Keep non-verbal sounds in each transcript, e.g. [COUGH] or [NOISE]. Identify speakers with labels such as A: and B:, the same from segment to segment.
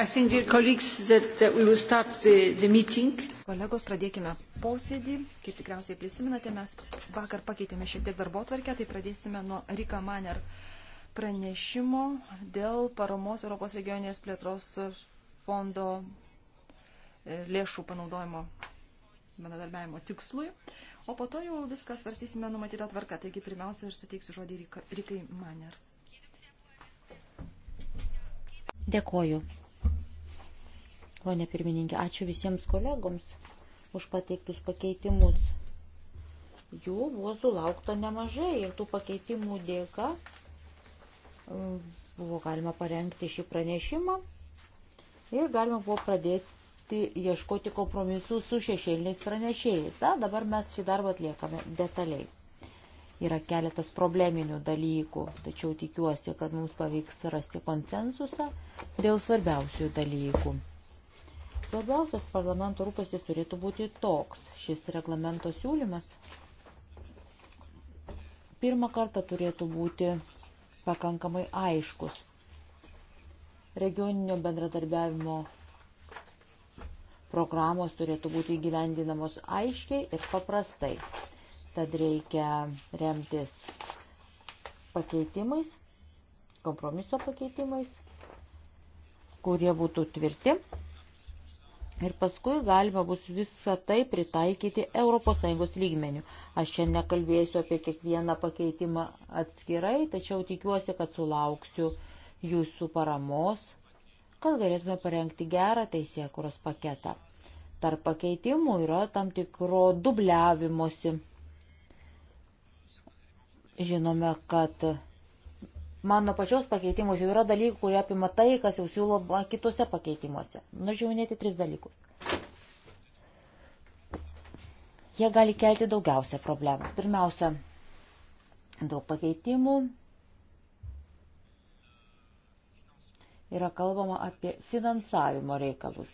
A: Think, that, that the, the Kolegos, pradėkime posėdį. Kaip tikriausiai prisiminate, mes vakar pakeitėme šiek tiek darbo tvarkę, tai pradėsime nuo Rika Maner pranešimo dėl paramos Europos regioninės plėtros fondo e, lėšų panaudojimo bendradarbiavimo tikslui. O po to jau viskas svarstysime numatytą tvarką. Taigi pirmiausia ir suteiksiu žodį Rikai
B: Maner. Dėkoju. Pone pirmininkė, ačiū visiems kolegoms už pateiktus pakeitimus. Jų buvo sulaukta nemažai ir tų pakeitimų dėka um, buvo galima parengti šį pranešimą ir galima buvo pradėti ieškoti kompromisų su šešėliniais pranešėjais. Na, dabar mes šį darbą atliekame detaliai. Yra keletas probleminių dalykų, tačiau tikiuosi, kad mums pavyks rasti konsensusą dėl svarbiausių dalykų. Labiausias parlamento rūpestis turėtų būti toks. Šis reglamento siūlymas pirmą kartą turėtų būti pakankamai aiškus. Regioninio bendradarbiavimo programos turėtų būti įgyvendinamos aiškiai ir paprastai. Tad reikia remtis pakeitimais, kompromiso pakeitimais, kurie būtų tvirti Ir paskui galima bus visą tai pritaikyti ES lygmenių. Aš čia nekalbėsiu apie kiekvieną pakeitimą atskirai, tačiau tikiuosi, kad sulauksiu jūsų paramos, kad galėtume parengti gerą teisėkuros paketą. Tarp pakeitimų yra tam tikro dubliavimosi. Žinome, kad mano pačios pakeitimus jau yra dalykų, kurie apima tai, kas jau siūloma kitose pakeitimuose. Norėčiau minėti tris dalykus. Jie gali kelti daugiausia problemų. Pirmiausia, daug pakeitimų yra kalbama apie finansavimo reikalus.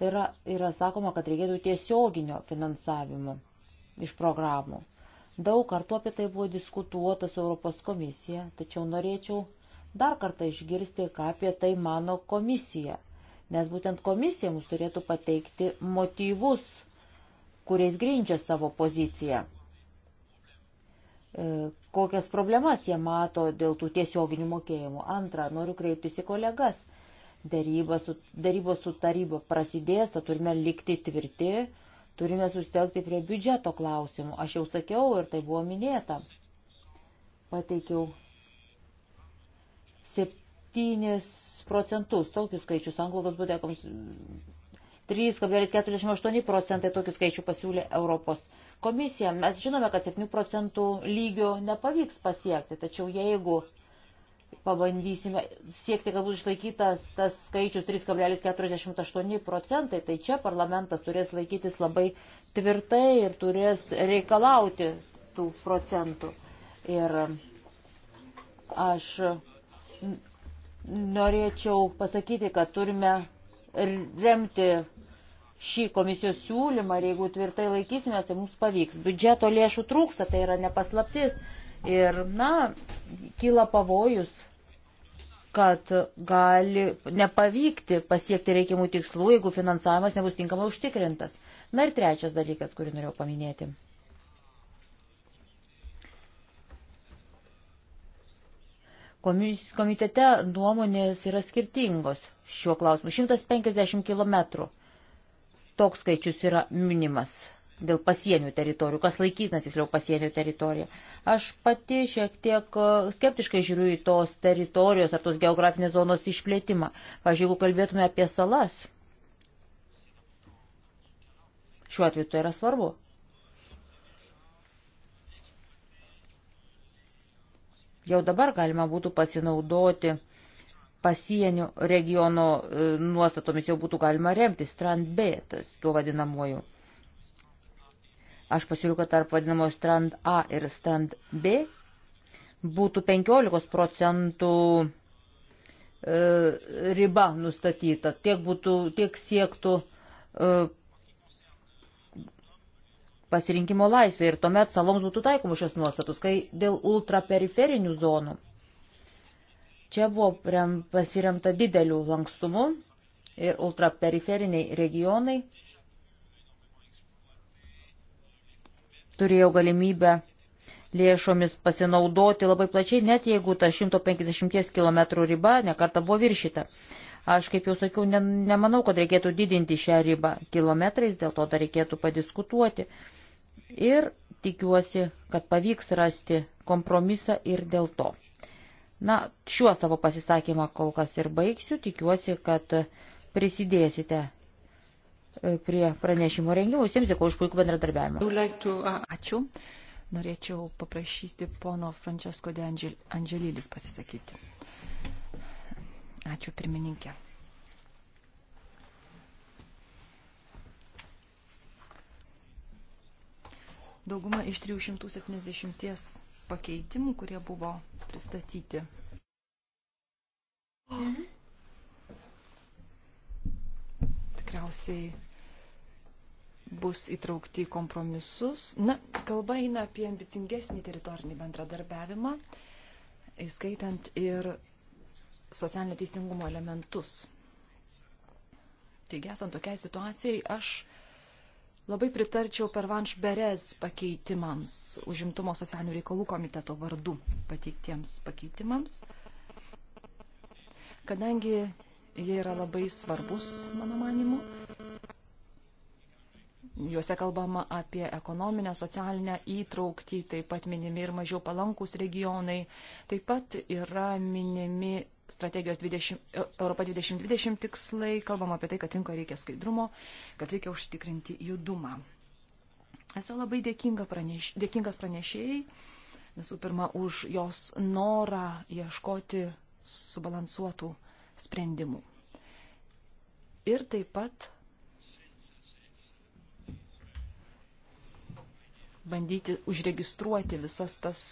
B: Tai yra, yra sakoma, kad reikėtų tiesioginio finansavimo iš programų. Daug kartų apie tai buvo diskutuota su Europos komisija, tačiau norėčiau dar kartą išgirsti, ką apie tai mano komisija, nes būtent komisija mums turėtų pateikti motyvus, kuriais grindžia savo poziciją e, kokias problemas jie mato dėl tų tiesioginių mokėjimų. Antra, noriu kreiptis į kolegas. Darybos su, darybos su taryba prasidės, tad turime likti tvirti, Turime sustelkti prie biudžeto klausimų. Aš jau sakiau ir tai buvo minėta. Pateikiau 7 procentus tokius skaičius anglovos būdekoms. 3,48 procentai tokių skaičių pasiūlė Europos komisija. Mes žinome, kad 7 procentų lygio nepavyks pasiekti, tačiau jeigu pabandysime siekti, kad būtų išlaikyta tas skaičius 3,48 procentai, tai čia parlamentas turės laikytis labai tvirtai ir turės reikalauti tų procentų. Ir aš norėčiau pasakyti, kad turime remti šį komisijos siūlymą ir jeigu tvirtai laikysime, tai mums pavyks. Biudžeto lėšų trūksta, tai yra nepaslaptis Ir, na, kyla pavojus, kad gali nepavykti pasiekti reikiamų tikslų, jeigu finansavimas nebus tinkamai užtikrintas. Na ir trečias dalykas, kurį norėjau paminėti. Komitete nuomonės yra skirtingos šiuo klausimu. 150 km. Toks skaičius yra minimas dėl pasienių teritorijų, kas laikytina tiksliau pasienių teritoriją. Aš pati šiek tiek e, skeptiškai žiūriu į tos teritorijos ar tos geografinės zonos išplėtimą. Pavyzdžiui, jeigu kalbėtume apie salas, šiuo atveju tai yra svarbu. Jau dabar galima būtų pasinaudoti pasienio regiono e, nuostatomis, jau būtų galima remtis, strand B, tas tuo vadinamuoju Aš pasiūliau, kad tarp vadinamo strand A ir strand B būtų 15 procentų e, riba nustatyta, tiek, būtų, tiek siektų uh, pasirinkimo laisvė ir tuomet saloms būtų taikomų šios nuostatus, kai dėl ultraperiferinių zonų. Čia buvo pasiremta dideliu lankstumu ir ultraperiferiniai regionai turėjo galimybę lėšomis pasinaudoti labai plačiai, net jeigu ta 150 km riba nekarta buvo viršyta. Aš, kaip jau sakiau, ne, nemanau, kad reikėtų didinti šią ribą kilometrais, dėl to dar reikėtų padiskutuoti. Ir tikiuosi, kad pavyks rasti kompromisą ir dėl to. Na, šiuo savo pasisakymą kol kas ir baigsiu, tikiuosi, kad prisidėsite E, prie pranešimo rengimo. Visiems dėkuoju už puikų bendradarbiavimą.
A: Uh, Ačiū. Norėčiau paprašyti pono Francesco de Angel Angelidis pasisakyti. Ačiū pirmininkė. Dauguma iš 370 pakeitimų, kurie buvo pristatyti. Mhm tikriausiai bus įtraukti į kompromisus. Na, kalba eina apie ambicingesnį teritorinį bendradarbiavimą, įskaitant ir socialinio teisingumo elementus. Taigi, esant tokiai situacijai, aš labai pritarčiau per Vanš Berez pakeitimams, užimtumo socialinių reikalų komiteto vardu pateiktiems pakeitimams, kadangi Jie yra labai svarbus, mano manimu. Juose kalbama apie ekonominę, socialinę įtraukti, taip pat minimi ir mažiau palankus regionai. Taip pat yra minimi strategijos 20, e- Europa 2020 tikslai, kalbama apie tai, kad rinkoje reikia skaidrumo, kad reikia užtikrinti judumą. Esu labai dėkinga praneš, dėkingas pranešėjai, visų pirma, už jos norą ieškoti subalansuotų sprendimų. Ir taip pat bandyti užregistruoti visas tas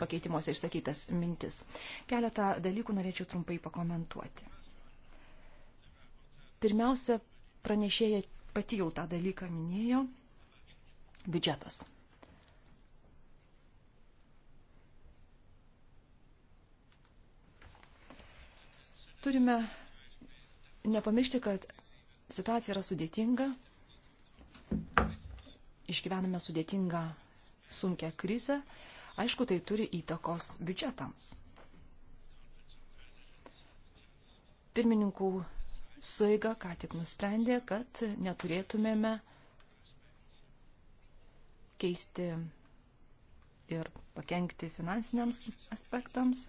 A: pakeitimuose išsakytas mintis. Keletą dalykų norėčiau trumpai pakomentuoti. Pirmiausia, pranešėja pati jau tą dalyką minėjo - biudžetas. Turime nepamiršti, kad situacija yra sudėtinga, išgyvename sudėtingą, sunkę krizę, aišku, tai turi įtakos biudžetams. Pirmininkų suiga ką tik nusprendė, kad neturėtumėme keisti ir pakengti finansiniams aspektams,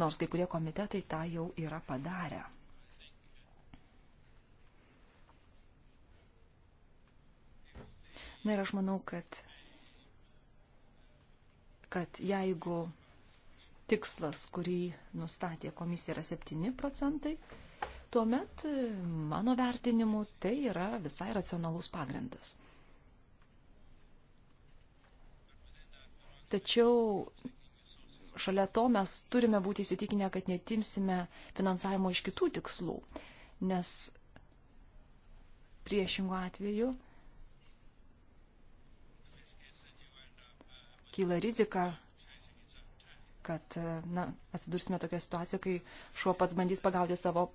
A: nors kai kurie komitetai tą jau yra padarę. Na ir aš manau, kad, kad jeigu tikslas, kurį nustatė komisija, yra 7 procentai, tuomet mano vertinimu tai yra visai racionalus pagrindas. Tačiau šalia to mes turime būti įsitikinę, kad netimsime finansavimo iš kitų tikslų, nes priešingų atveju kyla rizika, kad na, atsidursime tokią situaciją, kai šuo pats bandys pagauti savo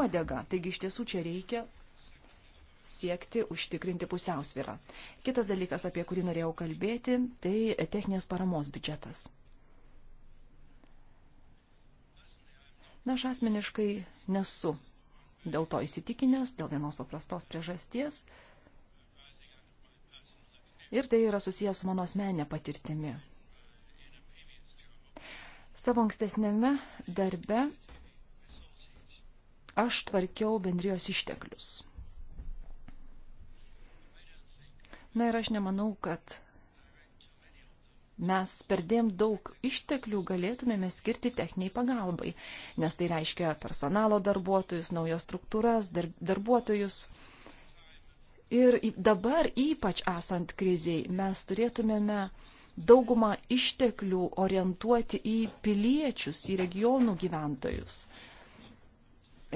A: uodegą. Taigi iš tiesų čia reikia siekti užtikrinti pusiausvyrą. Kitas dalykas, apie kurį norėjau kalbėti, tai techninės paramos biudžetas. Na, aš asmeniškai nesu dėl to įsitikinęs, dėl vienos paprastos priežasties. Ir tai yra susijęs su mano asmenė patirtimi. Savo ankstesnėme darbe aš tvarkiau bendrijos išteklius. Na ir aš nemanau, kad mes perdėm daug išteklių galėtumėme skirti techniniai pagalbai, nes tai reiškia personalo darbuotojus, naujas struktūras, dar, darbuotojus. Ir dabar, ypač esant kriziai, mes turėtumėme daugumą išteklių orientuoti į piliečius, į regionų gyventojus.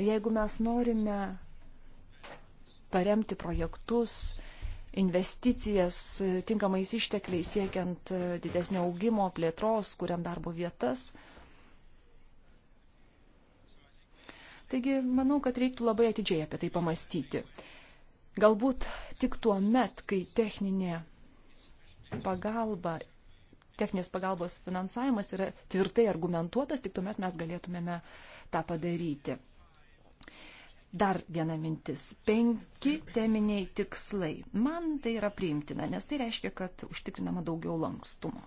A: Jeigu mes norime paremti projektus, investicijas e, tinkamais ištekliais siekiant e, didesnio augimo, plėtros, kuriam darbo vietas. Taigi, manau, kad reiktų labai atidžiai apie tai pamastyti. Galbūt tik tuo met, kai techninė pagalba, techninės pagalbos finansavimas yra tvirtai argumentuotas, tik tuomet mes galėtumėme tą padaryti. Dar viena mintis. Penki teminiai tikslai. Man tai yra priimtina, nes tai reiškia, kad užtikrinama daugiau lankstumo.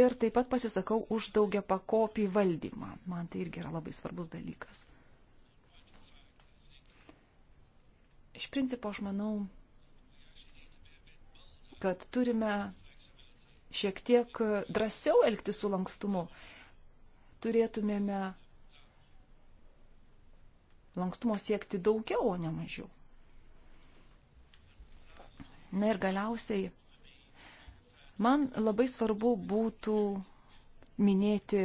A: Ir taip pat pasisakau už daugia pakopį valdymą. Man tai irgi yra labai svarbus dalykas. Iš principo aš manau, kad turime šiek tiek drąsiau elgti su lankstumu turėtumėme lankstumo siekti daugiau, o ne mažiau. Na ir galiausiai, man labai svarbu būtų minėti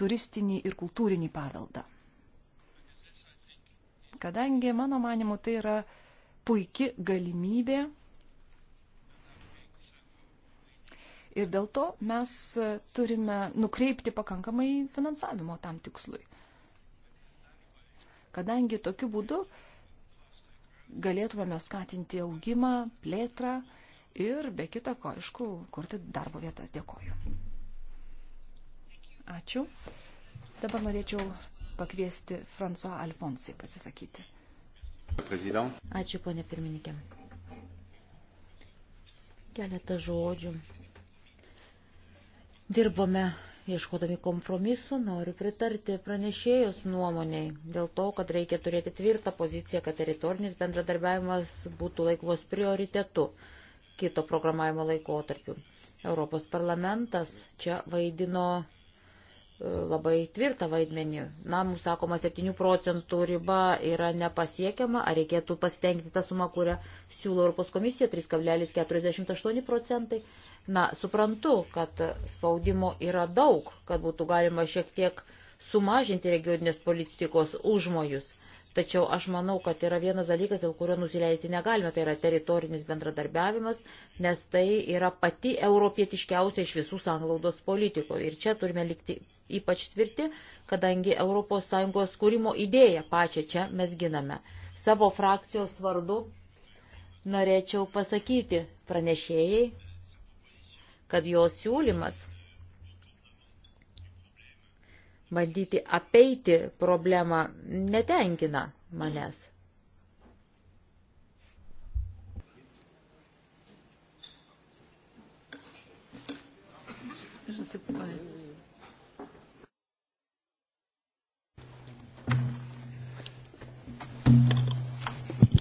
A: turistinį ir kultūrinį paveldą. Kadangi, mano manimu, tai yra puikia galimybė Ir dėl to mes e, turime nukreipti pakankamai finansavimo tam tikslui. Kadangi tokiu būdu galėtumėme skatinti augimą, plėtrą ir be kita ko, aišku, kurti darbo vietas. Dėkoju. Ačiū. Dabar norėčiau pakviesti
B: François Alfonsai pasisakyti. President. Ačiū, ponė pirmininkė. Keletą žodžių Dirbome ieškodami kompromisu, noriu pritarti pranešėjos nuomoniai dėl to, kad reikia turėti tvirtą poziciją, kad teritorinis bendradarbiavimas būtų laikvos prioritetu kito programavimo laikotarpiu. Europos parlamentas čia vaidino labai tvirtą vaidmenį. Na, mums sakoma, 7 procentų riba yra nepasiekiama, ar reikėtų pasitengti tą sumą, kurią siūlo Europos komisija, 3,48 procentai. Na, suprantu, kad spaudimo yra daug, kad būtų galima šiek tiek sumažinti regioninės politikos užmojus. Tačiau aš manau, kad yra vienas dalykas, dėl kurio nusileisti negalime, tai yra teritorinis bendradarbiavimas, nes tai yra pati europietiškiausia iš visų sanglaudos politikų. Ir čia turime likti ypač tvirti, kadangi ES kūrimo idėją pačią čia mes giname. Savo frakcijos vardu norėčiau pasakyti pranešėjai, kad jos siūlymas bandyti apeiti problemą netenkina manęs. Je ne sais pas.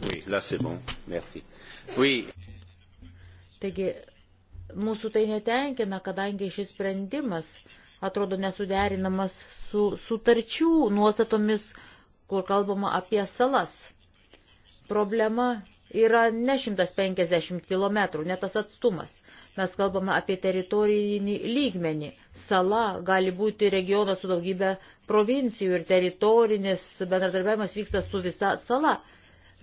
C: Oui, là c'est bon. Merci.
A: Oui.
B: Taigi, mūsų tai netenkina, kadangi šis sprendimas uh, atrodo nesuderinamas su sutarčių nuostatomis, kur kalbama apie salas. Problema yra ne 150 km, ne tas atstumas. Mes kalbame apie teritorinį lygmenį. Sala gali būti regionas su daugybė provincijų ir teritorinis bendradarbiavimas vyksta su visa sala.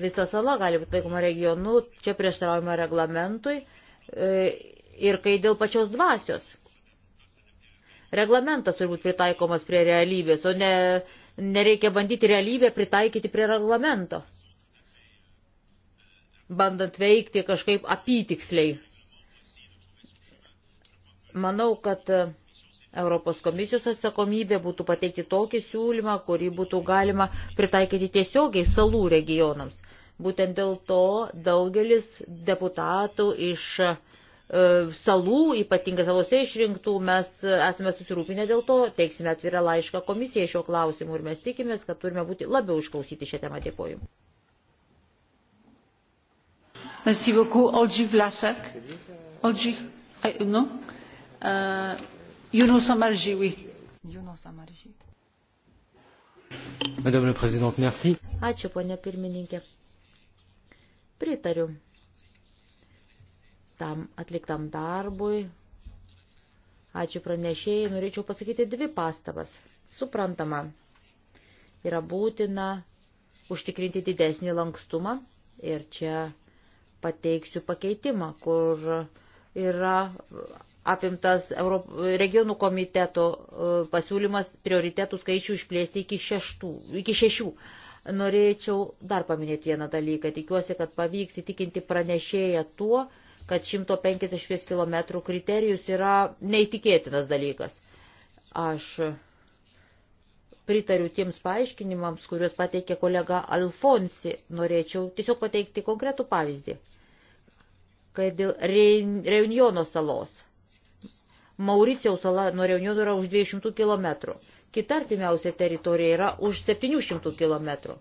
B: Visa sala gali būti laikoma regionu, čia prieštaraujama reglamentui e, ir kai dėl pačios dvasios Reglamentas turi būti pritaikomas prie realybės, o ne, nereikia bandyti realybę pritaikyti prie reglamento. Bandant veikti kažkaip apytiksliai. Manau, kad Europos komisijos atsakomybė būtų pateikti tokį siūlymą, kurį būtų galima pritaikyti tiesiogiai salų regionams. Būtent dėl to daugelis deputatų iš uh, E, salų, ypatingai salose išrinktų, mes esame susirūpinę dėl to, teiksime atvirą laišką komisijai šio klausimu ir mes tikimės, kad turime būti labiau išklausyti šią temą. Dėkoju. Merci beaucoup. Olgi Vlasak. Olgi. Eh, non? Uh, eh, Yunus Amarji, oui. Yunus Amarji.
C: Madame la Présidente, merci.
B: Ačiū, ponia pirmininkė. Pritariu tam atliktam darbui. Ačiū pranešėjai, norėčiau pasakyti dvi pastabas. Suprantama, yra būtina užtikrinti didesnį lankstumą ir čia pateiksiu pakeitimą, kur yra apimtas Europ... regionų komiteto e, pasiūlymas prioritėtų skaičių išplėsti iki, šeštų, iki šešių. Norėčiau dar paminėti vieną dalyką. Tikiuosi, kad pavyks įtikinti pranešėją tuo, kad 150 km kriterijus yra neįtikėtinas dalykas. Aš pritariu tiems paaiškinimams, kuriuos pateikė kolega Alfonsi. Norėčiau tiesiog pateikti konkretų pavyzdį. Kai dėl Reunjono salos. Mauricijaus sala nuo Reunjono yra už 200 km. Kita artimiausia teritorija yra už 700 km.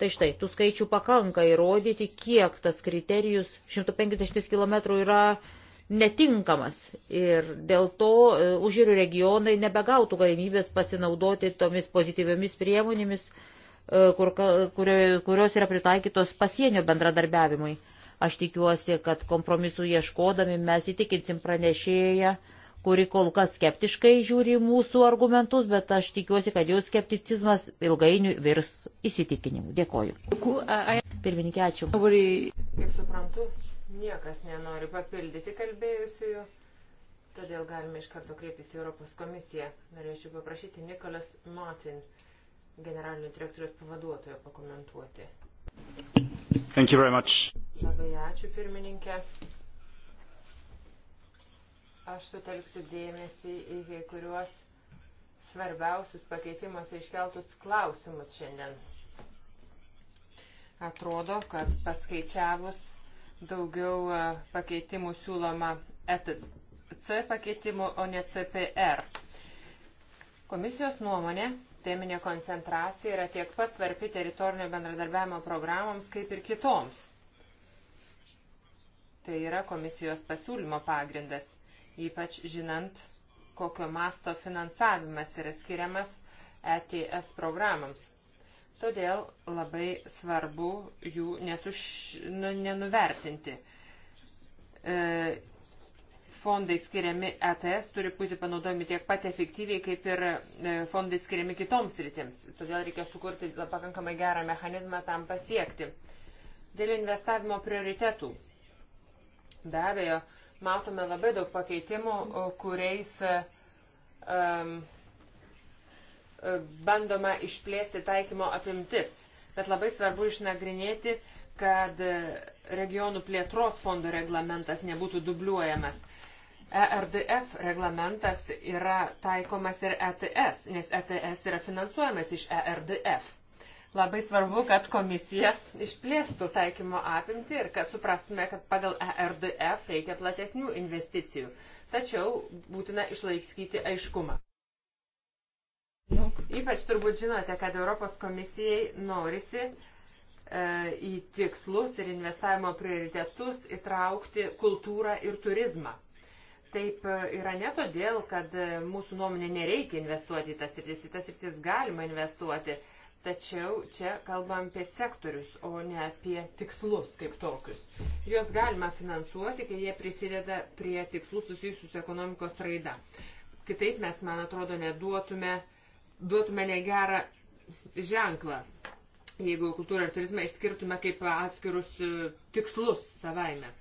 B: Tai štai, tų skaičių pakanka įrodyti, kiek tas kriterijus 150 km yra netinkamas ir dėl to e, užjūrių regionai nebegautų galimybės pasinaudoti tomis pozityviomis priemonėmis, e, kur, kurio, kurios yra pritaikytos pasienio bendradarbiavimui. Aš tikiuosi, kad kompromisų ieškodami mes įtikinsim pranešėją, kuri kol kas skeptiškai žiūri mūsų argumentus, bet aš tikiuosi, kad jos skepticizmas ilgainiui virs įsitikinimu. Dėkoju. Pirmininkė, ačiū. Kaip
C: suprantu, niekas nenori papildyti kalbėjusiųjų, todėl galime iš karto kreiptis į Europos komisiją. Norėčiau paprašyti Nikolas Martin, generalinio direktorius pavaduotojo, pakomentuoti. Labai ačiū, pirmininkė. Aš sutelksiu dėmesį į kai kuriuos svarbiausius pakeitimuose iškeltus klausimus šiandien. Atrodo, kad paskaičiavus daugiau e, pakeitimų siūloma ETC pakeitimų, o ne CPR. Komisijos nuomonė, teminė koncentracija yra tiek pat svarbi teritorinio bendradarbiavimo programoms, kaip ir kitoms. Tai yra komisijos pasiūlymo pagrindas ypač žinant, kokio masto finansavimas yra skiriamas ETS programams. Todėl labai svarbu jų nesuš, nu, nenuvertinti. E, fondai skiriami ETS turi būti panaudojami tiek pat efektyviai, kaip ir e, fondai skiriami kitoms rytims. Todėl reikia sukurti pakankamai gerą mechanizmą tam pasiekti. Dėl investavimo prioritetų. Be abejo, matome labai daug pakeitimų, kuriais um, bandoma išplėsti taikymo apimtis. Bet labai svarbu išnagrinėti, kad e, regionų plėtros fondo reglamentas nebūtų dubliuojamas. ERDF reglamentas yra taikomas ir ETS, nes ETS yra finansuojamas iš ERDF. Labai svarbu, kad komisija išplėstų taikymo apimti ir kad suprastume, kad pagal ERDF reikia platesnių investicijų. Tačiau būtina išlaikyti aiškumą. Nu. Ypač turbūt žinote, kad Europos komisijai norisi e, į tikslus ir investavimo prioritetus įtraukti kultūrą ir turizmą. Taip e, yra ne todėl, kad e, mūsų nuomonė nereikia investuoti į tas rytis, į tas rytis galima investuoti, Tačiau čia kalbam apie sektorius, o ne apie tikslus kaip tokius. Juos galima finansuoti, kai jie prisideda prie tikslų susijusius su ekonomikos raida. Kitaip mes, man atrodo, neduotume, duotume negerą ženklą, jeigu kultūrą ir turizmą išskirtume kaip atskirus e, tikslus savaime.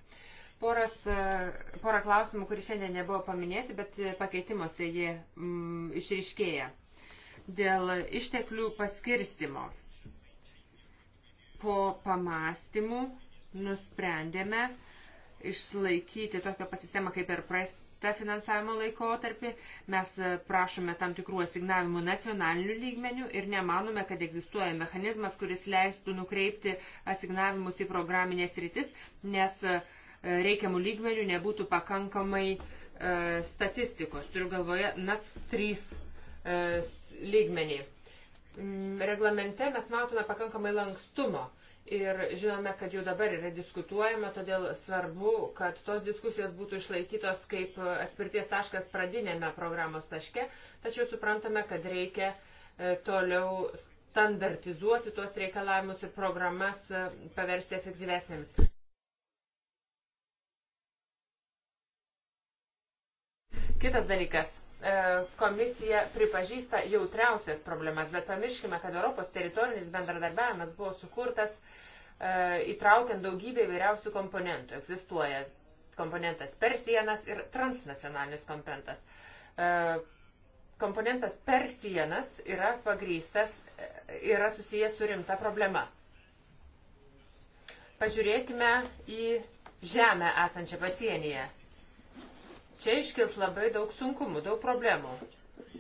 C: Poras, e, porą klausimų, kurie šiandien nebuvo paminėti, bet e, pakeitimuose jie mm, išriškėja dėl išteklių paskirstimo. Po pamastymų nusprendėme išlaikyti tokią pasistemą kaip ir praeistą finansavimo laikotarpį. Mes prašome tam tikrų asignavimų nacionalinių lygmenių ir nemanome, kad egzistuoja mechanizmas, kuris leistų nukreipti asignavimus į programinės rytis, nes e, reikiamų lygmenių nebūtų pakankamai e, statistikos. Turiu galvoje NATS 3 e, lygmenį. Mm, reglamente mes matome pakankamai lankstumo ir žinome, kad jau dabar yra diskutuojama, todėl svarbu, kad tos diskusijos būtų išlaikytos kaip atspirties taškas pradinėme programos taške, tačiau suprantame, kad reikia e, toliau standartizuoti tuos reikalavimus ir programas e, paversti efektyvesnėmis. Kitas dalykas E, komisija pripažįsta jautriausias problemas, bet pamirškime, kad Europos teritorinis bendradarbiavimas buvo sukurtas e, įtraukiant daugybę įvairiausių komponentų. Egzistuoja komponentas per sienas ir transnacionalinis komponentas. E, komponentas per sienas yra pagrystas, yra susijęs su rimta problema. Pažiūrėkime į žemę esančią pasienyje Čia iškils labai daug sunkumų, daug problemų,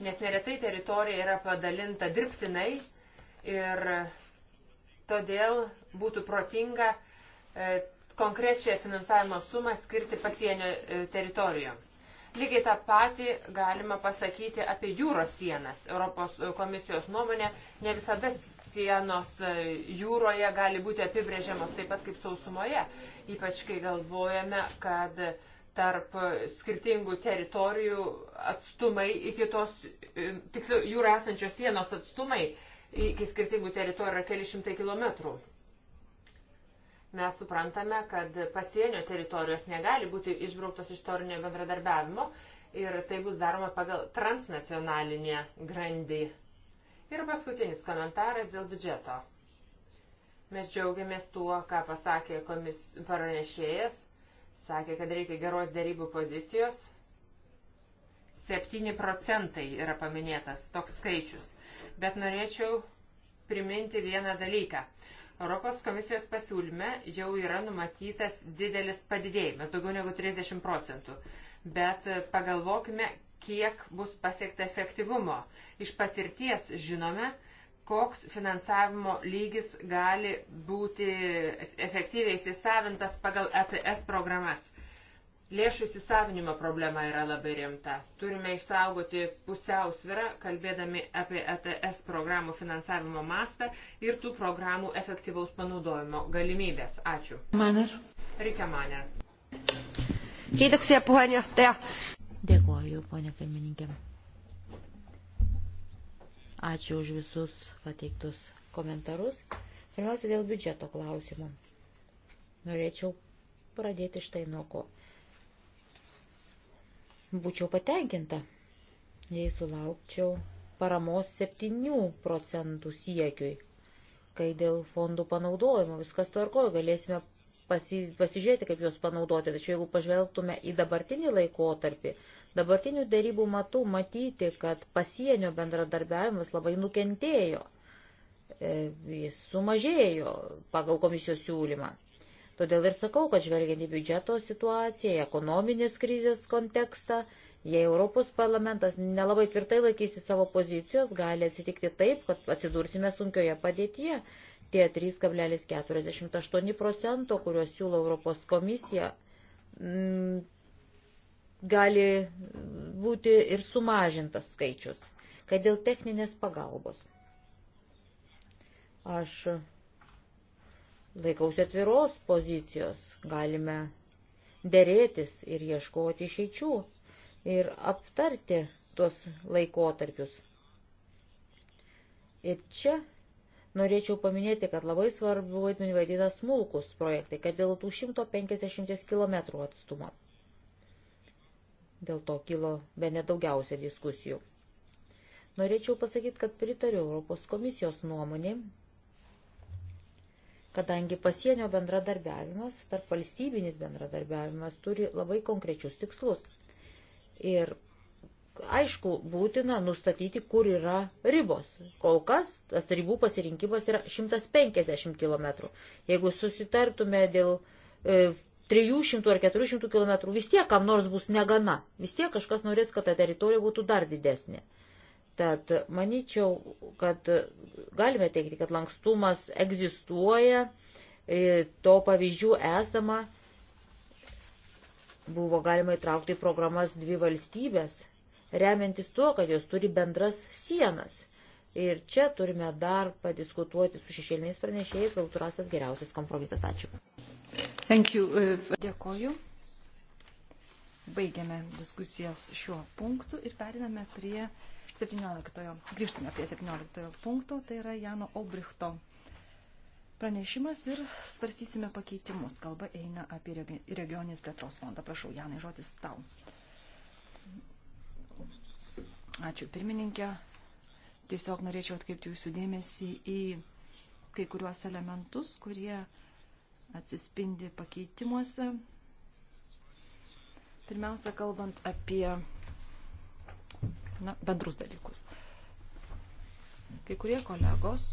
C: nes neretai teritorija yra padalinta dirbtinai ir todėl būtų protinga e, konkrečią finansavimo sumą skirti pasienio e, teritorijoms. Lygiai tą patį galima pasakyti apie jūros sienas. Europos e, komisijos nuomonė ne visada sienos jūroje gali būti apibrėžiamos taip pat kaip sausumoje, ypač kai galvojame, kad uh, tarp skirtingų teritorijų atstumai iki tos, e, tiksliau, jūra esančios sienos atstumai iki skirtingų teritorijų yra keli šimtai kilometrų. Mes suprantame, kad pasienio teritorijos negali būti išbrauktos iš torinio bendradarbiavimo ir tai bus daroma pagal transnacionalinę grandį. Ir paskutinis komentaras dėl biudžeto. Mes džiaugiamės tuo, ką pasakė komis pranešėjas sakė, kad reikia geros dėrybų pozicijos. 7 procentai yra paminėtas toks skaičius. Bet norėčiau priminti vieną dalyką. Europos komisijos pasiūlyme jau yra numatytas didelis padidėjimas, daugiau negu 30 procentų. Bet pagalvokime, kiek bus pasiekta efektyvumo. Iš patirties žinome, koks finansavimo lygis gali būti efektyviai įsisavintas pagal ETS programas. Lėšų įsisavinimo problema yra labai rimta. Turime išsaugoti pusiausvirą, kalbėdami apie ETS programų finansavimo mastą ir tų programų efektyvaus panaudojimo galimybės. Ačiū. Maner. Reikia maner.
B: Kiitoksia puheenjohtaja. Dėkuoju, ponė pirmininkė. Ačiū už visus pateiktus komentarus. Pirmiausia, dėl biudžeto klausimo. Norėčiau pradėti štai nuo ko. Būčiau patenkinta, jei sulaukčiau paramos 7 procentų siekiui, kai dėl fondų panaudojimo viskas tvarkoja, galėsime pasi, pasižiūrėti, kaip juos panaudoti. Tačiau jeigu pažvelgtume į dabartinį laikotarpį, dabartinių dėrybų matų matyti, kad pasienio bendradarbiavimas labai nukentėjo. E, jis sumažėjo pagal komisijos siūlymą. Todėl ir sakau, kad žvelgiant į biudžeto situaciją, ekonominės krizės kontekstą, jei Europos parlamentas nelabai tvirtai laikysi savo pozicijos, gali atsitikti taip, kad atsidursime sunkioje padėtyje Tie 3,48 procento, kuriuos siūlo Europos komisija, m, mm, gali būti ir sumažintas skaičius, kad dėl techninės pagalbos. Aš laikausi atviros pozicijos, galime dėrėtis ir ieškoti išeičių ir aptarti tuos laikotarpius. Ir čia Norėčiau paminėti, kad labai svarbu vaidmenį vaidina smulkus projektai, kad dėl tų 150 km atstumo. Dėl to kilo be nedaugiausia diskusijų. Norėčiau pasakyti, kad pritariu Europos komisijos nuomonė, kadangi pasienio bendradarbiavimas, tarp valstybinis bendradarbiavimas turi labai konkrečius tikslus. Ir aišku, būtina nustatyti, kur yra ribos. Kol kas tas ribų pasirinkimas yra 150 km. Jeigu susitartume dėl e, 300 ar 400 km, vis tiek kam nors bus negana. Vis tiek kažkas norės, kad ta teritorija būtų dar didesnė. Tad manyčiau, kad galime teikti, kad lankstumas egzistuoja, e, to pavyzdžių esama. Buvo galima įtraukti į programas dvi valstybės remiantis tuo, kad jos turi bendras sienas. Ir čia turime dar padiskutuoti su šešėliniais pranešėjais, galbūt rastas geriausias kompromisas. Ačiū.
A: Uh, Dėkoju. Baigiame diskusijas šiuo punktu ir periname prie 17. Grįžtame prie 17 punkto, tai yra Jano Olbrichto pranešimas ir svarstysime pakeitimus. Kalba eina apie regioninės plėtros fondą. Prašau, Janai, žodis tau. Ačiū pirmininkė. Tiesiog norėčiau atkreipti jūsų dėmesį į kai kuriuos elementus, kurie atsispindi pakeitimuose. Pirmiausia, kalbant apie na, bendrus dalykus. Kai kurie kolegos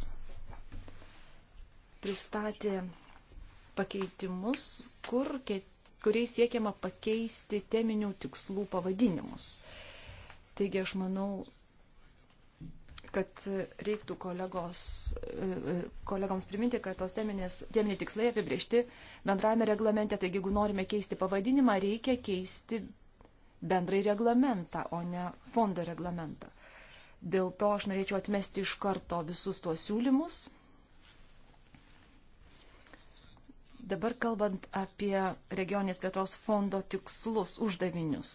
A: pristatė pakeitimus, kur, kuriais siekiama pakeisti teminių tikslų pavadinimus. Uh, Taigi aš manau, kad reiktų kolegos, e, e, kolegoms priminti, kad tos teminės, teminiai tikslai apibriežti bendrame reglamente. Taigi, jeigu norime keisti pavadinimą, reikia keisti bendrai reglamentą, o ne fondo reglamentą. Dėl to aš norėčiau atmesti iš karto visus tuos siūlymus. Dabar kalbant apie regioninės plėtros fondo tikslus, uždavinius.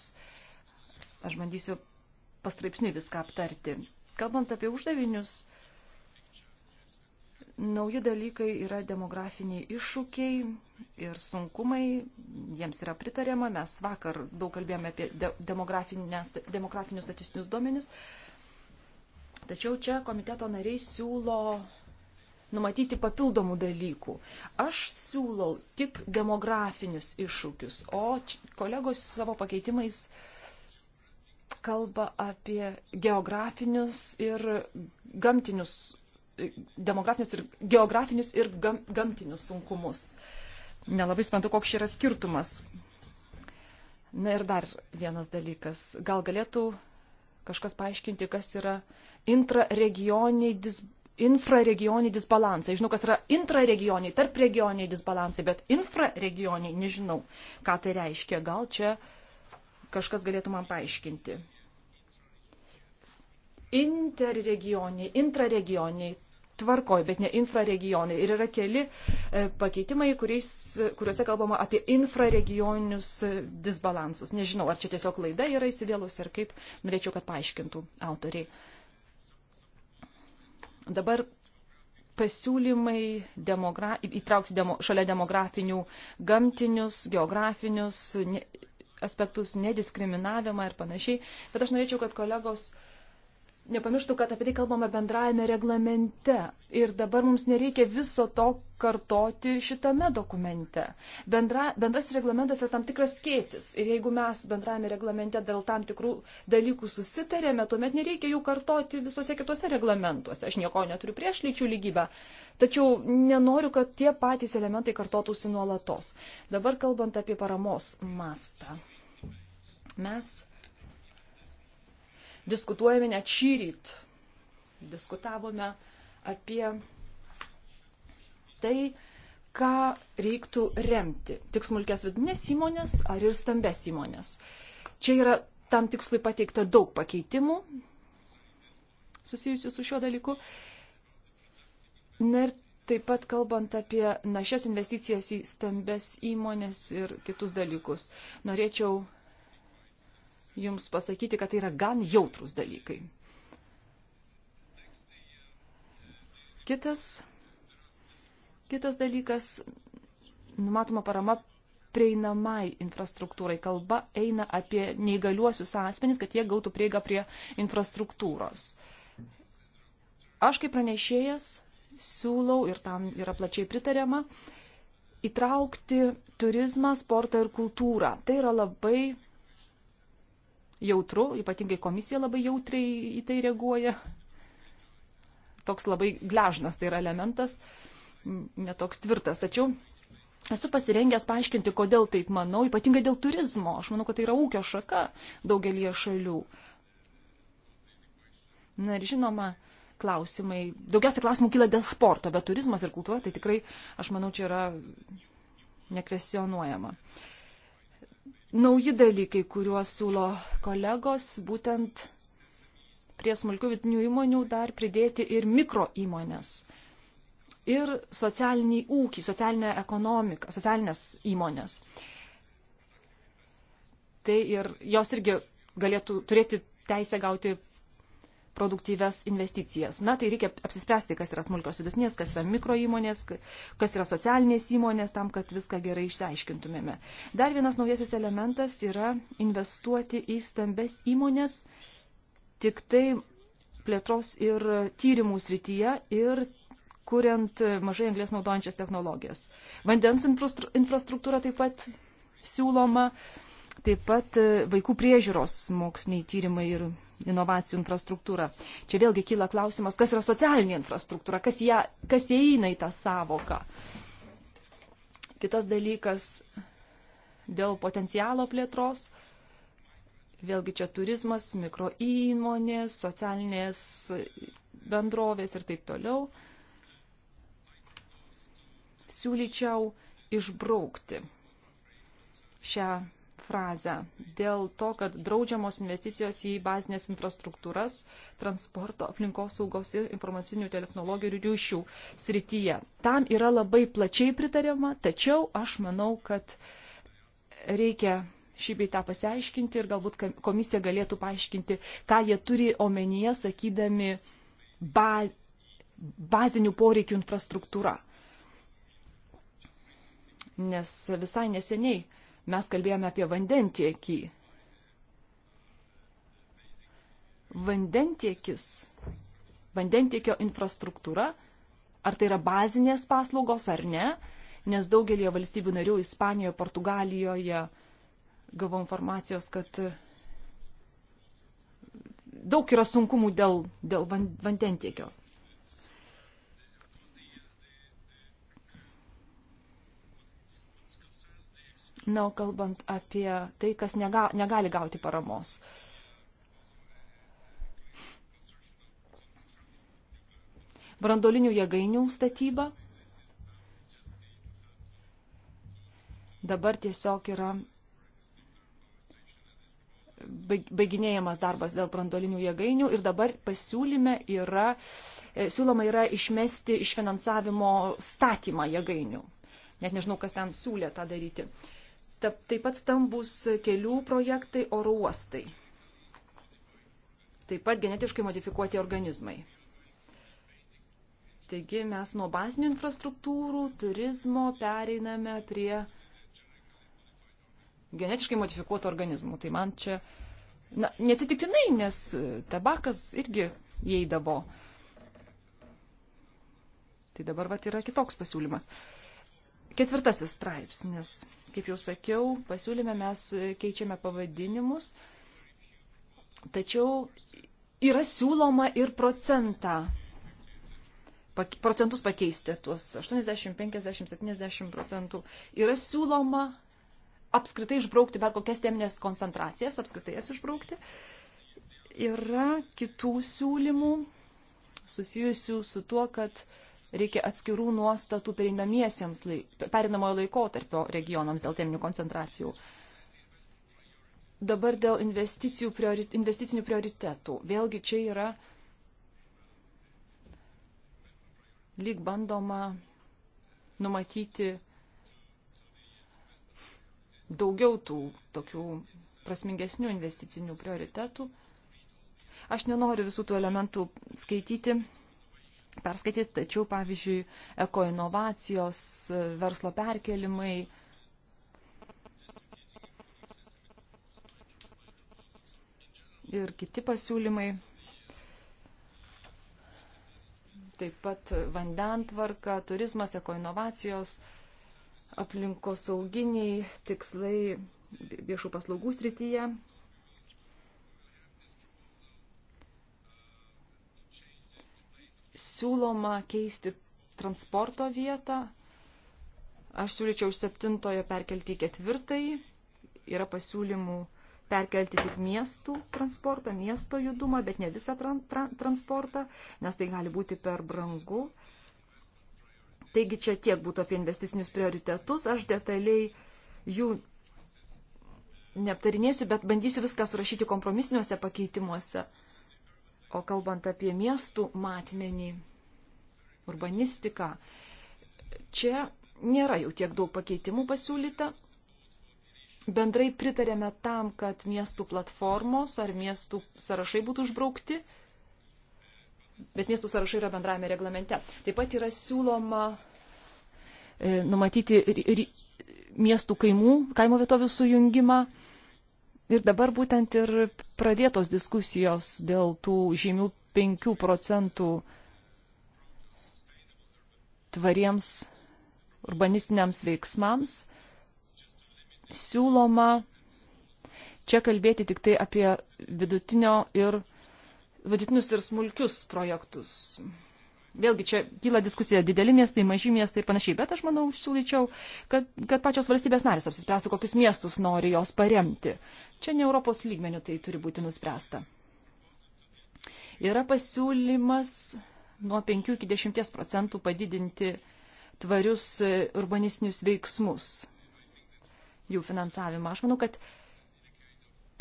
A: Aš bandysiu pastraipsniui viską aptarti. Kalbant apie uždavinius, nauji dalykai yra demografiniai iššūkiai ir sunkumai, jiems yra pritarėma, mes vakar daug kalbėjome apie demografinius statistinius duomenis, tačiau čia komiteto nariai siūlo numatyti papildomų dalykų. Aš siūlau tik demografinius iššūkius, o kolegos su savo pakeitimais uh, kalba apie geografinius ir gamtinius, demografinius ir geografinius ir gam, gamtinius sunkumus. Nelabai suprantu, koks čia yra skirtumas. Na ir dar vienas dalykas. Gal galėtų kažkas paaiškinti, kas yra intraregioniai dis, infraregioniai disbalansai. Žinau, kas yra intraregioniai, tarpregioniai disbalansai, bet infraregioniai nežinau, ką tai reiškia. Gal čia uh, kažkas galėtų man paaiškinti. Interregioniai, intraregioniai, tvarkoj, bet ne infraregionai. Ir yra keli e, pakeitimai, kuriais, kuriuose kalbama apie infraregioninius e, disbalansus. Nežinau, ar čia tiesiog klaida yra įsivėlus ir kaip norėčiau, kad paaiškintų autoriai. Dabar pasiūlymai demogra įtraukti demo, šalia demografinių gamtinius, geografinius, aspektus, nediskriminavimą ir panašiai. Bet aš norėčiau, kad kolegos nepamirštų, kad apie tai kalbame bendrajame reglamente. Ir dabar mums nereikia viso to kartoti šitame dokumente. Bendra, bendras reglamentas yra tam tikras skėtis. Ir jeigu mes bendrajame reglamente dėl tam tikrų dalykų susitarėme, tuomet nereikia jų kartoti visose kitose reglamentuose. Aš nieko neturiu prieš lyčių lygybę. Tačiau nenoriu, kad tie patys elementai kartotųsi nuolatos. Dabar kalbant apie paramos mastą. Mes diskutuojame net šį ryt. Diskutavome apie tai, ką reiktų remti. Tik smulkės vidinės įmonės ar ir stambes įmonės. Čia yra tam tikslui pateikta daug pakeitimų susijusių su šiuo dalyku. Na ir taip pat kalbant apie našias investicijas į stambes įmonės ir kitus dalykus. Norėčiau jums pasakyti, kad tai yra gan jautrus dalykai. Kitas, kitas dalykas, numatoma parama prieinamai infrastruktūrai. Kalba eina apie neįgaliuosius asmenys, kad jie gautų prieigą prie infrastruktūros. Aš kaip pranešėjas siūlau ir tam yra plačiai pritariama įtraukti turizmą, sportą ir kultūrą. Tai yra labai jautru, ypatingai komisija labai jautriai į tai reaguoja. Toks labai gležnas tai yra elementas, netoks tvirtas. Tačiau esu pasirengęs paaiškinti, kodėl taip manau, ypatingai dėl turizmo. Aš manau, kad tai yra ūkio šaka daugelie šalių. Na ir žinoma, klausimai. Daugiausia klausimų kyla dėl sporto, bet turizmas ir kultūra tai tikrai, aš manau, čia yra nekvesionuojama. Uh, nauji dalykai, kuriuos siūlo kolegos, būtent prie smulkių vidinių įmonių dar pridėti ir mikro įmonės. Ir socialinį ūkį, socialinę ekonomiką, socialinės įmonės. Tai ir jos irgi galėtų turėti teisę gauti produktyves investicijas. Na, tai reikia apsispręsti, kas yra smulkios vidutinės, kas yra mikro įmonės, kas yra socialinės įmonės, tam, kad viską gerai išsiaiškintumėme. Dar vienas naujasis elementas yra investuoti į stambes įmonės tik tai plėtros ir tyrimų srityje ir kuriant mažai anglės naudojančias technologijas. Vandens infrastruktūra taip pat siūloma Taip pat e, vaikų priežiūros moksliniai tyrimai ir inovacijų infrastruktūra. Čia vėlgi kyla klausimas, kas yra socialinė infrastruktūra, kas, ją, kas įeina į tą savoką. Kitas dalykas dėl potencialo plėtros. Vėlgi čia turizmas, mikro įmonės, socialinės bendrovės ir taip toliau. Siūlyčiau išbraukti šią frazę dėl to, kad draudžiamos investicijos į bazinės infrastruktūras, transporto, aplinkosaugos ir informacinių technologijų ir ryšių srityje. Tam yra labai plačiai pritariama, tačiau aš manau, kad reikia šį bei tą pasiaiškinti ir galbūt komisija galėtų paaiškinti, ką jie turi omenyje, sakydami ba bazinių poreikių infrastruktūra. Nes visai neseniai mes kalbėjome apie vandentiekį. Vandentiekis, vandentiekio infrastruktūra, ar tai yra bazinės paslaugos ar ne, nes daugelie valstybių narių Ispanijoje, Portugalijoje gavau informacijos, kad daug yra sunkumų dėl, dėl vandentiekio Na, o kalbant apie tai, kas nega, negali gauti paramos. Brandolinių jėgainių statyba dabar tiesiog yra baiginėjamas darbas dėl brandolinių jėgainių ir dabar pasiūlyme yra, e, siūloma yra išmesti iš finansavimo statymą jėgainių. Net nežinau, kas ten siūlė tą daryti. Uh, taip pat stambus kelių projektai oro uostai. Taip pat genetiškai modifikuoti organizmai. Taigi mes nuo bazinių infrastruktūrų, turizmo pereiname prie genetiškai modifikuotų organizmų. Tai man čia na, neatsitiktinai, nes tabakas irgi įeidavo. Tai dabar vat yra kitoks pasiūlymas. Uh, Ketvirtasis straipsnis. Kaip jau sakiau, pasiūlyme mes keičiame pavadinimus, tačiau yra siūloma ir procentą. Procentus pakeisti tuos 80, 50, 70 procentų. Yra siūloma apskritai išbraukti bet kokias teminės koncentracijas, apskritai jas išbraukti. Yra kitų siūlymų susijusių su tuo, kad uh, reikia atskirų nuostatų pereinamiesiems laik, perinamojo laikotarpio regionams dėl teminių koncentracijų. Dabar dėl priori, investicinių prioritetų. Vėlgi čia yra lyg bandoma numatyti daugiau tų tokių prasmingesnių investicinių prioritetų. Aš nenoriu visų tų elementų skaityti, perskaityti, tačiau, pavyzdžiui, ekoinovacijos, verslo perkelimai. Ir kiti pasiūlymai. Taip pat vandentvarka, turizmas, ekoinovacijos, aplinkosauginiai tikslai viešų paslaugų srityje siūloma keisti transporto vietą. Aš siūlyčiau iš septintojo perkelti į ketvirtąjį. Yra pasiūlymų perkelti tik miestų transportą, miesto judumą, bet ne visą tra tra transportą, nes tai gali būti per brangu. Taigi čia tiek būtų apie investicinius prioritetus. Aš detaliai jų neaptarinėsiu, bet bandysiu viską surašyti kompromisiniuose pakeitimuose O kalbant apie miestų matmenį, urbanistiką, čia nėra jau tiek daug pakeitimų pasiūlyta. Bendrai pritarėme tam, kad miestų platformos ar miestų sąrašai būtų užbraukti, bet miestų sąrašai yra bendrame reglamente. Taip pat yra siūloma e, numatyti miestų kaimų, kaimo vietovių sujungimą Ir dabar būtent ir pradėtos diskusijos dėl tų žymių 5 procentų tvariems urbanistiniams veiksmams siūloma čia kalbėti tik tai apie vidutinio ir vidutinius ir smulkius projektus. Vėlgi čia kyla diskusija dideli miestai, maži miestai ir panašiai, bet aš manau, siūlyčiau, kad, kad pačios valstybės narės apsispręstų, kokius miestus nori jos paremti. Čia ne Europos lygmenių tai turi būti nuspręsta. Yra pasiūlymas nuo 5 iki 10 procentų padidinti tvarius urbanistinius veiksmus, jų finansavimą. Aš manau, kad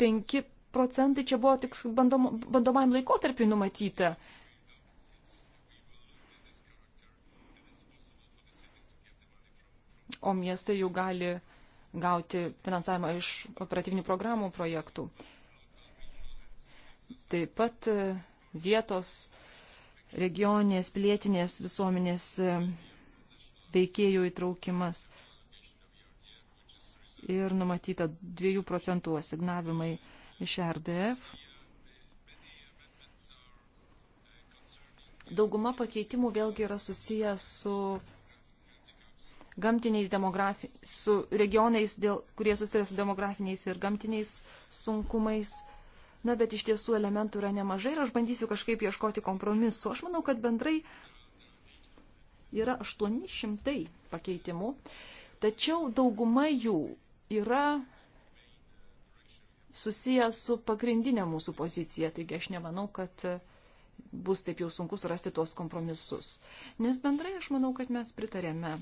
A: 5 procentai čia buvo tik bandom, bandomajam laikotarpiu numatyta. o miestai jau gali gauti finansavimą iš operatyvinių programų projektų. Taip pat e, vietos regioninės plėtinės visuomenės e, veikėjų įtraukimas ir numatyta 2 procentų asignavimai iš RDF. Dauguma pakeitimų vėlgi yra susiję su gamtiniais demografiniais, su regionais, dėl, kurie susiduria su demografiniais ir gamtiniais sunkumais. Na, bet iš tiesų elementų yra nemažai ir aš bandysiu kažkaip ieškoti kompromisu. Aš manau, kad bendrai yra 800 pakeitimų, tačiau dauguma jų yra susijęs su pagrindinė mūsų pozicija, taigi aš nemanau, kad bus taip jau sunku surasti tuos kompromisus. Nes bendrai aš manau, kad mes pritarėme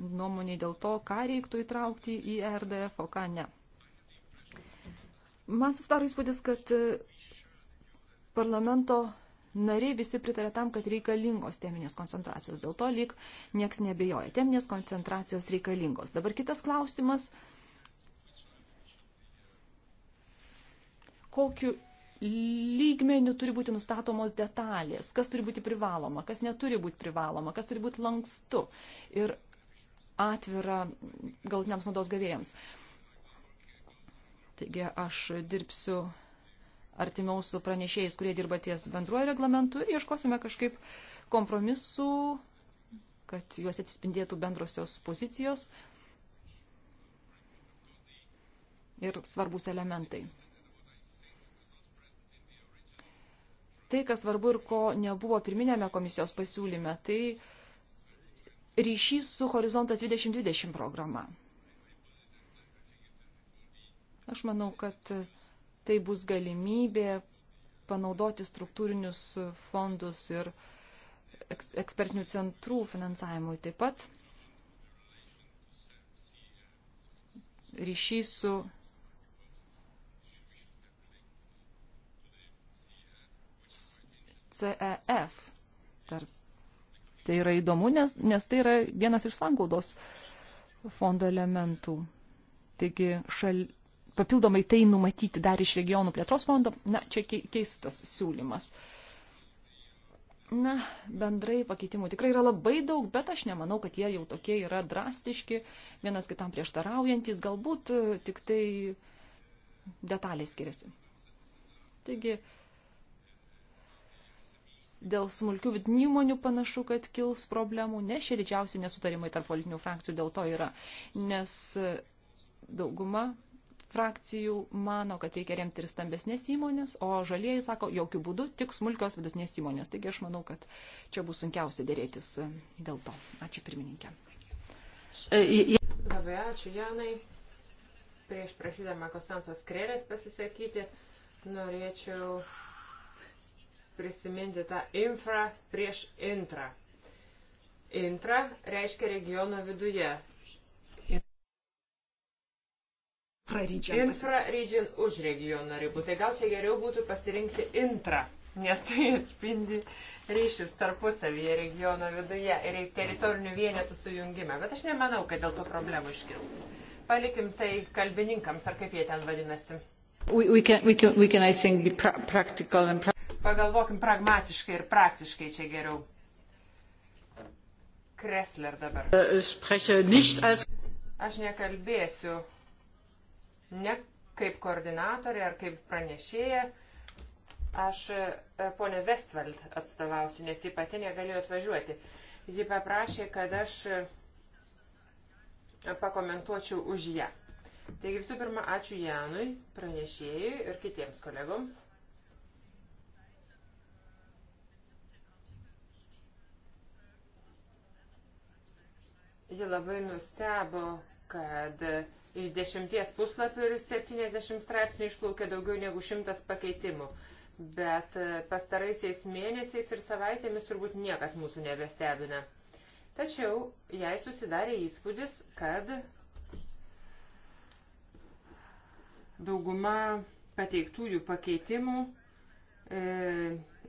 A: nuomonė dėl to, ką reiktų įtraukti į e RDF, o ką ne. Man susidaro įspūdis, kad e, parlamento nariai visi pritarė tam, kad reikalingos teminės koncentracijos. Dėl to lyg nieks nebejoja. Teminės koncentracijos reikalingos. Dabar kitas klausimas. Kokiu lygmeniu turi būti nustatomos detalės, kas turi būti privaloma, kas neturi būti privaloma, kas turi būti lankstu. Ir atvira galutiniams naudos gavėjams. Taigi aš dirbsiu artimiau su pranešėjais, kurie dirba ties bendruoju reglamentu ir ieškosime kažkaip kompromisų, kad juos atsispindėtų bendrosios pozicijos ir svarbus elementai. Tai, kas svarbu ir ko nebuvo pirminėme komisijos pasiūlyme, tai ryšys su Horizontas 2020 programa. Aš manau, kad tai bus galimybė panaudoti struktūrinius fondus ir ekspertinių centrų finansavimui taip pat. Ryšys su CEF tarp Tai yra įdomu, nes, nes tai yra vienas iš sanglaudos fondo elementų. Taigi šal, papildomai tai numatyti dar iš regionų plėtros fondo, na, čia keistas siūlymas. Na, bendrai pakeitimų tikrai yra labai daug, bet aš nemanau, kad jie jau tokie yra drastiški, vienas kitam prieštaraujantis, galbūt e, tik tai detalės skiriasi. Taigi, Dėl smulkių vidinių įmonių panašu, kad kils problemų, nes šie didžiausi nesutarimai tarp politinių frakcijų dėl to yra, nes e, dauguma frakcijų mano, kad reikia remti ir stambesnės įmonės, o žalieji sako, jokių būdų, tik smulkios vidutinės įmonės. Taigi aš manau, kad čia bus sunkiausia dėrėtis e, dėl to. Ačiū pirmininkė. E,
C: Labai ačiū, Janai. Prieš prašydama Kostantos Krėlės pasisakyti, norėčiau prisiminti tą infra prieš intra. Intra reiškia regiono viduje. Infra region už regiono ribų. Tai gal čia geriau būtų pasirinkti intra, nes tai atspindi ryšius tarpusavyje regiono viduje ir teritorinių vienetų sujungimą. Bet aš nemanau, kad dėl to problemų iškils. Palikim tai kalbininkams, ar kaip jie ten vadinasi.
A: We, we can, we can, we can,
C: Pagalvokim pragmatiškai ir praktiškai čia geriau. Kressler dabar.
B: Äh,
C: aš nekalbėsiu ne kaip koordinatorė ar kaip pranešėja. Aš e, ponę Vestvald atstovausiu, nes ji pati negalėjo atvažiuoti. Ji paprašė, kad aš e, pakomentuočiau už ją. Taigi visų pirma, ačiū Janui, pranešėjui ir kitiems kolegoms Ji labai nustebo, kad iš dešimties puslapių ir 70 straipsnių išplaukė daugiau negu šimtas pakeitimų. Bet e, pastaraisiais mėnesiais ir savaitėmis turbūt niekas mūsų nebestebina. Tačiau jai susidarė įspūdis, kad dauguma pateiktųjų pakeitimų e,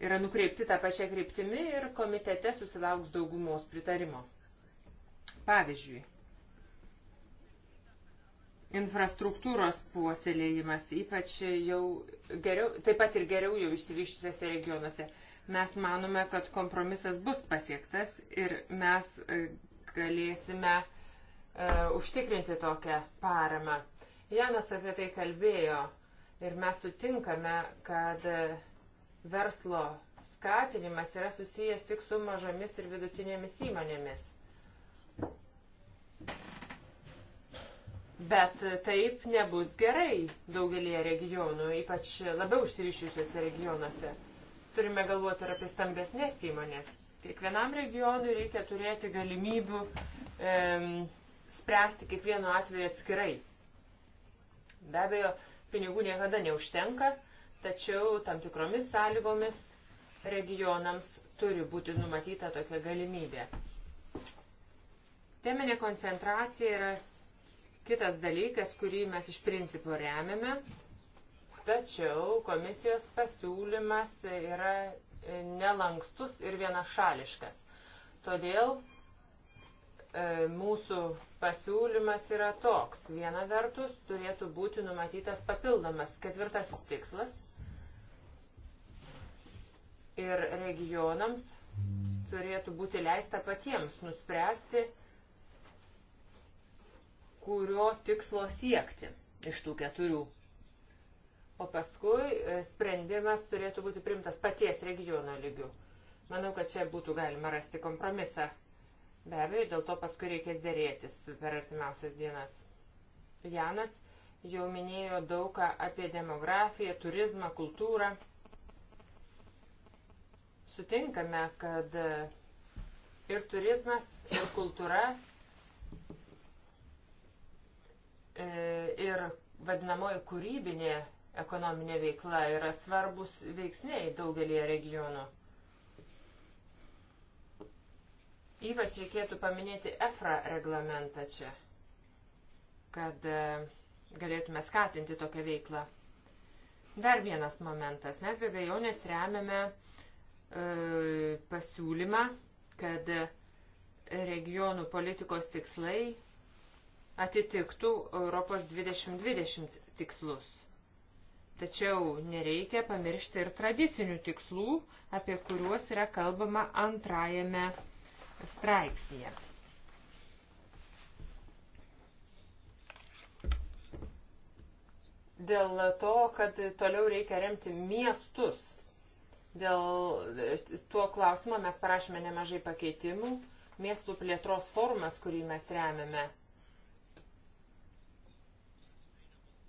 C: yra nukreipti tą pačią kryptimį ir komitete susilauks daugumos pritarimo. Pavyzdžiui, infrastruktūros puoselėjimas, ypač jau geriau, taip pat ir geriau jau išsivyščiusiuose regionuose. Mes manome, kad kompromisas bus pasiektas ir mes e, galėsime e, užtikrinti tokią paramą. Janas apie tai kalbėjo ir mes sutinkame, kad e, verslo skatinimas yra susijęs tik su mažomis ir vidutinėmis įmonėmis. Bet taip nebus gerai daugelie regionų, ypač labiau užsivyščiusiuose regionuose. Turime galvoti ir apie stambesnės įmonės. Kiekvienam regionui reikia turėti galimybių e, spręsti kiekvienu atveju atskirai. Be abejo, pinigų niekada neužtenka, tačiau tam tikromis sąlygomis regionams turi būti numatyta tokia galimybė. Teminė koncentracija yra kitas dalykas, kurį mes iš principo remiame, tačiau komisijos pasiūlymas yra e, nelankstus ir vienašališkas. Todėl e, mūsų pasiūlymas yra toks. Viena vertus turėtų būti numatytas papildomas ketvirtasis tikslas ir regionams turėtų būti leista patiems nuspręsti, kurio tikslo siekti iš tų keturių. O paskui e, sprendimas turėtų būti primtas paties regiono lygių. Manau, kad čia būtų galima rasti kompromisą. Be abejo, dėl to paskui reikės dėrėtis per artimiausias dienas. Janas jau minėjo daugą apie demografiją, turizmą, kultūrą. Sutinkame, kad e, ir turizmas, ir kultūra E, ir vadinamoji kūrybinė ekonominė veikla yra svarbus veiksniai daugelie regionų. Ypač reikėtų paminėti EFRA reglamentą čia, kad e, galėtume skatinti tokią veiklą. Dar vienas momentas. Mes be abejonės remiame e, pasiūlymą, kad regionų politikos tikslai atitiktų Europos 2020 tikslus. Tačiau nereikia pamiršti ir tradicinių tikslų, apie kuriuos yra kalbama antrajame straipsnėje. Dėl to, kad toliau reikia remti miestus. Dėl tuo klausimo mes parašėme nemažai pakeitimų. Miestų plėtros forumas, kurį mes remiame,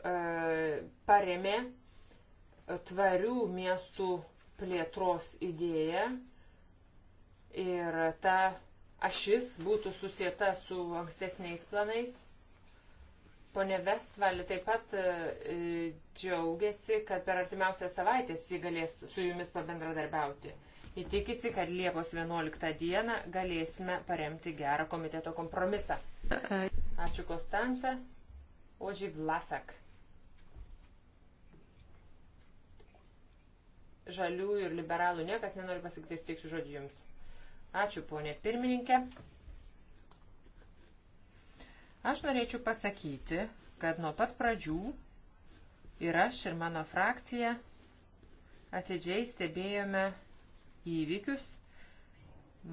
C: E, paremė tvarių miestų plėtros idėją ir ta ašis būtų susieta su ankstesniais planais. Pone Vestvalė taip pat e, džiaugiasi, kad per artimiausią savaitę jis galės su jumis pabendradarbiauti. Įtikisi, kad Liepos 11 dieną galėsime paremti gerą komiteto kompromisą. Ačiū Kostansa, Oži Vlasak. žalių ir liberalų niekas nenori pasakyti, steiksiu žodžiu jums. Ačiū, ponė pirmininkė. Aš norėčiau pasakyti, kad nuo pat pradžių ir aš, ir mano frakcija atidžiai stebėjome įvykius,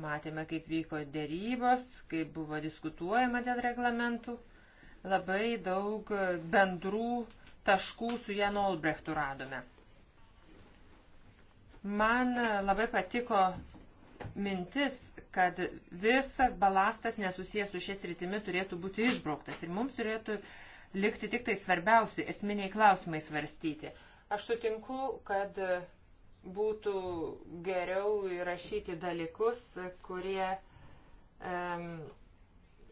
C: matėme, kaip vyko dėrybos, kaip buvo diskutuojama dėl reglamentų, labai daug bendrų taškų su Jan Olbrechtu radome. Man labai patiko mintis, kad visas balastas nesusijęs su šias rytimi turėtų būti išbrauktas ir mums turėtų likti tik tai svarbiausi esminiai klausimai svarstyti. Aš sutinku, kad būtų geriau įrašyti dalykus, kurie um,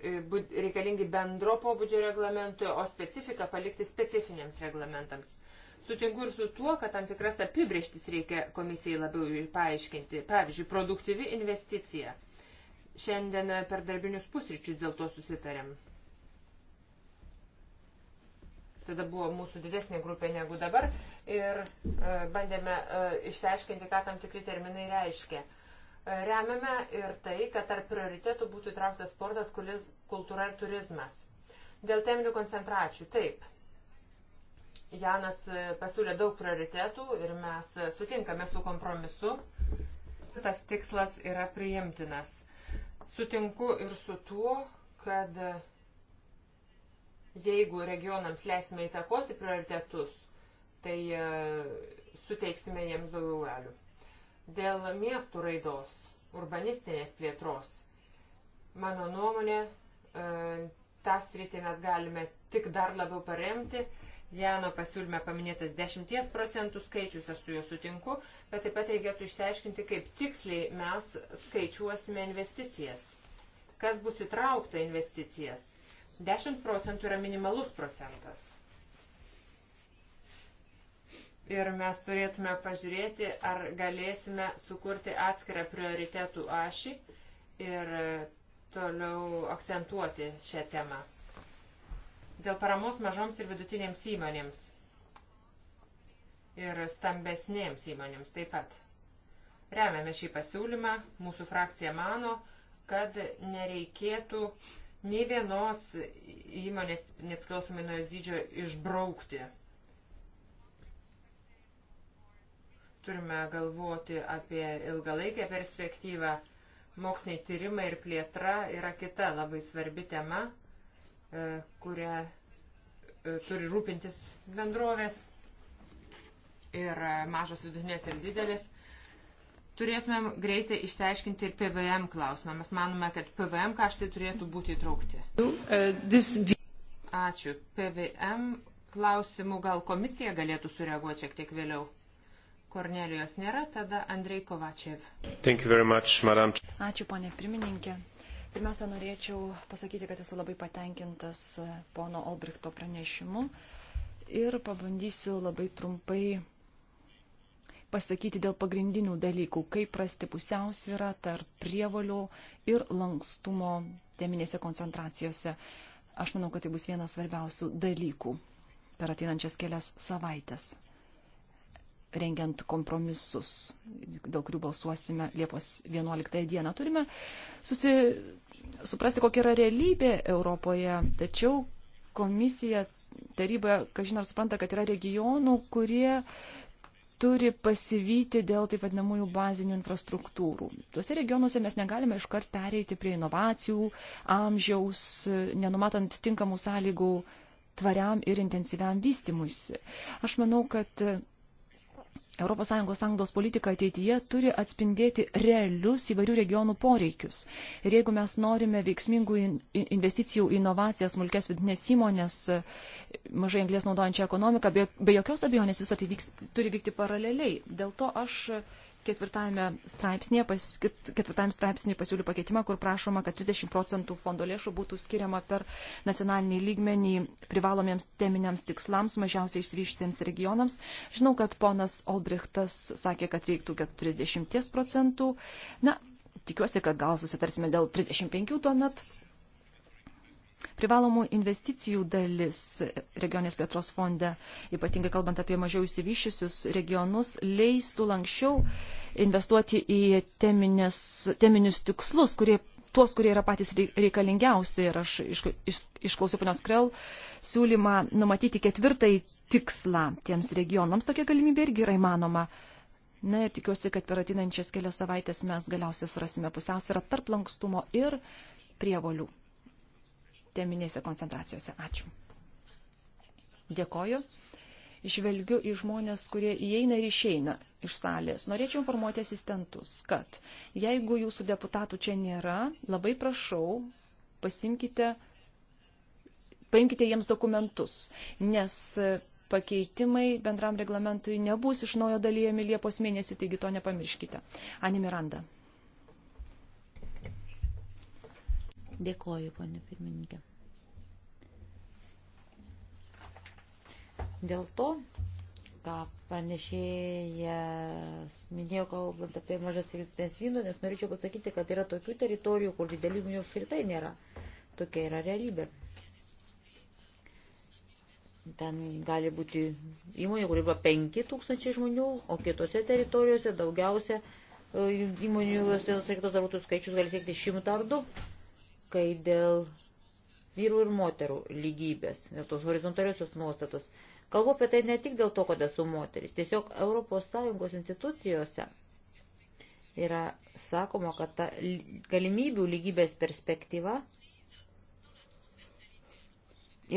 C: reikalingi bendro pobūdžio reglamentui, o specifiką palikti specifiniams reglamentams. Sutinku ir su tuo, kad tam tikras apibrieštis reikia komisijai labiau paaiškinti. Pavyzdžiui, produktyvi investicija. Šiandien per darbinius pusryčius dėl to susitarėm. Tada buvo mūsų didesnė grupė negu dabar ir e, bandėme e, išsiaiškinti, ką tam tikri terminai reiškia. E, remiame ir tai, kad tarp prioritėtų būtų įtrauktas sportas, kulis, kultūra ir turizmas. Dėl teminių koncentracijų. Taip, Janas e, pasiūlė daug prioritetų ir mes e, sutinkame su kompromisu. Tas tikslas yra priimtinas. Sutinku ir su tuo, kad e, jeigu regionams leisime įtakoti prioritetus, tai suteiksime jiems daugiau galių. Dėl miestų raidos, urbanistinės plėtros, mano nuomonė, tą sritį mes galime tik dar labiau paremti Jano pasiūlyme paminėtas 10 procentų skaičius, aš su juo sutinku, bet taip pat reikėtų išsiaiškinti, kaip tiksliai mes skaičiuosime investicijas. Kas bus įtraukta investicijas? 10 procentų yra minimalus procentas. Ir mes turėtume pažiūrėti, ar galėsime sukurti atskirą prioritetų ašį ir toliau akcentuoti šią temą. Dėl paramos mažoms ir vidutinėms įmonėms ir stambesnėms įmonėms taip pat. Remiame šį pasiūlymą, mūsų frakcija mano, kad nereikėtų nei vienos įmonės, nepriklausomai nuo jos dydžio, išbraukti. Turime galvoti apie ilgalaikę perspektyvą. Moksliniai tyrimai ir plėtra yra kita labai svarbi tema. E, kurią e, turi rūpintis bendrovės ir e, mažos vidutinės ir didelės. Turėtumėm greitai išsiaiškinti ir PVM klausimą. Mes manome, kad PVM kaštai turėtų būti įtraukti. Ačiū. PVM klausimų gal komisija galėtų sureaguoti šiek tiek vėliau. Kornelijos nėra, tada Andrei Kovačev. Much, Ačiū, ponė pirmininkė. Pirmiausia,
A: norėčiau pasakyti, kad esu labai patenkintas e, pono Olbrichto pranešimu ir pabandysiu labai trumpai pasakyti dėl pagrindinių dalykų, kaip rasti pusiausvyrą tarp prievalių ir lankstumo teminėse koncentracijose. Aš manau, kad tai bus vienas svarbiausių dalykų per ateinančias kelias savaitės rengiant kompromisus, dėl kurių balsuosime Liepos 11 dieną. Turime susi, suprasti, kokia yra realybė Europoje, tačiau komisija, taryba, kažin ar supranta, kad yra regionų, kurie turi pasivyti dėl taip vadinamųjų bazinių infrastruktūrų. Tuose regionuose mes negalime iškart pereiti prie inovacijų, amžiaus, nenumatant tinkamų sąlygų tvariam ir intensyviam vystimuisi. Aš manau, kad ES sąjungos politika ateityje turi atspindėti realius įvairių regionų poreikius. Ir jeigu mes norime veiksmingų investicijų į inovacijas, smulkės vidinės įmonės, mažai anglės naudojančią ekonomiką, be, be jokios abejonės visą tai vyks, turi vykti paraleliai. Dėl to aš ketvirtame straipsnėje, pas, ketvirtame straipsnėje pasiūliu pakeitimą, kur prašoma, kad 30 procentų fondo lėšų būtų skiriama per nacionalinį lygmenį privalomiems teminiams tikslams mažiausiai išsivyščiams regionams. Žinau, kad ponas Olbrichtas sakė, kad reiktų 40 procentų. Na, tikiuosi, kad gal susitarsime dėl 35 tuomet privalomų investicijų dalis regionės plėtros fonde, ypatingai kalbant apie mažiau įsivyščiusius regionus, leistų lankščiau investuoti į teminės, teminius tikslus, kurie, tuos, kurie yra patys reikalingiausi. Ir aš iš, iš, išklausiau panios Krell siūlymą numatyti ketvirtąjį tikslą tiems regionams. Tokia galimybė irgi yra įmanoma. Na ir tikiuosi, kad per atinančias kelias savaitės mes galiausiai surasime pusiausvyrą tarp lankstumo ir prievolių teminėse koncentracijose. Ačiū. Dėkoju. Žvelgiu į žmonės, kurie įeina ir išeina iš salės. Norėčiau informuoti asistentus, kad jeigu jūsų deputatų čia nėra, labai prašau, pasimkite, paimkite jiems dokumentus, nes pakeitimai bendram reglamentui nebus iš naujo dalyjami Liepos mėnesį, taigi to nepamirškite.
B: Ani Miranda. Dėkoju, ponė pirmininkė. Dėl to, ką pranešėjas minėjo, kalbant apie mažas ir vidutinės vynuodės, norėčiau pasakyti, kad yra tokių teritorijų, kur didelių vinių apskritai nėra. Tokia yra realybė. Ten gali būti įmonė, kur yra 5000 žmonių, o kitose teritorijose daugiausia e, įmonių, jos vienos ar kitos darbuotojų skaičius gali siekti 100 ar 2 kai dėl vyrų ir moterų lygybės, dėl tos horizontaliosios nuostatos. Kalbu apie tai ne tik dėl to, kad esu moteris, tiesiog ES institucijose yra sakoma, kad ta galimybių lygybės perspektyva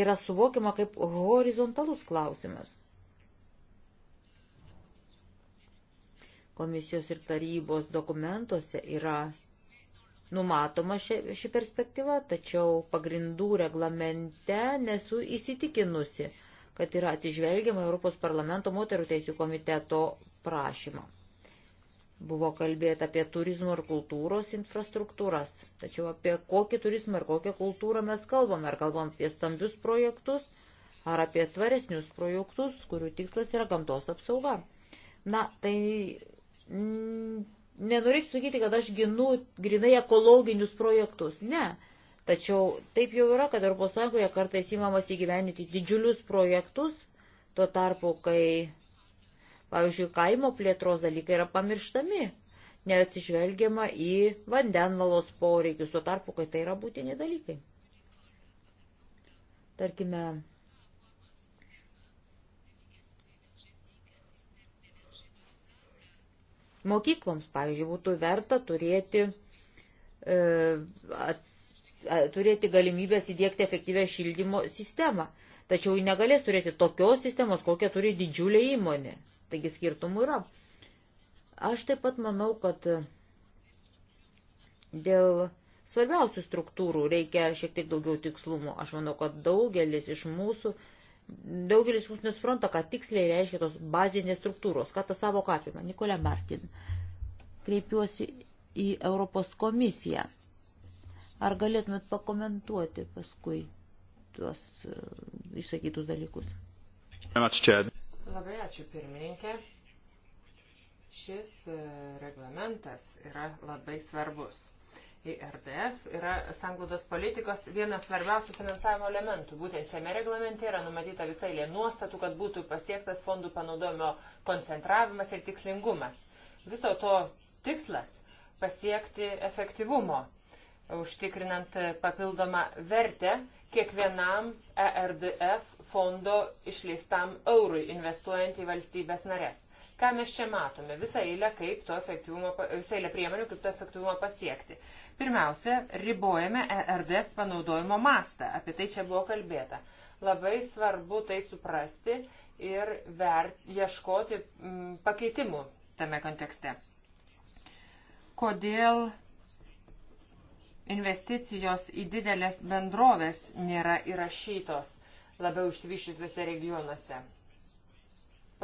B: yra suvokiama kaip horizontalus klausimas. Komisijos ir tarybos dokumentuose yra numatoma ši, ši perspektyva, tačiau pagrindų reglamente nesu įsitikinusi, kad yra atsižvelgiama Europos parlamento moterų teisų komiteto prašymą. Buvo kalbėta apie turizmo ir kultūros infrastruktūras, tačiau apie kokį turizmą ir kokią kultūrą mes kalbame, ar kalbam apie stambius projektus, ar apie tvaresnius projektus, kurių tikslas yra gamtos apsauga. Na, tai Nenorėčiau sakyti, kad aš ginu grinai ekologinius projektus. Ne. Tačiau taip jau yra, kad Europos Sąjungoje kartais įmamas įgyveninti didžiulius projektus, tuo tarpu, kai, pavyzdžiui, kaimo plėtros dalykai yra pamirštami, neatsižvelgiama į vandenvalos poreikius, tuo tarpu, kai tai yra būtini dalykai. Tarkime, Mokykloms, pavyzdžiui, būtų verta turėti, e, at, a, turėti galimybės įdėkti efektyvę šildymo sistemą, tačiau ji negalės turėti tokios sistemos, kokią turi didžiulė įmonė. Taigi skirtumų yra. Aš taip pat manau, kad dėl svarbiausių struktūrų reikia šiek tiek daugiau tikslumo. Aš manau, kad daugelis iš mūsų Daugelis mūsų nesupranta, ką tiksliai reiškia tos bazinės struktūros, ką tą savo apima. Nikolė Martin, kreipiuosi į Europos komisiją. Ar galėtumėt pakomentuoti paskui tuos e, išsakytus dalykus? Labai
C: ačiū pirmininkė. Šis e, reglamentas yra labai svarbus. IRDF e yra sanglaudos politikos vienas svarbiausių finansavimo elementų. Būtent šiame reglamente yra numatyta visai lė nuostatų, kad būtų pasiektas fondų panaudojimo koncentravimas ir tikslingumas. Viso to tikslas - pasiekti efektyvumo, užtikrinant papildomą vertę kiekvienam ERDF fondo išleistam eurui investuojant į valstybės narės. Ką mes čia matome? Visą eilę, kaip to efektyvumo, visą eilę priemonių, kaip to efektyvumo pasiekti. Pirmiausia, ribojame ERDF panaudojimo mastą. Apie tai čia buvo kalbėta. Labai svarbu tai suprasti ir vert, ieškoti m, mm, pakeitimų tame kontekste. Kodėl investicijos į didelės bendrovės nėra įrašytos labiau išsivyščiusiuose regionuose.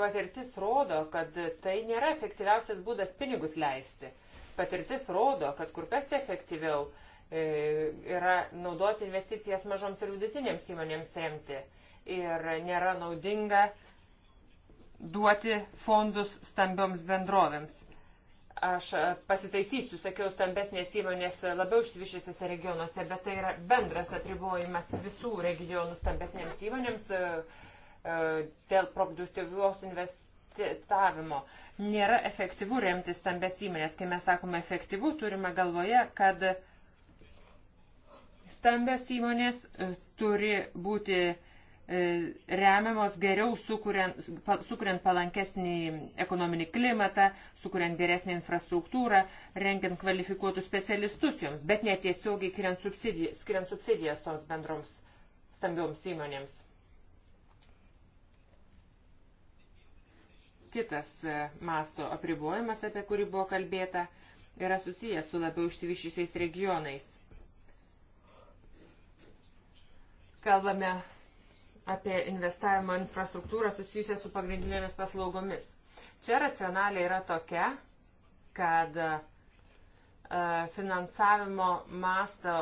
C: Patirtis rodo, kad tai nėra efektyviausias būdas pinigus leisti patirtis rodo, kad kur kas efektyviau e, yra naudoti investicijas mažoms ir vidutinėms įmonėms remti. Ir nėra naudinga duoti fondus stambioms bendrovėms. Aš e, pasitaisysiu, sakiau, stambesnės įmonės labiau išsivyšiusiuose regionuose, bet tai yra bendras apribojimas visų regionų stambesnėms įmonėms e, dėl produktyvios investicijos akceptavimo. Nėra efektyvu remtis stambes įmonės. Kai mes sakome efektyvu, turime galvoje, kad stambios įmonės e, turi būti e, remiamos geriau sukuriant, sukuriant palankesnį ekonominį klimatą, sukuriant geresnį infrastruktūrą, rengiant kvalifikuotus specialistus joms, bet netiesiogiai skiriant subsidijas, skiriant subsidijas toms bendroms stambioms įmonėms. Kitas e, masto apribojimas, apie kurį buvo kalbėta, yra susijęs su labiau išsivyščiusiais regionais. Kalbame apie investavimo infrastruktūrą susijusią su pagrindinėmis paslaugomis. Čia racionaliai yra tokia, kad e, finansavimo masto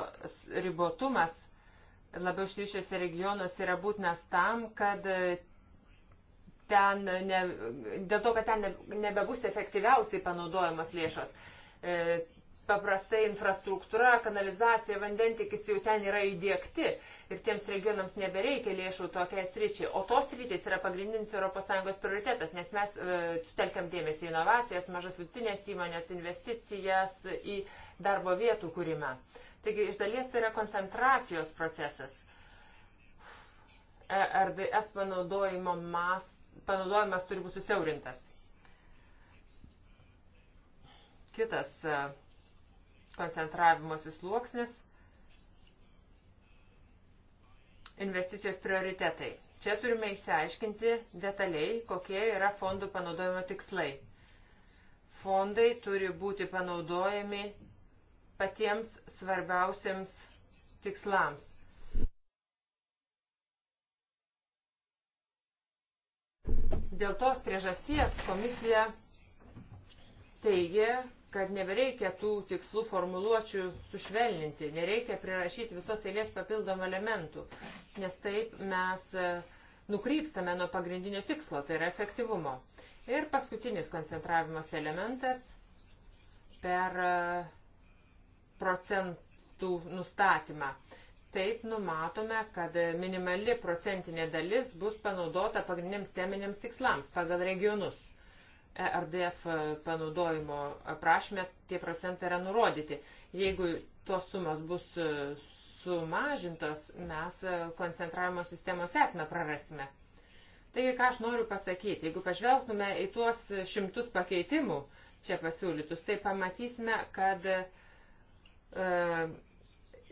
C: ribotumas labiau išsivyščiuose regionuose yra būtinas tam, kad ten ne, dėl to, kad ten ne, nebebus efektyviausiai panaudojamas lėšas. E, paprastai infrastruktūra, kanalizacija, vandentikis jau ten yra įdėkti ir tiems regionams nebereikia lėšų tokiai sričiai. O tos sritis yra pagrindinis ES prioritetas, nes mes e, sutelkiam dėmesį į inovacijas, mažas vidutinės įmonės, investicijas į darbo vietų kūrimą. Taigi iš dalies tai yra koncentracijos procesas. E, RDF panaudojimo mas panaudojimas turi būti susiaurintas. Kitas e, koncentravimosi sluoksnis - investicijos prioritetai. Čia turime išsiaiškinti detaliai, kokie yra fondų panaudojimo tikslai. Fondai turi būti panaudojami patiems svarbiausiams tikslams Dėl tos priežasties komisija teigia, kad nebereikia tų tikslų formuluočių sušvelninti, nereikia prirašyti visos eilės papildomų elementų, nes taip mes e, nukrypstame nuo pagrindinio tikslo, tai yra efektyvumo. Ir paskutinis koncentravimos elementas per e, procentų nustatymą taip numatome, kad minimali procentinė dalis bus panaudota pagrindiniams teminiams tikslams pagal regionus. ERDF panaudojimo aprašymė tie procentai yra nurodyti. Jeigu tos sumos bus sumažintos, mes koncentravimo sistemos esmę prarasime. Taigi, ką aš noriu pasakyti, jeigu pažvelgtume į tuos šimtus pakeitimų čia pasiūlytus, tai pamatysime, kad e,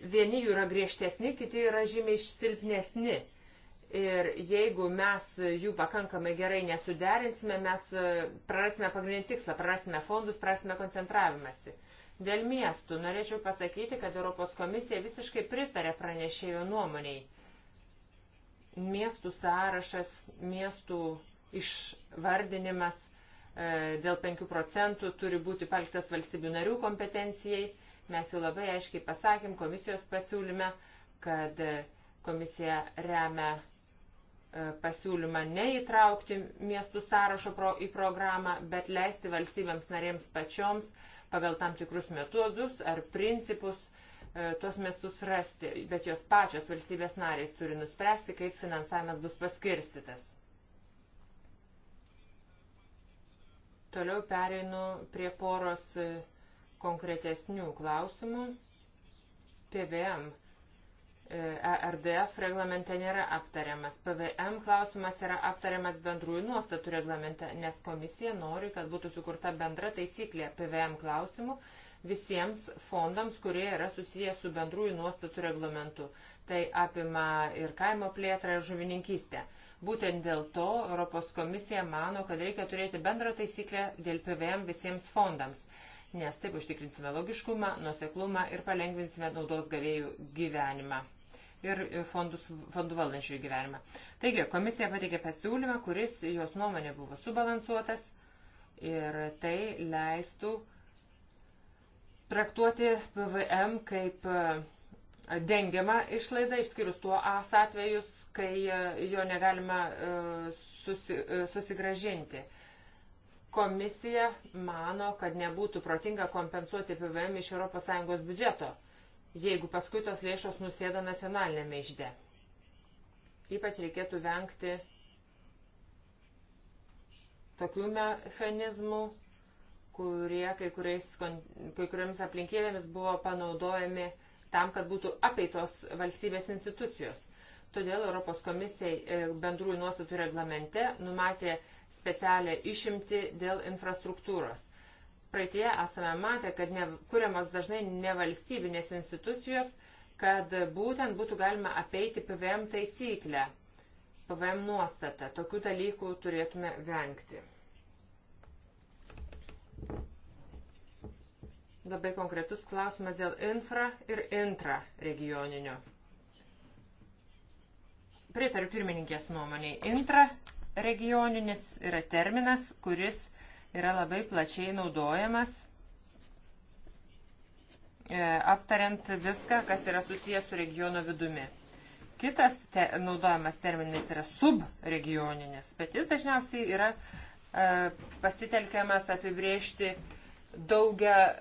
C: Vieni jų yra griežtesni, kiti yra žymiai silpnesni. Ir jeigu mes jų pakankamai gerai nesuderinsime, mes e, prarasime pagrindinį tikslą, prarasime fondus, prarasime koncentravimąsi. Dėl miestų norėčiau pasakyti, kad Europos komisija visiškai pritarė pranešėjo nuomoniai. Miestų sąrašas, miestų išvardinimas e, dėl 5 procentų turi būti paliktas valstybių narių kompetencijai Mes jau labai aiškiai pasakėm komisijos pasiūlyme, kad komisija remia e, pasiūlymą neįtraukti miestų sąrašo pro, į programą, bet leisti valstybėms narėms pačioms pagal tam tikrus metodus ar principus e, tuos miestus rasti, bet jos pačios valstybės narės turi nuspręsti, kaip finansavimas bus paskirstytas. Toliau pereinu prie poros e, konkretesnių klausimų. PVM ERDF e reglamente nėra aptariamas. PVM klausimas yra aptariamas bendrųjų nuostatų reglamente, nes komisija nori, kad būtų sukurta bendra taisyklė PVM klausimų visiems fondams, kurie yra susiję su bendrųjų nuostatų reglamentu. Tai apima ir kaimo plėtrą, ir žuvininkystę. Būtent dėl to Europos komisija mano, kad reikia turėti bendrą taisyklę dėl PVM visiems fondams nes taip užtikrinsime logiškumą, nuseklumą ir palengvinsime naudos gavėjų gyvenimą ir fondus, fondų valdančiųjų gyvenimą. Taigi, komisija pateikė pasiūlymą, kuris jos nuomonė buvo subalansuotas ir tai leistų traktuoti PVM kaip e, dengiama išlaida, išskyrus tuo AS atvejus, kai e, jo negalima e, susi, susigražinti. Komisija mano, kad nebūtų protinga kompensuoti PVM iš ES biudžeto, jeigu paskui tos lėšos nusėda nacionalinėme išde. Ypač reikėtų vengti tokių mechanizmų, kurie kai, kuriais, kai kuriamis aplinkybėmis buvo panaudojami tam, kad būtų apeitos valstybės institucijos. Todėl Europos komisijai e, bendrųjų nuostatų reglamente numatė specialią išimtį dėl infrastruktūros. Praeitie esame matę, kad ne, kuriamos dažnai nevalstybinės institucijos, kad būtent būtų galima apeiti PVM taisyklę, PVM nuostatą. Tokių dalykų turėtume vengti. Labai konkretus klausimas dėl infra ir intra regioninio. Pritariu pirmininkės nuomonėj. Intra regioninis yra terminas, kuris yra labai plačiai naudojamas, e, aptariant viską, kas yra susijęs su regiono vidumi. Kitas te, naudojamas terminas yra subregioninis, bet jis dažniausiai yra e, pasitelkiamas apibriežti daugia e,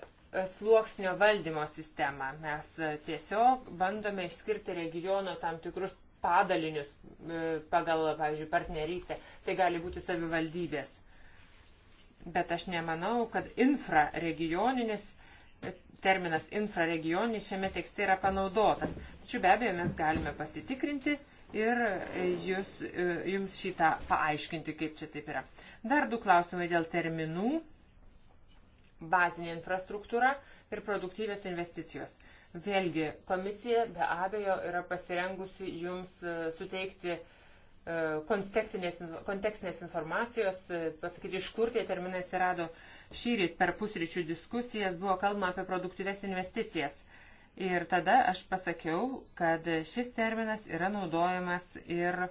C: sluoksnio valdymo sistemą. Mes tiesiog bandome išskirti regiono tam tikrus padalinius e, pagal, pavyzdžiui, partnerystę. Tai gali būti savivaldybės. Bet aš nemanau, kad infraregioninis e, terminas infraregioninis šiame tekste yra panaudotas. Tačiau be abejo mes galime pasitikrinti ir e, jūs, jums šitą paaiškinti, kaip čia taip yra. Dar du klausimai dėl terminų bazinė infrastruktūra ir produktyvės investicijos. Vėlgi, komisija be abejo yra pasirengusi jums e, suteikti e, kontekstinės, kontekstinės informacijos, e, pasakyti, iš kur tie terminai atsirado šyrit per pusryčių diskusijas, buvo kalbama apie produktyves investicijas. Ir tada aš pasakiau, kad šis terminas yra naudojamas ir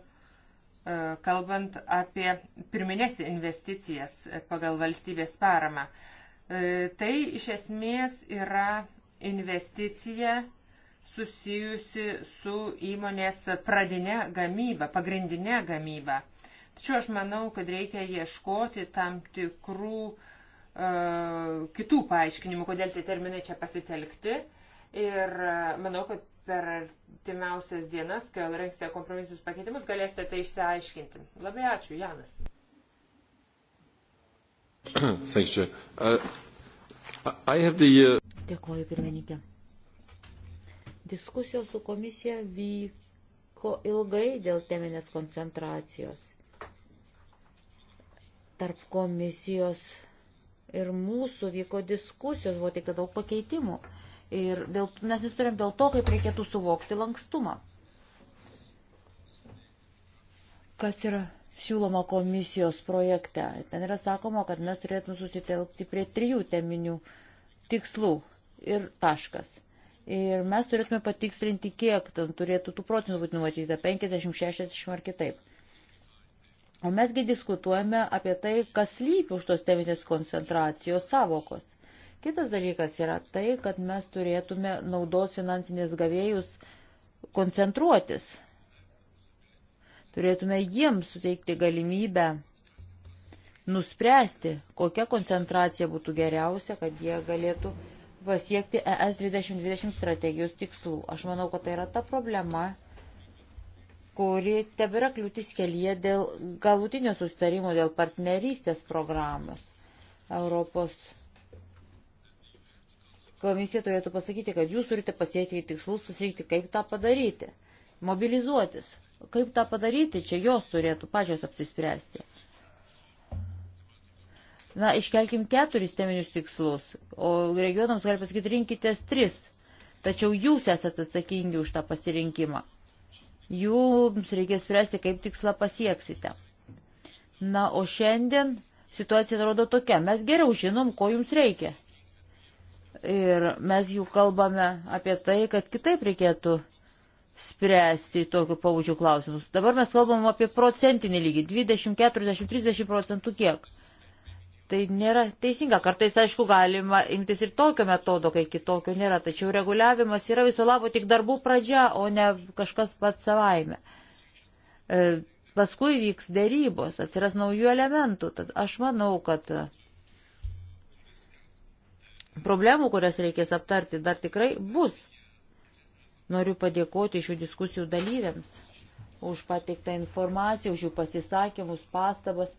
C: kalbant apie pirminės investicijas pagal valstybės paramą. Tai iš esmės yra investicija susijusi su įmonės pradinė gamyba, pagrindinė gamyba. Tačiau aš manau, kad reikia ieškoti tam tikrų uh, kitų paaiškinimų, kodėl tie terminai čia pasitelkti. Ir e, manau, kad per artimiausias dienas, kai rengsite kompromisus pakeitimus, galėsite tai išsiaiškinti. Labai ačiū, Janas. [COUGHS] Thanks, Chair. Uh, I have the uh,
B: Dėkoju, pirmininkė. Diskusijos su komisija vyko ilgai dėl teminės koncentracijos. Tarp komisijos ir mūsų vyko diskusijos, buvo tik daug pakeitimų. Ir dėl, mes nesturėm dėl to, kaip reikėtų suvokti lankstumą. Kas yra siūloma komisijos projekte? Ten yra sakoma, kad mes turėtume susitelkti prie trijų teminių tikslų ir taškas. Ir mes turėtume patikslinti, kiek ten turėtų tų procentų būti numatyta - 50, 60 ar kitaip. O mesgi diskutuojame apie tai, kas lypi už tos teminės koncentracijos savokos. Kitas dalykas yra tai, kad mes turėtume naudos finansinės gavėjus koncentruotis. Turėtume jiems suteikti galimybę nuspręsti, kokia koncentracija būtų geriausia, kad jie galėtų pasiekti ES 2020 strategijos tikslų. Aš manau, kad tai yra ta problema, kuri tebėra kliūtis kelyje dėl galutinio sustarimo, dėl partnerystės programos. Europos komisija turėtų pasakyti, kad jūs turite pasiekti tikslus, pasirinkti, kaip tą padaryti, mobilizuotis. Kaip tą padaryti, čia jos turėtų pačios apsispręsti. Na, iškelkim keturis teminius tikslus, o regionams gali pasakyti rinkitės tris, tačiau jūs esate atsakingi už tą pasirinkimą. Jums reikės spręsti, kaip tikslą pasieksite. Na, o šiandien situacija atrodo tokia, mes geriau žinom, ko jums reikia. Ir mes jų kalbame apie tai, kad kitaip reikėtų spręsti tokių pavyzdžių klausimus. Dabar mes kalbam apie procentinį lygį - 20, 40, 30 procentų kiek tai nėra teisinga. Kartais, aišku, galima imtis ir tokio metodo, kai kitokio nėra, tačiau reguliavimas yra viso labo tik darbų pradžia, o ne kažkas pats savaime. E, paskui vyks dėrybos, atsiras naujų elementų. Tad aš manau, kad problemų, kurias reikės aptarti, dar tikrai bus. Noriu padėkoti šių diskusijų dalyviams už pateiktą informaciją, už jų pasisakymus, pastabas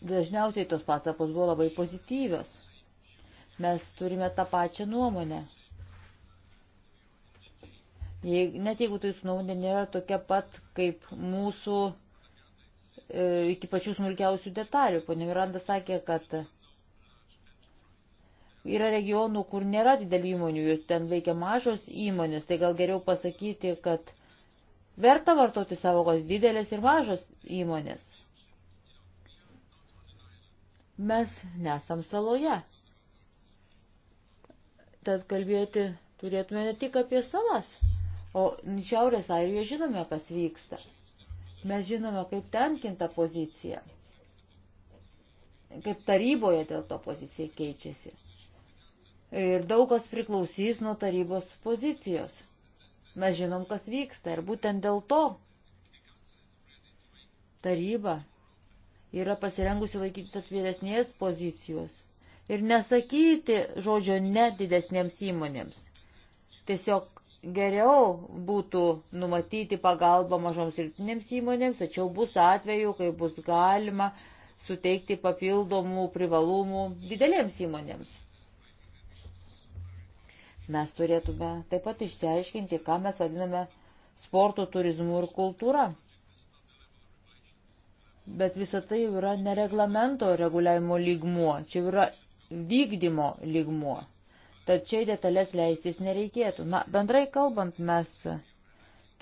B: dažniausiai tos pastabos buvo labai pozityvios. Mes turime tą pačią nuomonę. Jei, net jeigu tai nuomonė nėra tokia pat kaip mūsų e, iki pačių smulkiausių detalių. Pone Miranda sakė, kad yra regionų, kur nėra didelių įmonių, ten veikia mažos įmonės, tai gal geriau pasakyti, kad verta vartoti savokos didelės ir mažos įmonės. Mes nesam saloje. Tad kalbėti turėtume ne tik apie salas, o Šiaurės Airijoje žinome, kas vyksta. Mes žinome, kaip tenkinta pozicija, kaip taryboje dėl to pozicija keičiasi. Ir daug kas priklausys nuo tarybos pozicijos. Mes žinom, kas vyksta ir būtent dėl to taryba yra pasirengusi laikytis atviresnės pozicijos ir nesakyti žodžio ne didesnėms įmonėms. Tiesiog geriau būtų numatyti pagalbą mažoms ir tinėms įmonėms, tačiau bus atveju, kai bus galima suteikti papildomų privalumų didelėms įmonėms. Mes turėtume taip pat išsiaiškinti, ką mes vadiname sporto turizmu ir kultūra bet visa tai yra nereglamento reguliavimo lygmuo, čia yra vykdymo lygmuo. Tad čia į detalės leistis nereikėtų. Na, bendrai kalbant, mes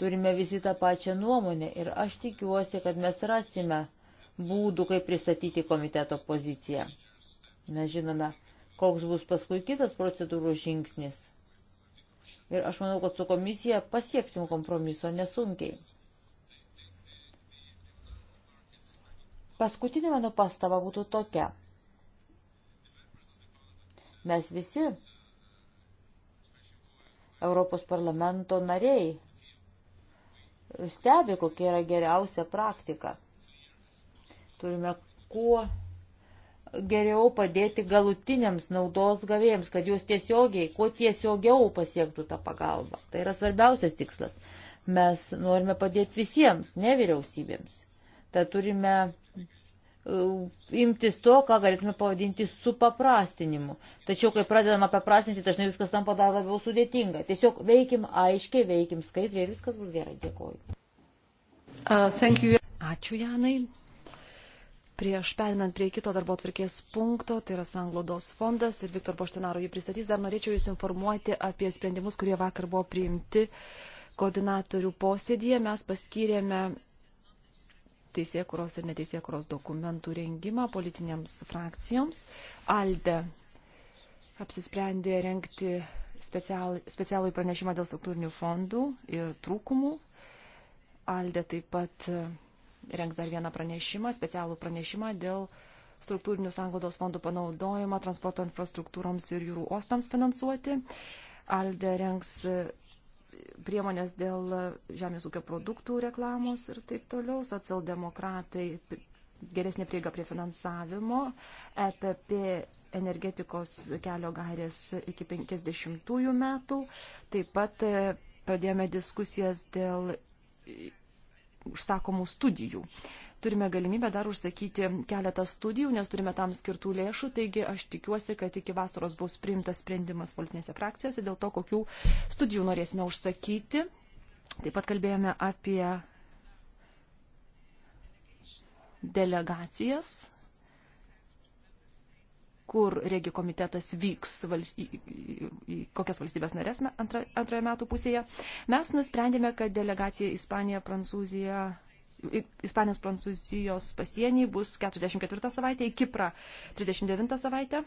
B: turime visi tą pačią nuomonę ir aš tikiuosi, kad mes rasime būdų, kaip pristatyti komiteto poziciją. Mes žinome, koks bus paskui kitas procedūrų žingsnis. Ir aš manau, kad su komisija pasieksim kompromiso nesunkiai. Paskutinė mano pastaba būtų tokia. Mes visi, Europos parlamento nariai, stebi, kokia yra geriausia praktika. Turime kuo geriau padėti galutiniams naudos gavėjams, kad jūs tiesiogiai, kuo tiesiogiau pasiektų tą pagalbą. Tai yra svarbiausias tikslas. Mes norime padėti visiems, ne vyriausybėms. Tad turime e, imtis to, ką galėtume pavadinti supaprastinimu. Tačiau, kai pradedama paprastinti, dažnai viskas tampa dar labiau sudėtinga. Tiesiog veikim aiškiai, veikim skaidriai ir viskas bus gerai. Dėkoju. Uh,
A: Ačiū, Janai. Prieš perinant prie kito darbo atvirkės punkto, tai yra Sanglodos fondas ir Viktor Boštinaro jį pristatys, dar norėčiau Jūs informuoti apie sprendimus, kurie vakar buvo priimti koordinatorių posėdėje. Mes paskyrėme teisėkuros ir neteisėkuros dokumentų rengimą politinėms frakcijoms. Alde apsisprendė rengti special, specialų pranešimą dėl struktūrinių fondų ir trūkumų. Alde taip pat e, rengs dar vieną pranešimą, specialų pranešimą dėl struktūrinių sąnglaudos fondų panaudojimą transporto infrastruktūroms ir jūrų ostams finansuoti. Alde rengs e, priemonės dėl žemės ūkio produktų reklamos ir taip toliau. Socialdemokratai geresnė prieiga prie finansavimo, EPP energetikos kelio gairės iki 50 metų. Taip pat e, pradėjome diskusijas dėl užsakomų studijų. Uh, turime galimybę dar užsakyti keletą studijų, nes turime tam skirtų lėšų, taigi aš tikiuosi, kad iki vasaros bus priimtas sprendimas politinėse frakcijose dėl to, kokių studijų norėsime užsakyti. Taip pat kalbėjome apie delegacijas kur regi komitetas vyks valsty, į kokias valstybės narės antra, antroje metų pusėje, mes nusprendėme, kad delegacija Ispanija, Prancūzija, Ispanijos Prancūzijos pasienį bus 44 savaitė, į Kiprą 39 savaitę.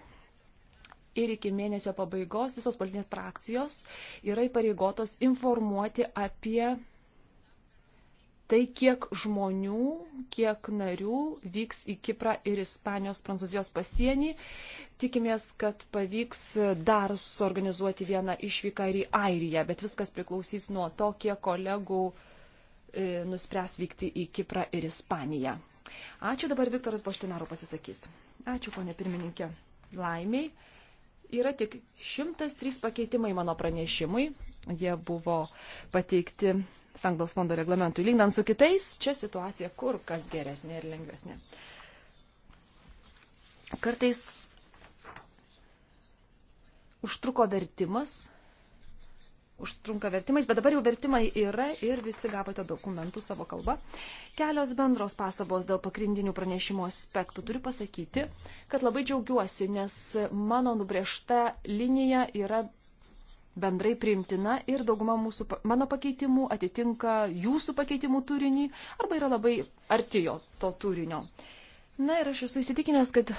A: Ir iki mėnesio pabaigos visos politinės frakcijos yra įpareigotos informuoti apie tai, kiek žmonių, kiek narių vyks į Kiprą ir Ispanijos Prancūzijos pasienį. Tikimės, kad pavyks dar suorganizuoti vieną išvyką ir į Airiją, bet viskas priklausys nuo to, kiek kolegų uh, E, nuspręs vykti į Kiprą ir Ispaniją. Ačiū dabar Viktoras Boštinaro pasisakys. Ačiū, ponė pirmininkė. Laimiai yra tik 103 pakeitimai mano pranešimui. Jie buvo pateikti Sanglaus fondo reglamentui. Lygnant su kitais, čia situacija kur kas geresnė ir lengvesnė. Kartais užtruko vertimas užtrunka vertimais, bet dabar jau vertimai yra ir visi gavote dokumentų savo kalba. Kelios bendros pastabos dėl pagrindinių pranešimo aspektų turiu pasakyti, kad labai džiaugiuosi, nes mano nubriežta linija yra bendrai priimtina ir dauguma mūsų, mano pakeitimų atitinka jūsų pakeitimų turinį arba yra labai arti jo to turinio. Na ir aš esu įsitikinęs, kad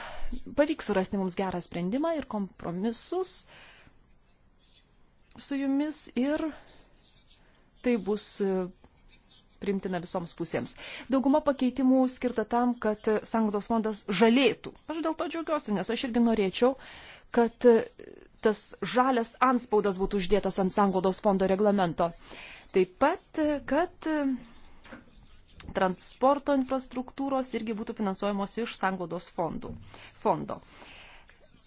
A: pavyks surasti mums gerą sprendimą ir kompromisus, uh, su jumis ir tai bus e, primtina visoms pusėms. Dauguma pakeitimų skirta tam, kad Sanglaus fondas žalėtų. Aš dėl to džiaugiuosi, nes aš irgi norėčiau, kad e, tas žalias anspaudas būtų uždėtas ant Sanglaus fondo reglamento. Taip pat, e, kad transporto infrastruktūros irgi būtų finansuojamos iš Sanglaus fondo.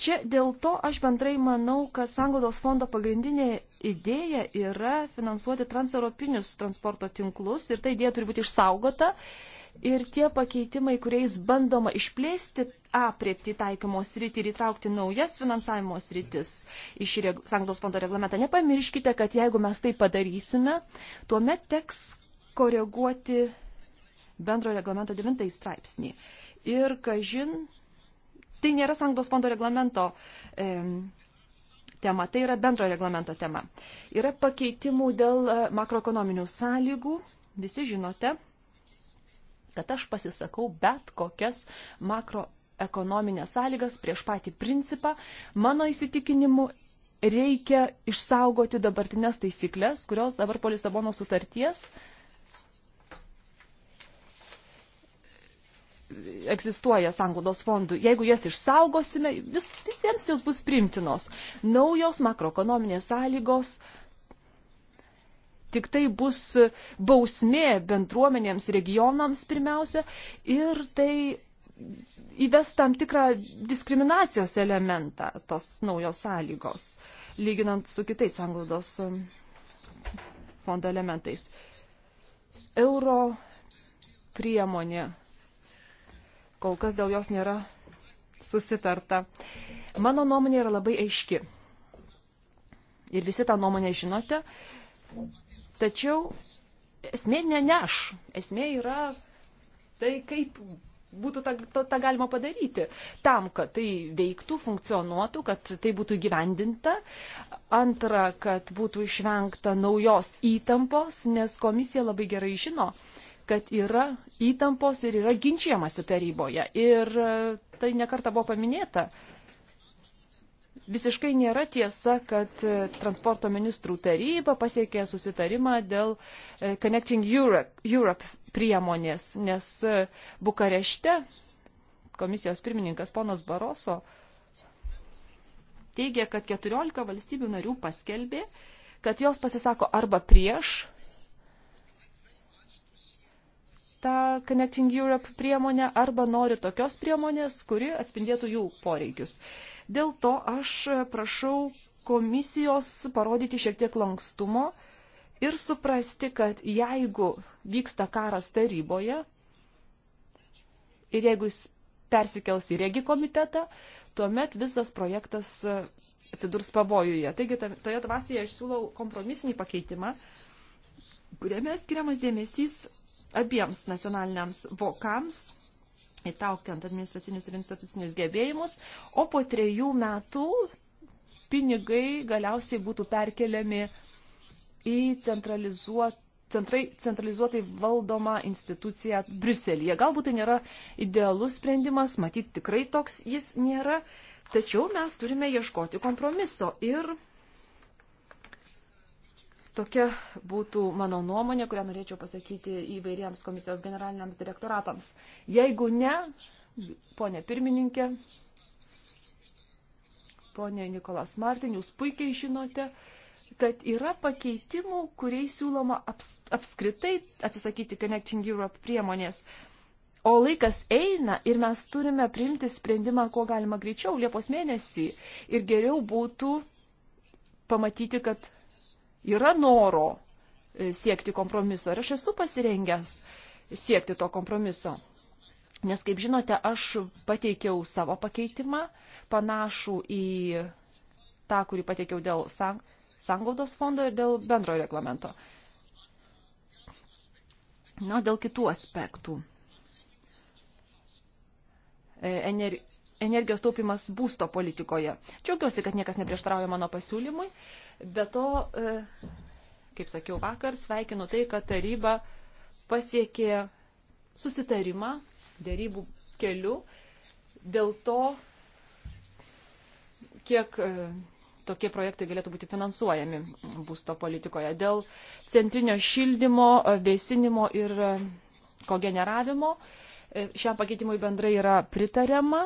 A: Čia dėl to aš bendrai manau, kad Sanglaudos fondo pagrindinė idėja yra finansuoti transeuropinius transporto tinklus ir ta idėja turi būti išsaugota. Ir tie pakeitimai, kuriais bandoma išplėsti apriepti taikymo sritį ir įtraukti naujas finansavimo sritis iš Sanglaudos fondo reglamentą, nepamirškite, kad jeigu mes tai padarysime, tuomet teks koreguoti bendro reglamento 9 straipsnį. Ir, kažin, tai nėra sanglos fondo reglamento e, tema, tai yra bendro reglamento tema. Yra pakeitimų dėl e, makroekonominių sąlygų, visi žinote, kad aš pasisakau bet kokias makroekonominės sąlygas prieš patį principą. Mano įsitikinimu reikia išsaugoti dabartinės taisyklės, kurios dabar po Lisabono sutarties uh, egzistuoja sanglaudos fondų, jeigu jas išsaugosime, vis, visiems jos bus primtinos. Naujos makroekonominės sąlygos tik tai bus bausmė bendruomenėms, regionams pirmiausia ir tai įves tam tikrą diskriminacijos elementą tos naujos sąlygos, lyginant su kitais sanglaudos um, fondo elementais. Euro priemonė kol kas dėl jos nėra susitarta. Mano nuomonė yra labai aiški. Ir visi tą nuomonę žinote. Tačiau esmė ne, ne aš. Esmė yra tai, kaip būtų tą, tą, tą galima padaryti. Tam, kad tai veiktų, funkcionuotų, kad tai būtų gyvendinta. Antra, kad būtų išvengta naujos įtampos, nes komisija labai gerai žino, kad yra įtampos ir yra ginčiamasi taryboje. Ir e, tai nekarta buvo paminėta. Visiškai nėra tiesa, kad e, transporto ministrų taryba pasiekė susitarimą dėl e, Connecting Europe, Europe priemonės, nes Bukarešte komisijos pirmininkas ponas Baroso teigia, kad 14 valstybių narių paskelbė, kad jos pasisako arba prieš tą Connecting Europe priemonę arba nori tokios priemonės, kuri atspindėtų jų poreikius. Dėl to aš prašau komisijos parodyti šiek tiek lankstumo ir suprasti, kad jeigu vyksta karas taryboje ir jeigu jis persikels į regi komitetą, tuomet visas projektas atsidurs pavojuje. Taigi toje dvasioje aš siūlau kompromisinį pakeitimą, kuriame skiriamas dėmesys abiems nacionaliniams vokams, įtraukiant administracinius ir institucinius gebėjimus, o po trejų metų pinigai galiausiai būtų perkeliami į centralizuotą centrai, centralizuotai valdomą instituciją Briuselėje. Galbūt tai nėra idealus sprendimas, matyt, tikrai toks jis nėra, tačiau mes turime ieškoti kompromiso ir Tokia būtų mano nuomonė, kurią norėčiau pasakyti įvairiems komisijos generaliniams direktoratams. Jeigu ne, ponė pirmininkė, ponė Nikolas Martin, jūs puikiai žinote, kad yra pakeitimų, kuriais siūloma aps, apskritai atsisakyti Connecting Europe priemonės. O laikas eina ir mes turime priimti sprendimą, kuo galima greičiau, Liepos mėnesį. Ir geriau būtų pamatyti, kad yra noro e, siekti kompromiso ir aš esu pasirengęs siekti to kompromiso. Nes, kaip žinote, aš pateikiau savo pakeitimą, panašų į tą, kurį pateikiau dėl sang sanglaudos fondo ir dėl bendrojo reglamento. Na, dėl kitų aspektų. E, ener energijos taupimas būsto politikoje. Džiaugiuosi, kad niekas neprieštrauja mano pasiūlymui. Be to, e, kaip sakiau vakar, sveikinu tai, kad taryba pasiekė susitarimą dėrybų keliu dėl to, kiek e, tokie projektai galėtų būti finansuojami būsto politikoje dėl centrinio šildymo, vėsinimo ir e, kogeneravimo. Šiam pakeitimui bendrai yra pritariama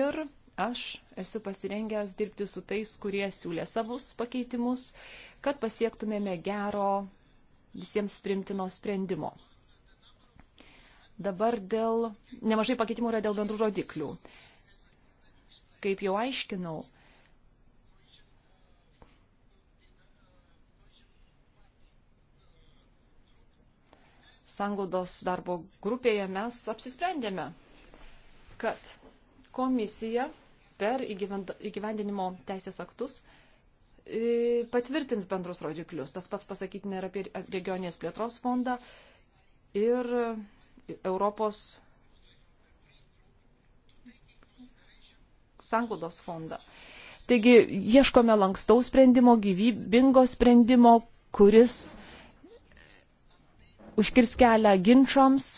A: ir Aš esu pasirengęs dirbti su tais, kurie siūlė savus pakeitimus, kad pasiektumėme gero visiems primtino sprendimo. Dabar dėl nemažai pakeitimų yra dėl bendrų rodiklių. Kaip jau aiškinau, sanglaudos darbo grupėje mes apsisprendėme, kad komisija per įgyvendinimo teisės aktus e, patvirtins bendrus rodiklius. Tas pats pasakyti nėra apie regioninės plėtros fondą ir Europos sanglaudos fondą. Taigi ieškome lankstaus sprendimo, gyvybingo sprendimo, kuris užkirs kelią ginčiams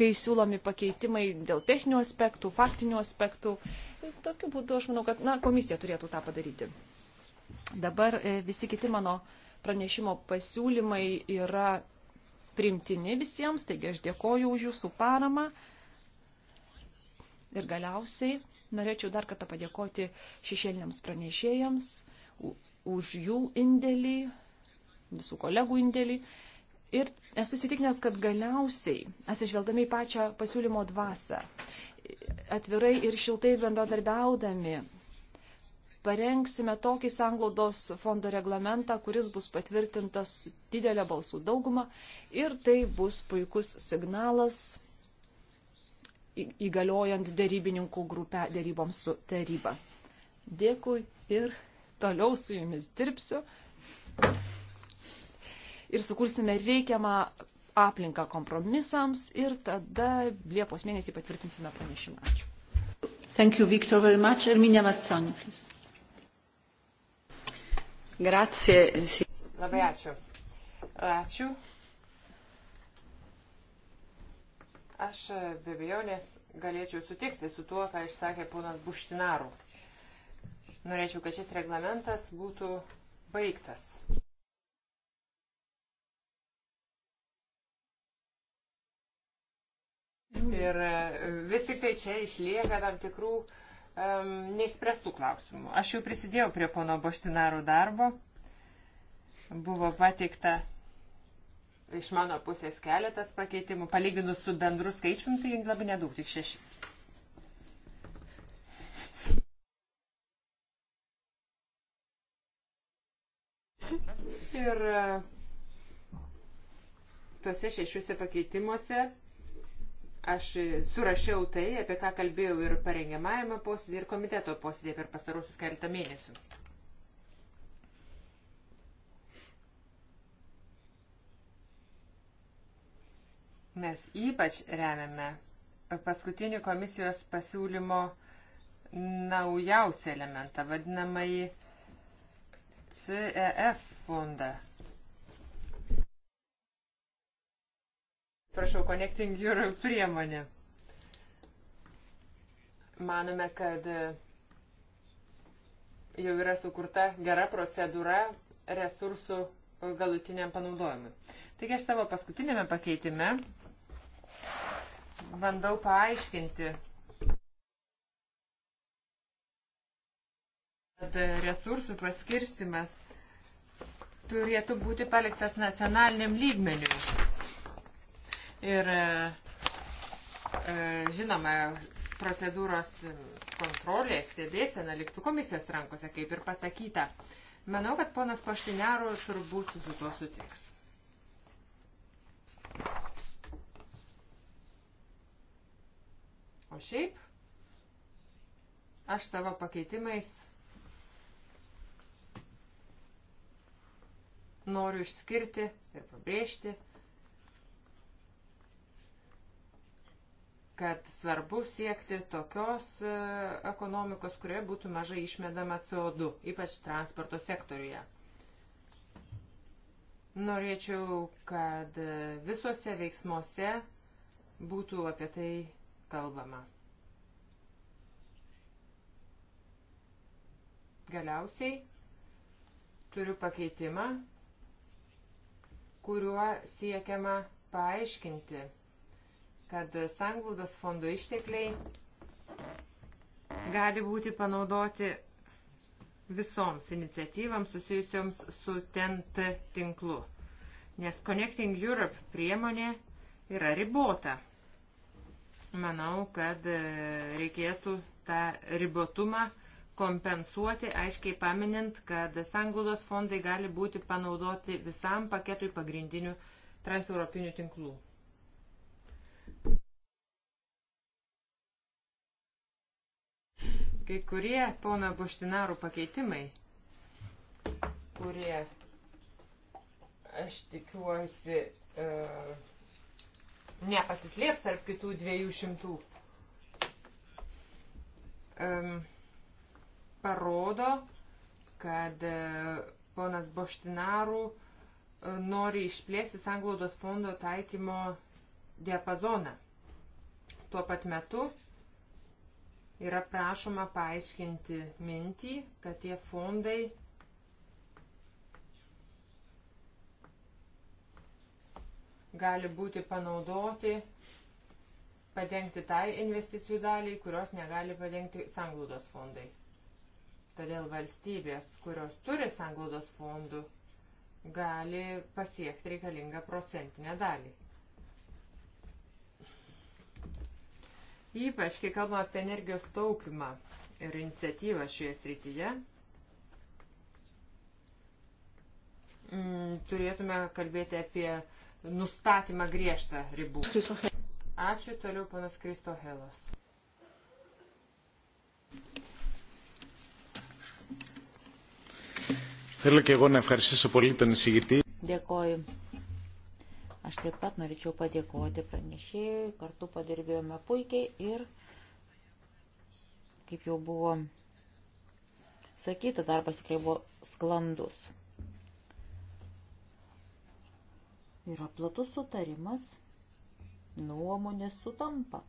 A: kai siūlomi pakeitimai dėl techninių aspektų, faktinių aspektų. Tokiu būdu aš manau, kad na, komisija turėtų tą padaryti. Dabar e, visi kiti mano pranešimo pasiūlymai yra primtini visiems, taigi aš dėkoju už jūsų paramą. Ir galiausiai norėčiau dar kartą padėkoti šešėliniams pranešėjams už jų indėlį, visų kolegų indėlį. Ir esu įsitikinęs, kad galiausiai, atsižvelgdami į pačią pasiūlymo dvasę, atvirai ir šiltai bendradarbiaudami, parengsime tokį sanglaudos fondo reglamentą, kuris bus patvirtintas didelę balsų daugumą ir tai bus puikus signalas įgaliojant dėrybininkų grupę dėryboms su taryba. Dėkui ir toliau su jumis dirbsiu ir sukursime reikiamą aplinką kompromisams ir tada Liepos mėnesį patvirtinsime pranešimą. Ačiū. Thank you, Victor, very much. Erminia Mazzoni, please.
B: Grazie. Labai
C: ačiū. Ačiū. Aš e, be abejonės galėčiau sutikti su tuo, ką išsakė ponas Buštinaru. Norėčiau, kad šis reglamentas būtų baigtas Ir e, vis tik tai čia išlieka tam tikrų um, neišspręstų klausimų. Aš jau prisidėjau prie pono Boštinarų darbo. Buvo pateikta iš mano pusės keletas pakeitimų. Palyginus su bendru skaičiumi, tai labai nedaug, tik šešis. Ir e, tuose šešiuose pakeitimuose Aš surašiau tai, apie ką kalbėjau ir parengiamajame posėdėje, ir komiteto posėdėje per pasarosius keletą mėnesių. Mes ypač remiame paskutinį komisijos pasiūlymo naujausią elementą, vadinamąjį CEF fondą. atsiprašau, Connecting Europe priemonė. Manome, kad jau yra sukurta gera procedūra resursų galutiniam panaudojimui. Taigi aš savo paskutinėme pakeitime bandau paaiškinti, kad resursų paskirstimas turėtų būti paliktas nacionaliniam lygmeniu Ir e, e, žinoma, procedūros kontrolė, stebėsena liktų komisijos rankose, kaip ir pasakyta. Manau, kad ponas Paštiniaro turbūt su tuo sutiks. O šiaip, aš savo pakeitimais noriu išskirti ir pabrėžti kad svarbu siekti tokios e, ekonomikos, kurioje būtų mažai išmedama CO2, ypač transporto sektoriuje. Norėčiau, kad e, visuose veiksmuose būtų apie tai kalbama. Galiausiai turiu pakeitimą, kuriuo siekiama paaiškinti kad sanglaudos fondo ištekliai gali būti panaudoti visoms iniciatyvams susijusioms su TENT tinklu, nes Connecting Europe priemonė yra ribota. Manau, kad e, reikėtų tą ribotumą kompensuoti, aiškiai paminint, kad sanglaudos fondai gali būti panaudoti visam paketui pagrindinių transeuropinių tinklų. Kai kurie pono Buštinarų pakeitimai, kurie, aš tikiuosi, uh, e, nepasislėps tarp kitų dviejų šimtų, um, parodo, kad uh, ponas Buštinarų uh, e, nori išplėsti sanglaudos fondo taikymo diapazoną. Tuo pat metu yra prašoma paaiškinti mintį, kad tie fondai gali būti panaudoti padengti tai investicijų daliai, kurios negali padengti sanglaudos fondai. Todėl valstybės, kurios turi sanglaudos fondų, gali pasiekti reikalingą procentinę dalį. Ypač, kai kalbame apie energijos taupimą ir iniciatyvą šioje srityje, mm, turėtume kalbėti apie nustatymą griežtą ribų. Ačiū, toliau panas Kristo Helos. Θέλω και εγώ να ευχαριστήσω πολύ τον εισηγητή.
B: Dėkoju. Aš taip pat norėčiau padėkoti pranešėjui, kartu padirbėjome puikiai ir, kaip jau buvo sakyta, darbas tikrai buvo sklandus. Yra platus sutarimas, nuomonės sutampa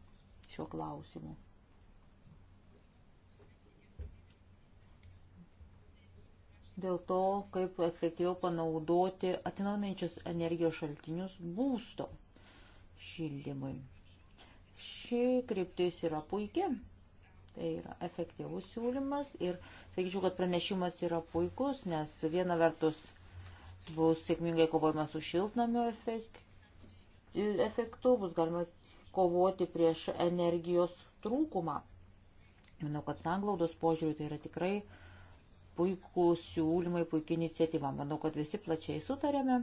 B: šiuo klausimu. dėl to, kaip efektyviau panaudoti atsinaujinančius energijos šaltinius būsto šildymui. Ši kryptis yra puikia, tai yra efektyvus siūlymas ir sakyčiau, kad pranešimas yra puikus, nes viena vertus bus sėkmingai kovojama su šiltnamio efekt, efektu, bus galima kovoti prieš energijos trūkumą. Manau, kad sanglaudos požiūrių tai yra tikrai uh, puikų siūlymai, puikia iniciatyva. Manau, kad visi plačiai sutarėme.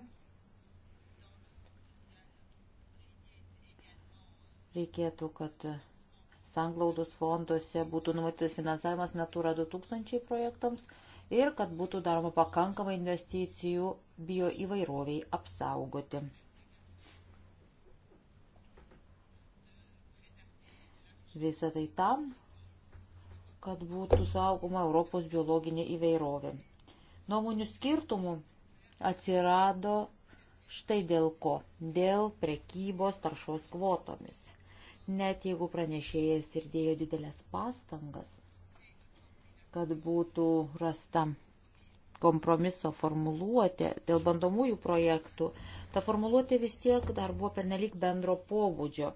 B: Reikėtų, kad sanglaudos fonduose būtų numatytas finansavimas Natura 2000 projektams ir kad būtų daroma pakankamai investicijų bio įvairoviai apsaugoti. Visą tai tam, kad būtų saugoma Europos biologinė įvairovė. Nuomonių skirtumų atsirado štai dėl ko - dėl prekybos taršos kvotomis. Net jeigu pranešėjas ir dėjo didelės pastangas, kad būtų rasta kompromiso formuluotė dėl bandomųjų projektų, ta formuluotė vis tiek dar buvo pernelik bendro pobūdžio.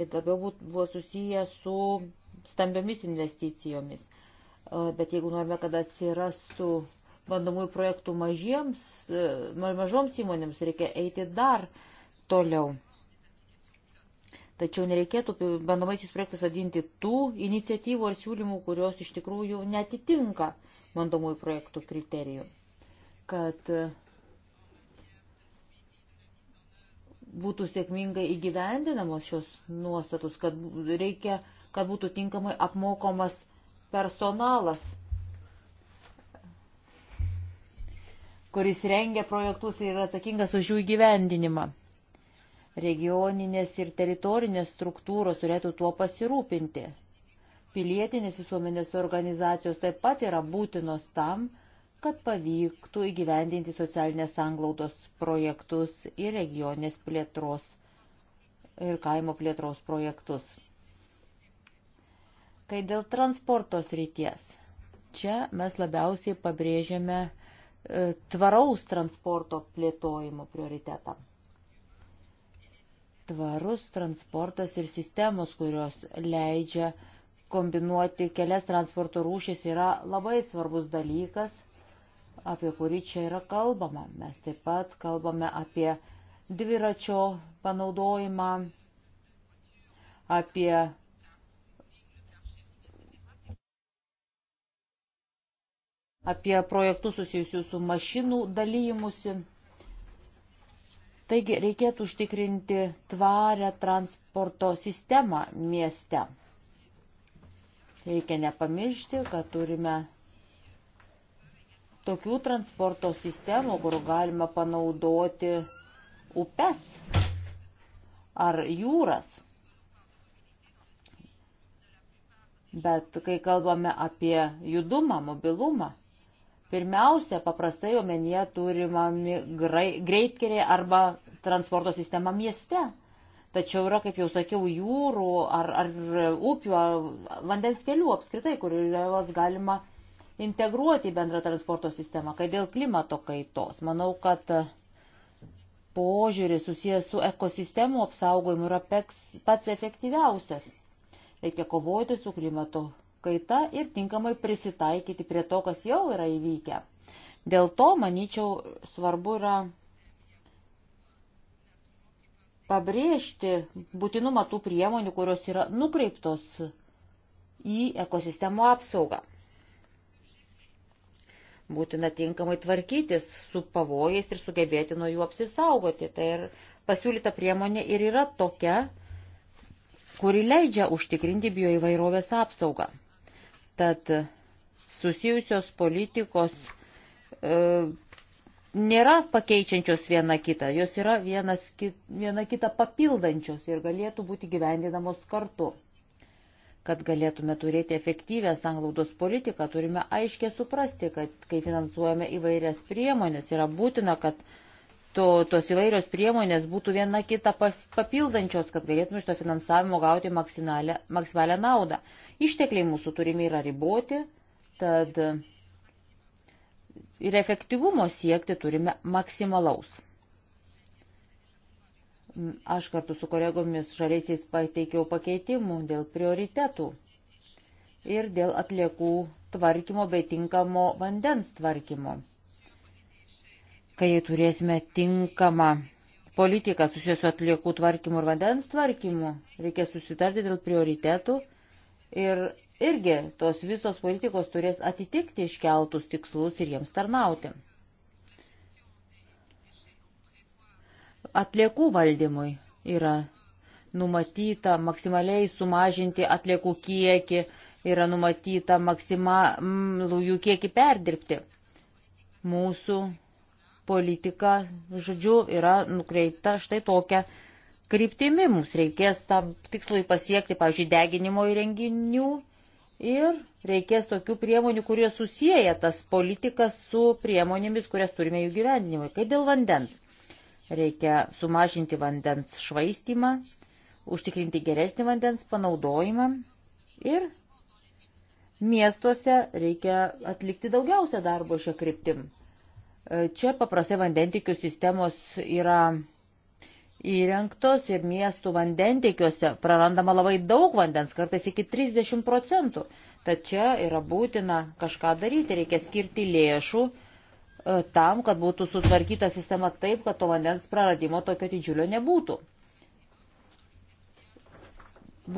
B: Tai labiau buvo susiję su stambiamis investicijomis. E, bet jeigu norime, kad atsirastų bandomųjų projektų mažiems, e, mažoms įmonėms, reikia eiti dar toliau. Tačiau nereikėtų bandomaisiais projektais vadinti tų iniciatyvų ar siūlymų, kurios iš tikrųjų netitinka bandomųjų projektų kriterijų. Kad e, būtų sėkmingai įgyvendinamos šios nuostatus, kad reikia kad būtų tinkamai apmokomas personalas, kuris rengia projektus ir yra atsakingas už jų įgyvendinimą. Regioninės ir teritorinės struktūros turėtų tuo pasirūpinti. Pilietinės visuomenės organizacijos taip pat yra būtinos tam, kad pavyktų įgyvendinti socialinės sanglaudos projektus ir regionės plėtros ir kaimo plėtros projektus. Kai dėl transporto srities, čia mes labiausiai pabrėžiame e, tvaraus transporto plėtojimo prioritetą. Tvarus transportas ir sistemos, kurios leidžia kombinuoti kelias transporto rūšis, yra labai svarbus dalykas, apie kurį čia yra kalbama. Mes taip pat kalbame apie dviračio panaudojimą, apie apie projektus susijusius su mašinų dalyjimusi. Taigi reikėtų užtikrinti tvarę transporto sistemą mieste. Reikia nepamiršti, kad turime tokių transporto sistemų, kur galima panaudoti upes ar jūras. Bet kai kalbame apie judumą, mobilumą, Pirmiausia, paprastai omenyje turima greitkeliai arba transporto sistema mieste. Tačiau yra, kaip jau sakiau, jūrų ar, ar upių, ar vandens kelių apskritai, kur juos galima integruoti į bendrą transporto sistemą, kai dėl klimato kaitos. Manau, kad požiūris susijęs su ekosistemų apsaugojimu yra peks, pats efektyviausias. Reikia kovoti su klimato kaita ir tinkamai prisitaikyti prie to, kas jau yra įvykę. Dėl to, manyčiau, svarbu yra pabrėžti būtinumą tų priemonių, kurios yra nukreiptos į ekosistemų apsaugą. Būtina tinkamai tvarkytis su pavojais ir sugebėti nuo jų apsisaugoti. Tai ir pasiūlyta priemonė ir yra tokia, kuri leidžia užtikrinti bioįvairovės apsaugą. Tad susijusios politikos e, nėra pakeičiančios viena kitą, jos yra vienas, kit, viena kitą papildančios ir galėtų būti gyvendinamos kartu. Kad galėtume turėti efektyvę sanglaudos politiką, turime aiškiai suprasti, kad kai finansuojame įvairias priemonės, yra būtina, kad to, tos įvairios priemonės būtų viena kita papildančios, kad galėtume iš to finansavimo gauti maksimalią naudą. Ištekliai mūsų turimi yra riboti, tad ir efektyvumo siekti turime maksimalaus. Aš kartu su kolegomis žaliaisiais pateikiau pakeitimų dėl prioritetų ir dėl atliekų tvarkymo bei tinkamo vandens tvarkymo kai turėsime tinkamą politiką susijęs su atliekų tvarkymu ir vandens tvarkymu, reikės susitarti dėl prioritetų ir irgi tos visos politikos turės atitikti iškeltus tikslus ir jiems tarnauti. Atliekų valdymui yra numatyta maksimaliai sumažinti atliekų kiekį, yra numatyta maksimalų jų kiekį perdirbti. Mūsų politika, žodžiu, yra nukreipta štai tokia kryptimi. Mums reikės tam tikslui pasiekti, pavyzdžiui, deginimo įrenginių ir reikės tokių priemonių, kurie susiję tas politikas su priemonėmis, kurias turime jų gyvendinimui. Kai dėl vandens. Reikia sumažinti vandens švaistimą, užtikrinti geresnį vandens panaudojimą ir miestuose reikia atlikti daugiausia darbo šią kryptim. E, čia paprastai vandentikių sistemos yra įrengtos ir miestų vandentikiuose prarandama labai daug vandens, kartais iki 30 procentų. Tad čia yra būtina kažką daryti, reikia skirti lėšų e, tam, kad būtų sutvarkyta sistema taip, kad to vandens praradimo tokio didžiulio nebūtų.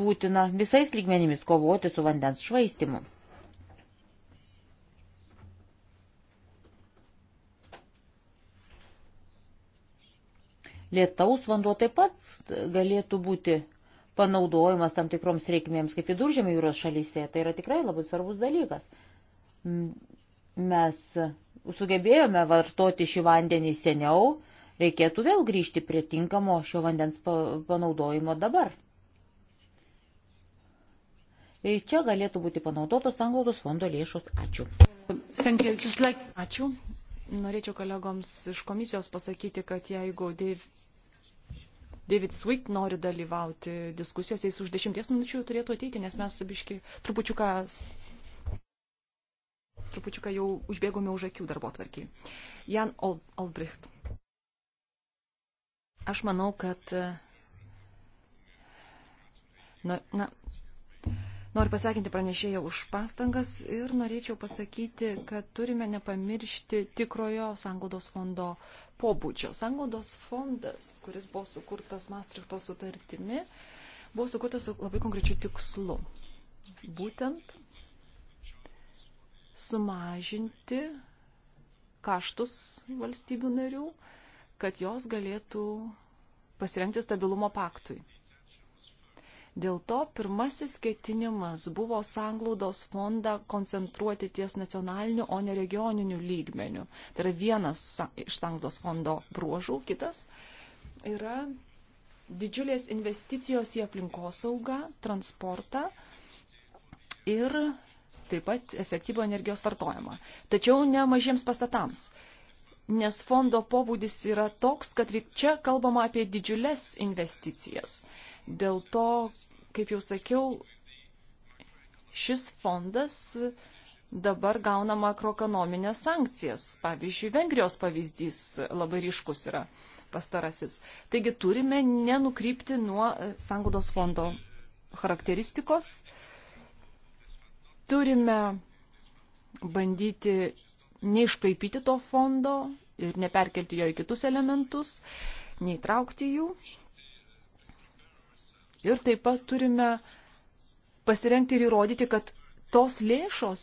B: Būtina visais lygmenimis kovoti su vandens švaistimu. lietaus vanduo taip pat galėtų būti panaudojimas tam tikroms reikmėms, kaip viduržėmė jūros šalyse. Tai yra tikrai labai svarbus dalykas. Mes sugebėjome vartoti šį vandenį seniau, reikėtų vėl grįžti prie tinkamo šio vandens panaudojimo dabar. Ir čia galėtų būti panaudotos sanglaudos fondo lėšos. Ačiū. Ačiū.
A: Norėčiau kolegoms iš komisijos pasakyti, kad jeigu David Sweet nori dalyvauti diskusijose, jis už dešimties minučių turėtų ateiti, nes mes biški trupučiuką, trupučiuką jau užbėgome už akių darbo tvarkiai. Jan Albrecht. Aš manau, kad na, na, Noriu pasakinti pranešėją už pastangas ir norėčiau pasakyti, kad turime nepamiršti tikrojo sanglaudos fondo pobūdžio. Sanglaudos fondas, kuris buvo sukurtas Maastrichto sutartimi, buvo sukurtas su labai konkrečiu tikslu. Būtent sumažinti kaštus valstybių narių, kad jos galėtų pasirengti stabilumo paktui. Dėl to pirmasis ketinimas buvo sanglaudos fondą koncentruoti ties nacionaliniu, o ne regioniniu lygmeniu. Tai yra vienas iš sanglaudos fondo bruožų, kitas yra didžiulės investicijos į aplinkosaugą, transportą ir taip pat efektyvų energijos vartojimą. Tačiau ne mažiems pastatams nes fondo pobūdis yra toks, kad čia kalbama apie didžiulės investicijas. Dėl to, kaip jau sakiau, šis fondas dabar gauna makroekonominės sankcijas. Pavyzdžiui, Vengrijos pavyzdys labai ryškus yra pastarasis. Taigi turime nenukrypti nuo Sangudos fondo charakteristikos. Turime bandyti neiškaipyti to fondo ir neperkelti jo į kitus elementus, neįtraukti jų. Ir taip pat turime pasirengti ir įrodyti, kad tos lėšos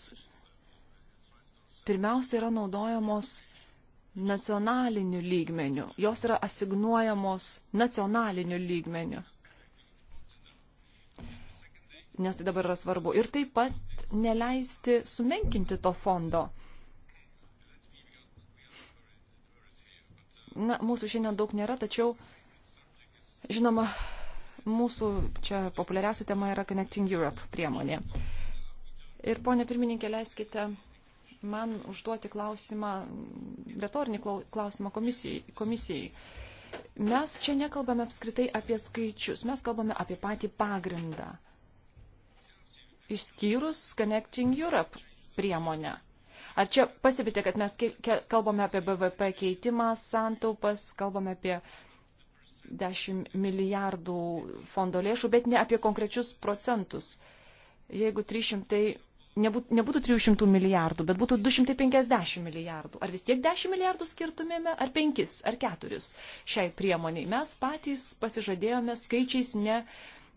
A: pirmiausia yra naudojamos nacionaliniu lygmeniu. Jos yra asignuojamos nacionaliniu lygmeniu. Nes tai dabar yra svarbu. Ir taip pat neleisti sumenkinti to fondo. Na, mūsų šiandien daug nėra, tačiau, žinoma, Mūsų čia populiariausia tema yra Connecting Europe priemonė. Ir ponė pirmininkė, leiskite man užduoti klausimą, retorinį klausimą komisijai. komisijai. Mes čia nekalbame apskritai apie skaičius, mes kalbame apie patį pagrindą. Išskyrus Connecting Europe priemonę. Ar čia pastebite, kad mes kalbame apie BVP keitimą, santaupas, kalbame apie uh, 10 milijardų fondo lėšų, bet ne apie konkrečius procentus. Jeigu 300, nebūt, nebūtų 300 milijardų, bet būtų 250 milijardų. Ar vis tiek 10 milijardų skirtumėme, ar 5, ar 4 šiai priemoniai? Mes patys pasižadėjome skaičiais ne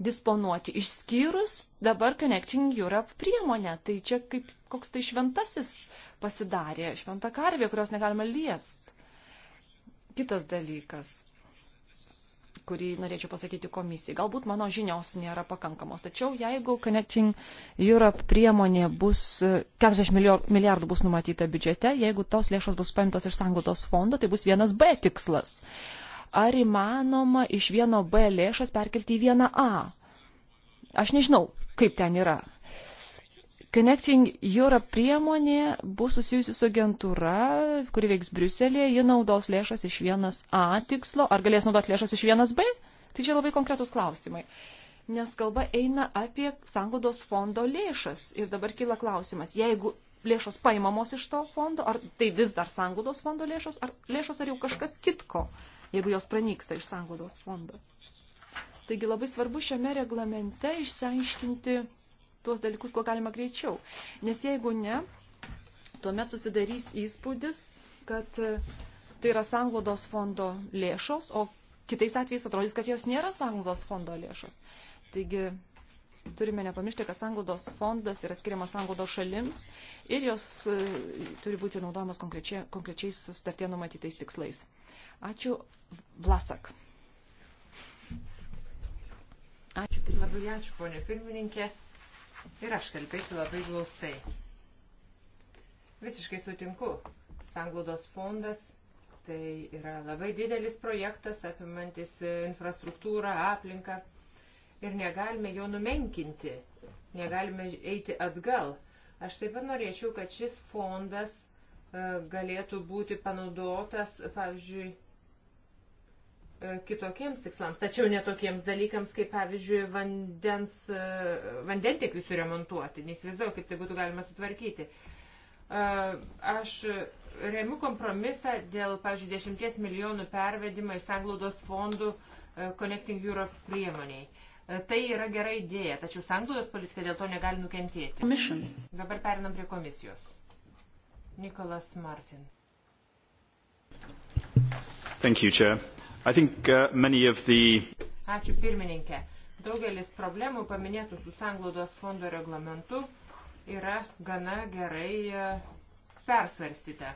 A: disponuoti, išskyrus dabar Connecting Europe priemonę. Tai čia kaip koks tai šventasis pasidarė, šventa karvė, kurios negalima liest. Kitas dalykas kurį norėčiau pasakyti komisijai. Galbūt mano žinios nėra pakankamos, tačiau jeigu Connecting Europe priemonė bus 40 milijardų bus numatyta biudžete, jeigu tos lėšos bus paimtos iš sanglotos fondo, tai bus vienas B tikslas. Ar įmanoma iš vieno B lėšas perkelti į vieną A? Aš nežinau, kaip ten yra. Connecting Europe priemonė bus susijusi su agentūra, kuri veiks Briuselėje, ji naudos lėšas iš vienas A tikslo, ar galės naudoti lėšas iš vienas B? Tai čia labai konkretus klausimai. Nes kalba eina apie sangodos fondo lėšas ir dabar kyla klausimas, jeigu lėšos paimamos iš to fondo, ar tai vis dar sangodos fondo lėšos, ar lėšos ar jau kažkas kitko, jeigu jos pranyksta iš sangodos fondo. Taigi labai svarbu šiame reglamente išsiaiškinti tuos dalykus, kuo galima greičiau. Nes jeigu ne, tuomet susidarys įspūdis, kad e, tai yra sanglodos fondo lėšos, o kitais atvejais atrodys, kad jos nėra sanglodos fondo lėšos. Taigi turime nepamiršti, kad sanglaudos fondas yra skiriamas sanglaudos šalims ir jos e, turi būti naudojamas konkrečia, konkrečiais sutartie numatytais tikslais. Ačiū, Vlasak.
C: Ačiū, pirmininkė. Labai ačiū, ponė pirmininkė. Ir aš kalbėsiu labai glaustai. Visiškai sutinku. Sanglaudos fondas tai yra labai didelis projektas, apimantis infrastruktūrą, aplinką. Ir negalime jo numenkinti, negalime eiti atgal. Aš taip pat norėčiau, kad šis fondas e, galėtų būti panaudotas, pavyzdžiui, E, kitokiems tikslams, tačiau ne tokiems dalykams, kaip pavyzdžiui vandens, e, vandentiekiui suremontuoti, neįsivaizduoju, kaip tai būtų galima sutvarkyti. E, aš remiu kompromisą dėl, pavyzdžiui, 10 milijonų pervedimą iš sanglaudos fondų Connecting Europe priemoniai. Tai yra gera idėja, tačiau sanglaudos politika dėl to negali nukentėti. Commission. Dabar perinam prie komisijos. Nikolas Martin.
B: Thank you, Chair. Think, uh, the...
C: Ačiū pirmininkė. Daugelis problemų paminėtų su sanglaudos fondo reglamentu yra gana gerai uh, persvarstyta.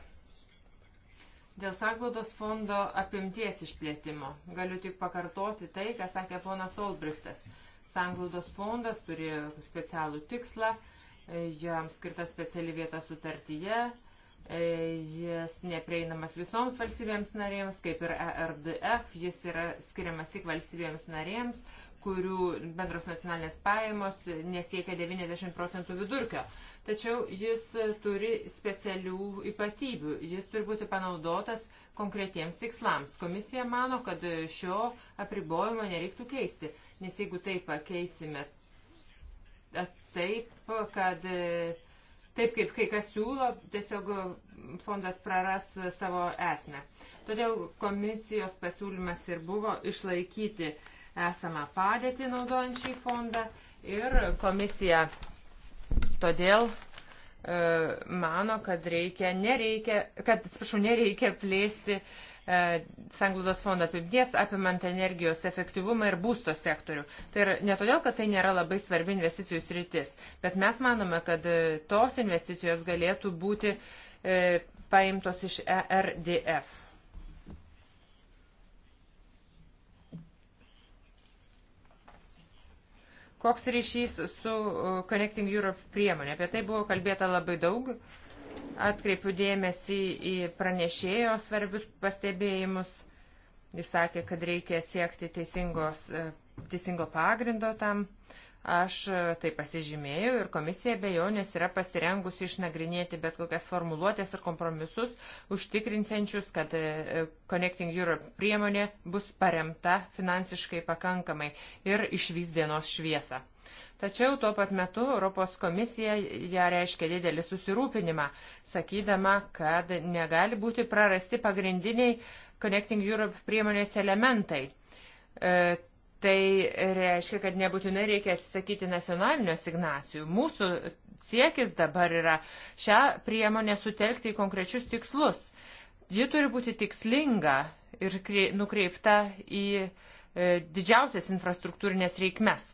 C: Dėl sanglaudos fondo apimties išplėtimo galiu tik pakartoti tai, ką sakė ponas Olbrichtas. Sanglaudos fondas turi specialų tikslą, jam skirta speciali vieta sutartyje E, jis neprieinamas visoms valstybėms narėms, kaip ir ERDF, jis yra skiriamas tik valstybėms narėms, kurių bendros nacionalinės pajamos nesiekia 90 procentų vidurkio. Tačiau jis turi specialių ypatybių. Jis turi būti panaudotas konkretiems tikslams. Komisija mano, kad šio apribojimo nereiktų keisti, nes jeigu tai pakeisime taip, kad Taip kaip kai kas siūlo, tiesiog e, fondas praras e, savo esmę. Todėl komisijos pasiūlymas ir buvo išlaikyti esamą padėtį naudojant šį fondą ir komisija todėl e, mano, kad reikia, nereikia, kad, atsiprašau, nereikia plėsti uh, E, sanglaudos fondo apimties, apimant energijos efektyvumą ir būsto sektorių. Tai yra ne todėl, kad tai nėra labai svarbi investicijų sritis, bet mes manome, kad e, tos investicijos galėtų būti e, paimtos iš ERDF. Koks ryšys su e, Connecting Europe priemonė? Apie tai buvo kalbėta labai daug. E, Atkreipiu dėmesį į pranešėjo svarbius pastebėjimus. Jis sakė, kad reikia siekti teisingos, e, teisingo pagrindo tam. Aš e, tai pasižymėjau ir komisija be jonės yra pasirengusi išnagrinėti bet kokias formuluotės ir kompromisus, užtikrinsiančius, kad e, Connecting Europe priemonė bus paremta finansiškai pakankamai ir išvys dienos šviesą. Tačiau tuo pat metu Europos komisija ją reiškia didelį susirūpinimą, sakydama, kad negali būti prarasti pagrindiniai Connecting Europe priemonės elementai. E, tai reiškia, kad nebūtinai reikia atsisakyti nacionalinio signacijų. Mūsų siekis dabar yra šią priemonę sutelkti į konkrečius tikslus. Ji turi būti tikslinga ir nukreipta į e, didžiausias infrastruktūrinės reikmes.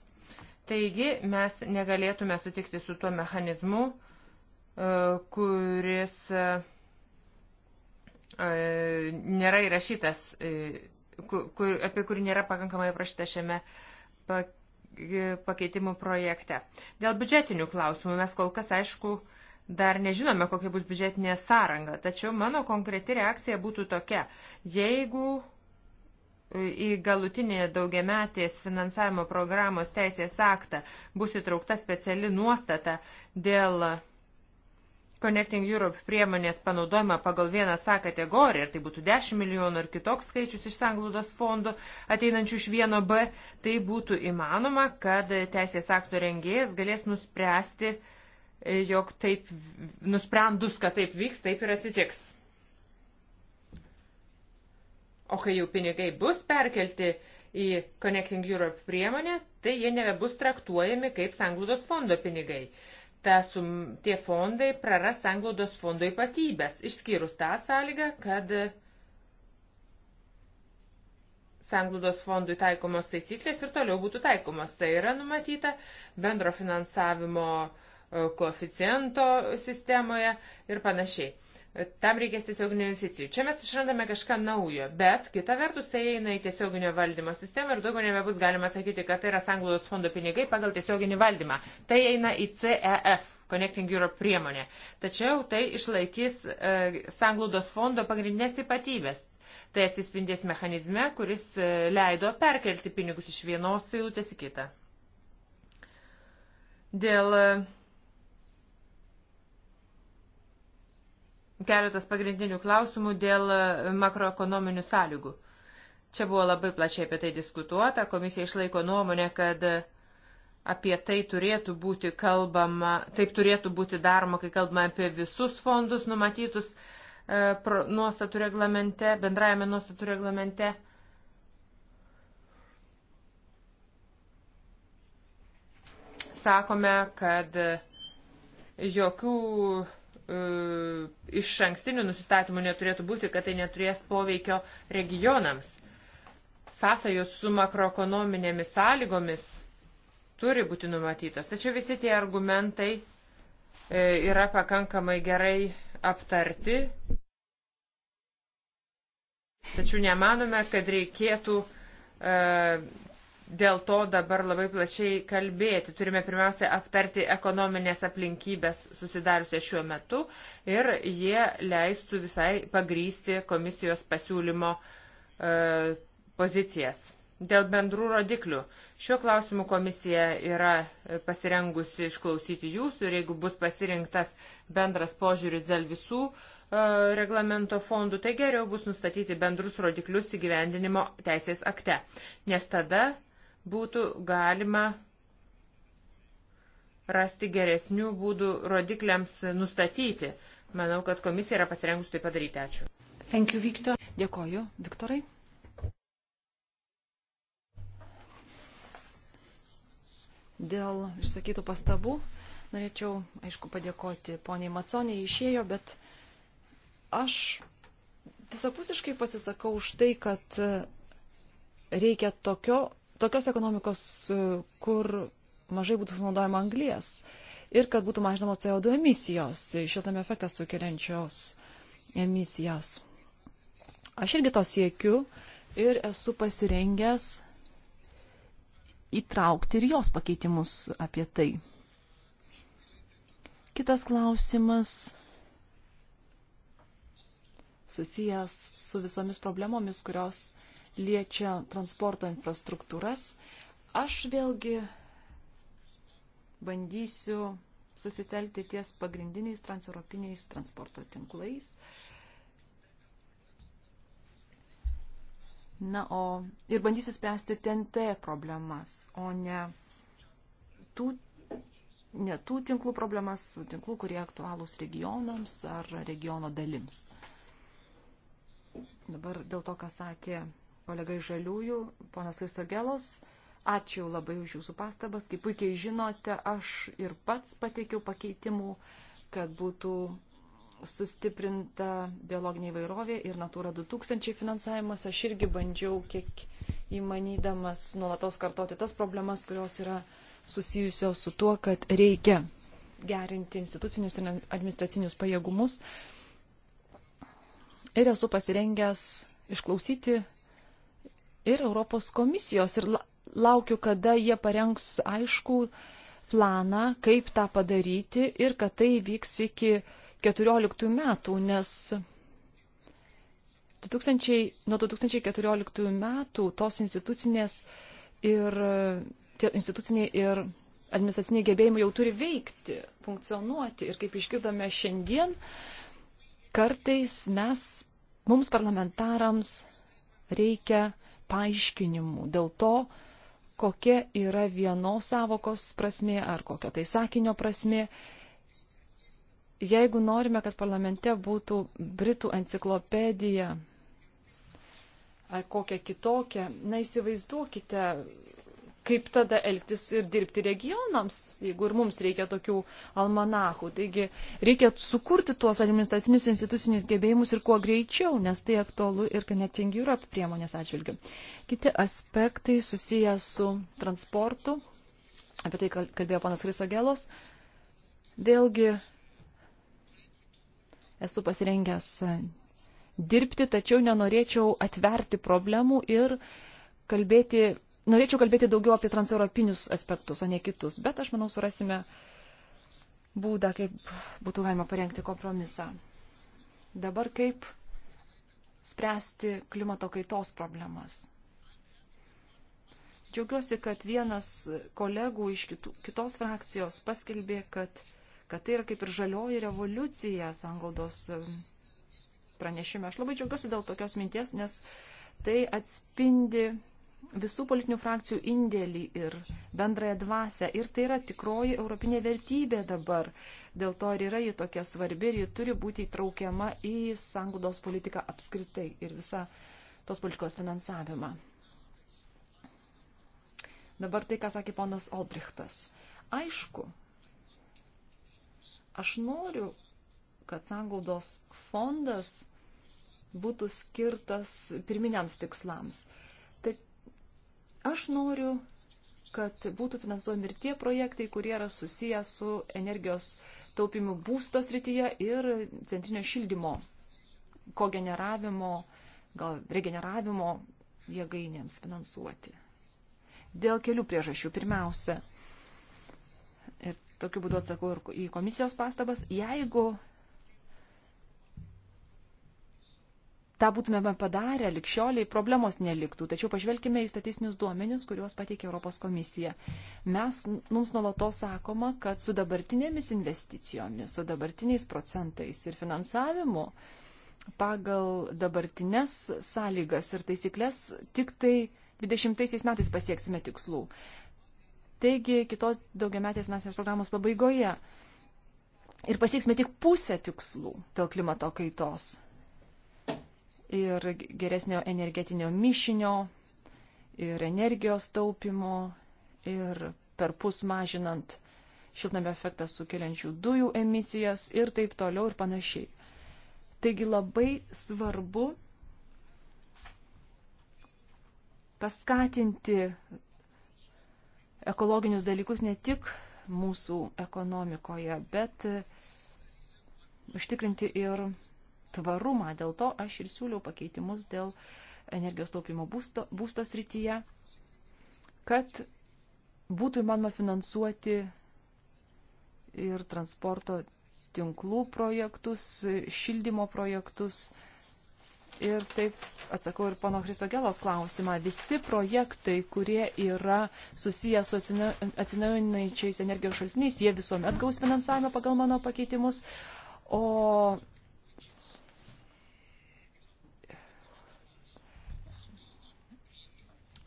C: Taigi mes negalėtume sutikti su tuo mechanizmu, e, kuris e, e, nėra įrašytas, kur, apie kurį nėra pakankamai aprašyta šiame pakeitimų projekte. Dėl biudžetinių klausimų mes kol kas, aišku, dar nežinome, kokia bus biudžetinė sąranga, tačiau mano konkreti reakcija būtų tokia. Jeigu į galutinį daugiametės finansavimo programos teisės aktą bus įtraukta speciali nuostata dėl Connecting Europe priemonės panaudojimą pagal vieną tą kategoriją, ar tai būtų 10 milijonų ar kitoks skaičius iš sanglaudos fondų ateinančių iš vieno B, tai būtų įmanoma, kad teisės akto rengėjas galės nuspręsti, jog taip, nusprendus, kad taip vyks, taip ir atsitiks. O kai jau pinigai bus perkelti į Connecting Europe priemonę, tai jie nebebus traktuojami kaip sanglūdos fondo pinigai. Ta sum, tie fondai praras sanglūdos fondo ypatybės, išskyrus tą sąlygą, kad sanglūdos fondui taikomos taisyklės ir toliau būtų taikomos. Tai yra numatyta bendro finansavimo e, koeficiento sistemoje ir panašiai. Tam reikės tiesioginių investicijų. Čia mes išrandame kažką naujo, bet kita vertus tai eina į tiesioginio valdymo sistemą ir daugiau nebebus galima sakyti, kad tai yra sanglaudos fondo pinigai pagal tiesioginį valdymą. Tai eina į CEF, Connecting Europe priemonė. Tačiau tai išlaikys e, sanglaudos fondo pagrindinės ypatybės. Tai atsispindės mechanizme, kuris e, leido perkelti pinigus iš vienos eilutės į kitą. Dėl e, keletas pagrindinių klausimų dėl e, makroekonominių sąlygų. Čia buvo labai plačiai apie tai diskutuota. Komisija išlaiko nuomonę, kad e, apie tai turėtų būti kalbama, taip turėtų būti daroma, kai kalbame apie visus fondus numatytus e, pro, nuostatų reglamente, bendrajame nuostatų reglamente. Sakome, kad e, jokių E, iš ankstinių nusistatymų neturėtų būti, kad tai neturės poveikio regionams. Sąsajos su makroekonominėmis sąlygomis turi būti numatytos. Tačiau visi tie argumentai e, yra pakankamai gerai aptarti. Tačiau nemanome, kad reikėtų e, dėl to dabar labai plačiai kalbėti. Turime pirmiausia aptarti ekonominės aplinkybės susidariusią šiuo metu ir jie leistų visai pagrysti komisijos pasiūlymo e, pozicijas. Dėl bendrų rodiklių. Šiuo klausimu komisija yra pasirengusi išklausyti jūsų ir jeigu bus pasirinktas bendras požiūris dėl visų e, reglamento fondų, tai geriau bus nustatyti bendrus rodiklius įgyvendinimo teisės akte, nes tada būtų galima rasti geresnių būdų rodikliams nustatyti. Manau, kad komisija yra pasirengusi tai padaryti. Ačiū.
A: Thank you, Viktor. Dėkoju, Viktorai. Dėl išsakytų pastabų norėčiau, aišku, padėkoti poniai Maconiai, išėjo, bet aš visapusiškai pasisakau už tai, kad reikia tokio tokios ekonomikos, e, kur mažai būtų sunaudojama anglies ir kad būtų mažinamos CO2 emisijos, šiltame efektą sukeliančios emisijos. Aš irgi to siekiu ir esu pasirengęs įtraukti ir jos pakeitimus apie tai. Kitas klausimas susijęs su visomis problemomis, kurios liečia transporto infrastruktūras, aš vėlgi bandysiu susitelti ties pagrindiniais transeuropiniais transporto tinklais. Na, o ir bandysiu spręsti TNT problemas, o ne tų, ne tų tinklų problemas, tinklų, kurie aktualūs regionams ar regiono dalims. Dabar dėl to, ką sakė kolegai Žaliųjų, ponas Lisogelos. Ačiū labai už jūsų pastabas. Kaip puikiai žinote, aš ir pats pateikiau pakeitimų, kad būtų sustiprinta biologinė įvairovė ir Natūra 2000 finansavimas. Aš irgi bandžiau, kiek įmanydamas, nuolatos kartoti tas problemas, kurios yra susijusios su tuo, kad reikia gerinti institucinius ir administracinius pajėgumus. Ir esu pasirengęs išklausyti ir Europos komisijos. Ir laukiu, kada jie parengs aišku planą, kaip tą padaryti ir kad tai vyks iki 2014 metų, nes 2000, nuo 2014 metų tos institucinės ir tie instituciniai ir administraciniai gebėjimai jau turi veikti, funkcionuoti. Ir kaip išgirdome šiandien, kartais mes, mums parlamentarams reikia paaiškinimų dėl to, kokia yra vienos savokos prasmė ar kokio tai sakinio prasmė. Jeigu norime, kad parlamente būtų Britų enciklopedija ar kokia kitokia, na įsivaizduokite kaip tada elgtis ir dirbti regionams, jeigu ir mums reikia tokių almanachų. Taigi reikia sukurti tuos administracinius institucinius gebėjimus ir kuo greičiau, nes tai aktualu ir Connecting Europe priemonės atžvilgiu. Kiti aspektai susiję su transportu, apie tai kalbėjo panas Krisogelos. Vėlgi esu pasirengęs dirbti, tačiau nenorėčiau atverti problemų ir kalbėti norėčiau kalbėti daugiau apie transeuropinius aspektus, o ne kitus, bet aš manau surasime būdą, kaip būtų galima parengti kompromisą. Dabar kaip spręsti klimato kaitos problemas. Džiaugiuosi, kad vienas kolegų iš kitų, kitos frakcijos paskelbė, kad, kad tai yra kaip ir žalioji revoliucija sangaudos um, pranešime. Aš labai džiaugiuosi dėl tokios minties, nes tai atspindi visų politinių frakcijų indėlį ir bendrąją dvasę. Ir tai yra tikroji europinė vertybė dabar. Dėl to ir yra ji tokia svarbi ir ji turi būti įtraukiama į sangudos politiką apskritai ir visą tos politikos finansavimą. Dabar tai, ką sakė ponas Olbrichtas. Aišku, aš noriu, kad sangudos fondas būtų skirtas pirminiams tikslams. Aš noriu, kad būtų finansuojami ir tie projektai, kurie yra susiję su energijos taupimu būsto srityje ir centrinio šildymo, kogeneravimo, gal regeneravimo jėgainėms finansuoti. Dėl kelių priežasčių. Pirmiausia, ir tokiu būdu atsakau ir į komisijos pastabas, jeigu tą būtumėme padarę, likščioliai problemos neliktų. Tačiau pažvelkime į statistinius duomenius, kuriuos pateikė Europos komisija. Mes, mums nuolatos sakoma, kad su dabartinėmis investicijomis, su dabartiniais procentais ir finansavimu pagal dabartinės sąlygas ir taisyklės tik tai 20 metais pasieksime tikslų. Taigi kitos daugiametės mes programos pabaigoje ir pasieksime tik pusę tikslų dėl klimato kaitos ir geresnio energetinio mišinio, ir energijos taupimo, ir perpus mažinant šiltnamio efektą sukeliančių dujų emisijas ir taip toliau ir panašiai. Taigi labai svarbu paskatinti ekologinius dalykus ne tik mūsų ekonomikoje, bet užtikrinti ir tvarumą. Dėl to aš ir siūliau pakeitimus dėl energijos taupimo būsto, būsto srityje, kad būtų įmanoma finansuoti ir transporto tinklų projektus, šildymo projektus. Ir taip atsakau ir pono Hristogelos klausimą. Visi projektai, kurie yra susiję su atsinaujinančiais energijos šaltiniais, jie visuomet gaus finansavimą pagal mano pakeitimus. O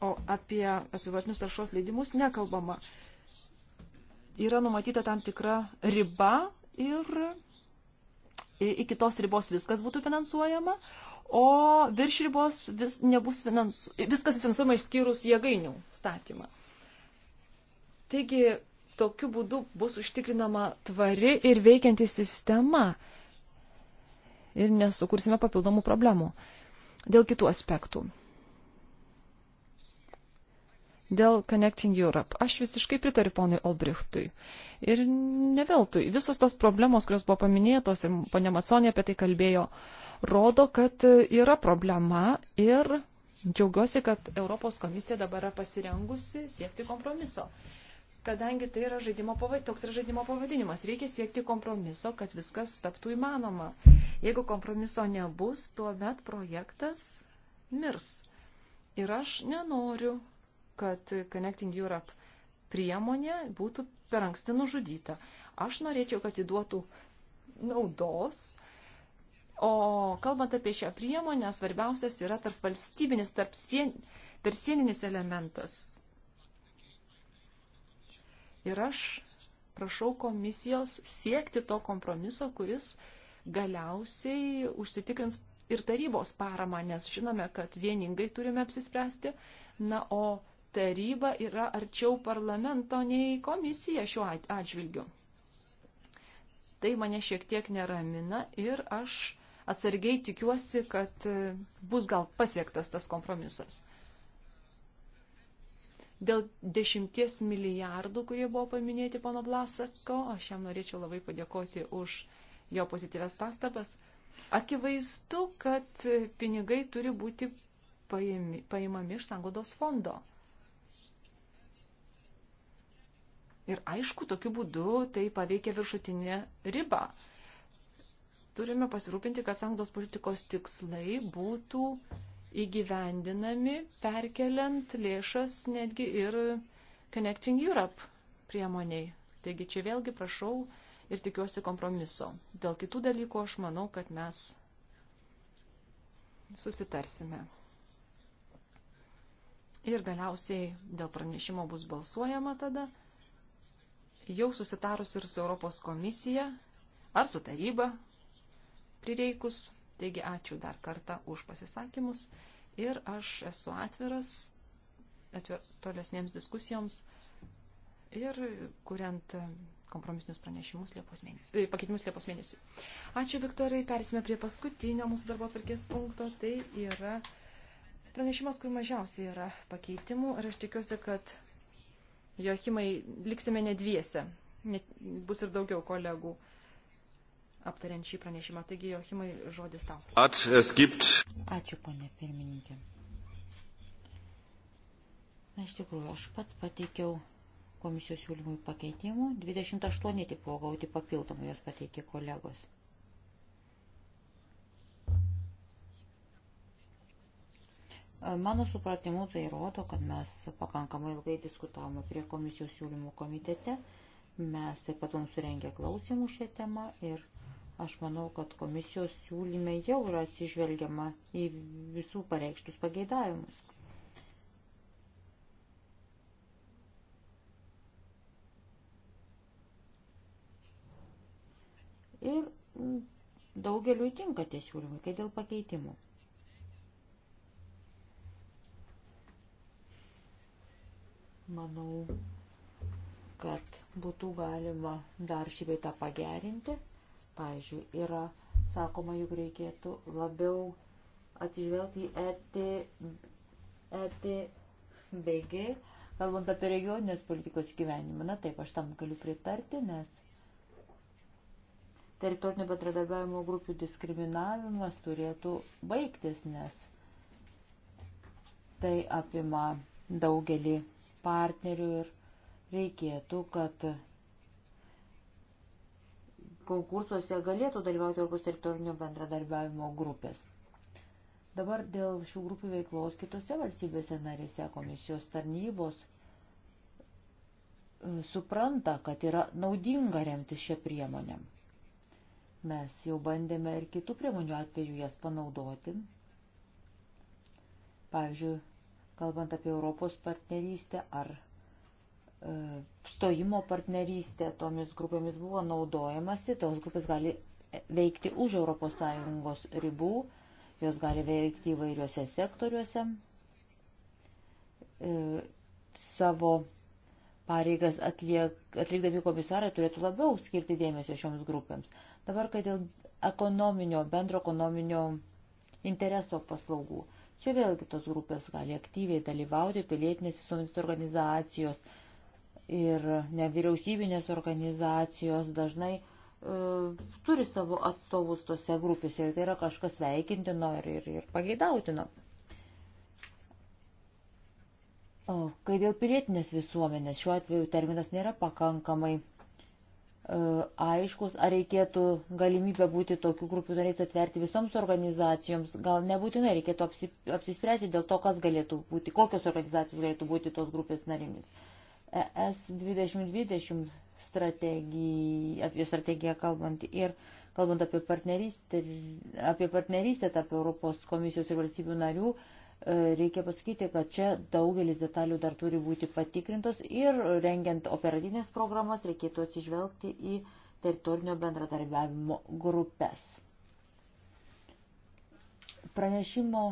A: o apie apivartinius taršos leidimus nekalbama. Yra numatyta tam tikra riba ir iki tos ribos viskas būtų finansuojama, o virš ribos vis, nebus finansu, viskas finansuojama išskyrus jėgainių statymą. Taigi, tokiu būdu bus užtikrinama tvari ir veikianti sistema ir nesukursime papildomų problemų dėl kitų aspektų dėl Connecting Europe. Aš visiškai pritariu ponui Olbrichtui. Ir ne veltui. Visos tos problemos, kurios buvo paminėtos ir ponė Maconė apie tai kalbėjo, rodo, kad yra problema ir džiaugiuosi, kad Europos komisija dabar yra pasirengusi siekti kompromiso. Kadangi tai yra žaidimo, toks yra žaidimo pavadinimas, reikia siekti kompromiso, kad viskas taptų įmanoma. Jeigu kompromiso nebus, tuomet projektas mirs. Ir aš nenoriu kad Connecting Europe priemonė būtų per anksti nužudyta. Aš norėčiau, kad įduotų naudos. O kalbant apie šią priemonę, svarbiausias yra tarp valstybinis, tarp sien, per sieninis elementas. Ir aš prašau komisijos siekti to kompromiso, kuris galiausiai užsitikrins ir tarybos paramą, nes žinome, kad vieningai turime apsispręsti. Na, o taryba yra arčiau parlamento nei komisija šiuo atžvilgiu. Tai mane šiek tiek neramina ir aš atsargiai tikiuosi, kad e, bus gal pasiektas tas kompromisas. Dėl dešimties milijardų, kurie buvo paminėti pono Blasako, aš jam norėčiau labai padėkoti už jo pozityves pastabas. Akivaizdu, kad pinigai turi būti paimi, paimami iš sangodos fondo. Ir aišku, tokiu būdu tai paveikia viršutinę ribą. Turime pasirūpinti, kad sanglos politikos tikslai būtų įgyvendinami, perkeliant lėšas netgi ir Connecting Europe priemoniai. Taigi čia vėlgi prašau ir tikiuosi kompromiso. Dėl kitų dalykų aš manau, kad mes susitarsime. Ir galiausiai dėl pranešimo bus balsuojama tada jau susitarus ir su Europos komisija ar su taryba prireikus. Taigi ačiū dar kartą už pasisakymus ir aš esu atviras atvir, tolesnėms diskusijoms ir kuriant kompromisinius pranešimus Liepos mėnesį, e, pakeitimus Liepos mėnesių. Ačiū, Viktorai. Persime prie paskutinio mūsų darbo atvarkės punkto. Tai yra pranešimas, kur mažiausiai yra pakeitimų. Ir aš tikiuosi, kad Jochimai, liksime ne dviese, Net bus ir daugiau kolegų aptariant šį pranešimą. Taigi, Jochimai, žodis tau.
B: Ačiū, ponė pirmininkė. Na, iš tikrųjų, aš pats pateikiau komisijos siūlymui pakeitimų. 28 tik buvo gauti papildomai, jos pateikė kolegos. Mano supratimu tai rodo, kad mes pakankamai ilgai diskutavome prie komisijos siūlymų komitete. Mes taip pat mums surengė klausimų šią temą ir aš manau, kad komisijos siūlyme jau yra atsižvelgiama į visų pareikštus pageidavimus. Ir daugeliu įtinka tie siūlymai, kai dėl pakeitimų. Manau, kad būtų galima dar šį beitą pagerinti. Pavyzdžiui, yra sakoma, jog reikėtų labiau atsižvelgti į ET, ETBG, kalbant apie regioninės politikos gyvenimą. Na taip, aš tam galiu pritarti, nes teritorinio bendradarbiavimo grupių diskriminavimas turėtų baigtis, nes tai apima daugelį partnerių ir reikėtų, kad konkursuose galėtų dalyvauti Europos teritorinio bendradarbiavimo grupės. Dabar dėl šių grupių veiklos kitose valstybėse narėse komisijos tarnybos e, supranta, kad yra naudinga remti šią priemonę. Mes jau bandėme ir kitų priemonių atveju jas panaudoti. Pavyzdžiui, kalbant apie Europos partnerystę ar e, stojimo partnerystė tomis grupėmis buvo naudojamasi, tos grupės gali veikti už ES ribų, jos gali veikti įvairiuose sektoriuose, e, savo pareigas atliek, atlikdami komisarai turėtų labiau skirti dėmesio šioms grupėms. Dabar, kai dėl ekonominio, bendro ekonominio intereso paslaugų. Čia vėlgi tos grupės gali aktyviai dalyvauti, pilietinės visuomenės organizacijos ir nevyriausybinės organizacijos dažnai e, turi savo atstovus tose grupėse ir tai yra kažkas veikintino ir, ir, ir pageidautino. O, kai dėl pilietinės visuomenės šiuo atveju terminas nėra pakankamai E, aiškus, ar reikėtų galimybę būti tokių grupių nariais atverti visoms organizacijoms, gal nebūtinai reikėtų apsi, apsispręsti dėl to, kas galėtų būti, kokios organizacijos galėtų būti tos grupės narimis. ES 2020 strategija, apie strategiją kalbant ir kalbant apie partnerystę, apie partnerystę tarp Europos komisijos ir valstybių narių, uh, E, reikia pasakyti, kad čia daugelis detalių dar turi būti patikrintos ir rengiant operatinės programas reikėtų atsižvelgti į teritorinio bendradarbiavimo grupės. Pranešimo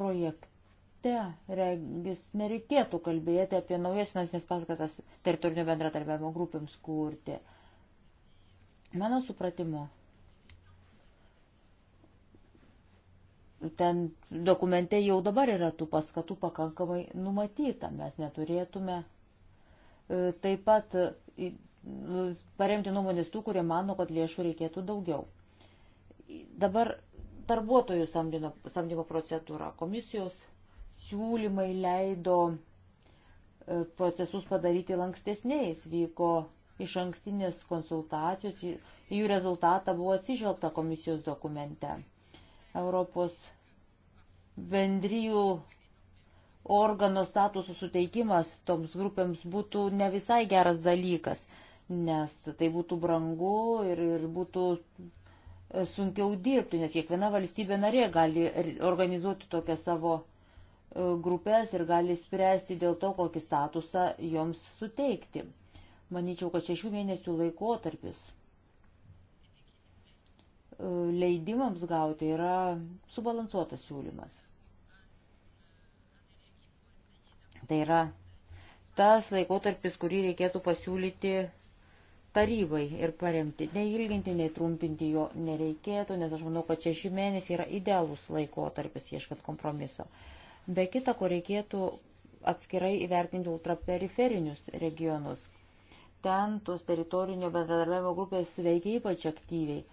B: projekte regis nereikėtų kalbėti apie naujas finansinės paskatas teritorinio bendradarbiavimo grupėms kurti. Mano supratimu, ten dokumente jau dabar yra tų paskatų pakankamai numatyta. Mes neturėtume e, taip pat nu, paremti nuomonės tų, kurie mano, kad lėšų reikėtų daugiau. Dabar darbuotojų samdymo, samdymo procedūra. Komisijos siūlymai leido e, procesus padaryti lankstesniais. Vyko iš ankstinės konsultacijos, jų rezultatą buvo atsižvelgta komisijos dokumente. Europos bendrijų organo statusų suteikimas toms grupėms būtų ne visai geras dalykas, nes tai būtų brangu ir, ir būtų sunkiau dirbti, nes kiekviena valstybė narė gali organizuoti tokią savo e, grupės ir gali spręsti dėl to, kokį statusą joms suteikti. Manyčiau, kad šešių mėnesių laikotarpis leidimams gauti yra subalansuotas siūlymas. Tai yra tas laikotarpis, kurį reikėtų pasiūlyti tarybai ir paremti. Neilginti, nei trumpinti jo nereikėtų, nes aš manau, kad šeši mėnesiai yra idealus laikotarpis ieškant kompromiso. Be kita, ko reikėtų atskirai įvertinti ultraperiferinius regionus. Ten tos teritorinio bendradarbiavimo grupės veikia ypač aktyviai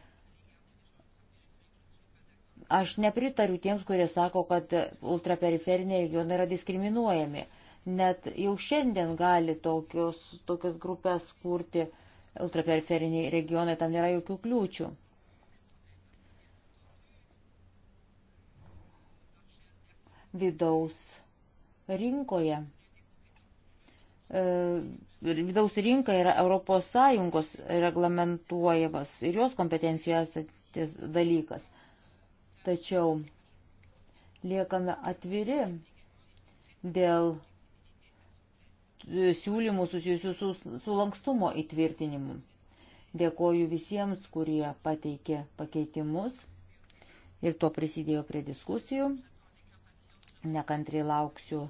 B: Aš nepritariu tiems, kurie sako, kad ultraperiferiniai regionai yra diskriminuojami. Net jau šiandien gali tokios, tokios grupės kurti ultraperiferiniai regionai, tam nėra jokių kliūčių. Vidaus rinkoje. E, vidaus rinka yra Europos Sąjungos reglamentuojamas ir jos kompetencijos dalykas. Tačiau liekame atviri dėl siūlymų susijusių su, su lankstumo įtvirtinimu. Dėkoju visiems, kurie pateikė pakeitimus ir to prisidėjo prie diskusijų. Nekantriai lauksiu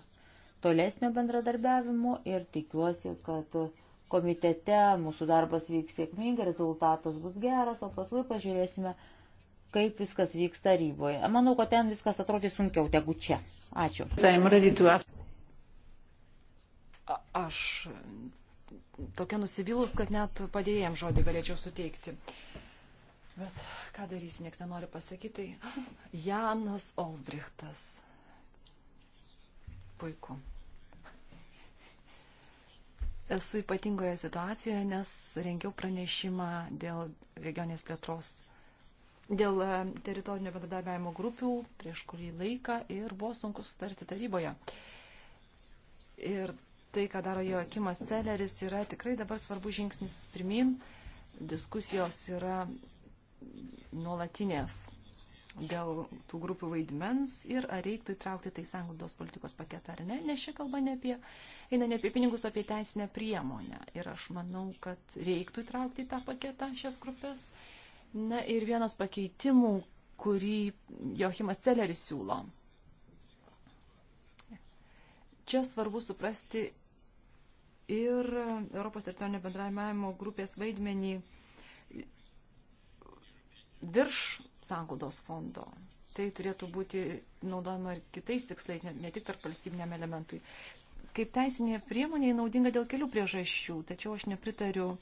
B: tolesnio bendradarbiavimo ir tikiuosi, kad komitete mūsų darbas vyks sėkmingai, rezultatas bus geras, o paskui pažiūrėsime, kaip viskas vyks taryboje. Manau, kad ten viskas atrodys sunkiau negu čia. Ačiū. Tai A,
A: aš tokia nusivylus, kad net padėjėjim žodį galėčiau suteikti. Bet ką darysi, nieks nenori pasakyti. Tai Janas Olbrichtas. Puiku. Esu ypatingoje situacijoje, nes rengiau pranešimą dėl regionės plėtros dėl e, teritorinio bendradarbiavimo grupių prieš kurį laiką ir buvo sunku sutarti taryboje. Ir tai, ką daro Joakimas Celeris, yra tikrai dabar svarbus žingsnis pirmin. Diskusijos yra nuolatinės dėl tų grupių vaidmens ir ar reiktų įtraukti tai sanglaudos politikos paketą ar ne, nes čia kalba ne apie, eina ne apie pinigus, o apie teisinę priemonę. Ir aš manau, kad reiktų įtraukti į tą paketą šias grupės Na ir vienas pakeitimų, kurį Joachimas Celeris siūlo. Čia svarbu suprasti ir Europos teritorinio bendravimo grupės vaidmenį virš sanglaudos fondo. Tai turėtų būti naudojama ir kitais tikslais, ne tik tarp valstybiniam elementui. Kaip teisinė priemonė naudinga dėl kelių priežasčių, tačiau aš nepritariu uh,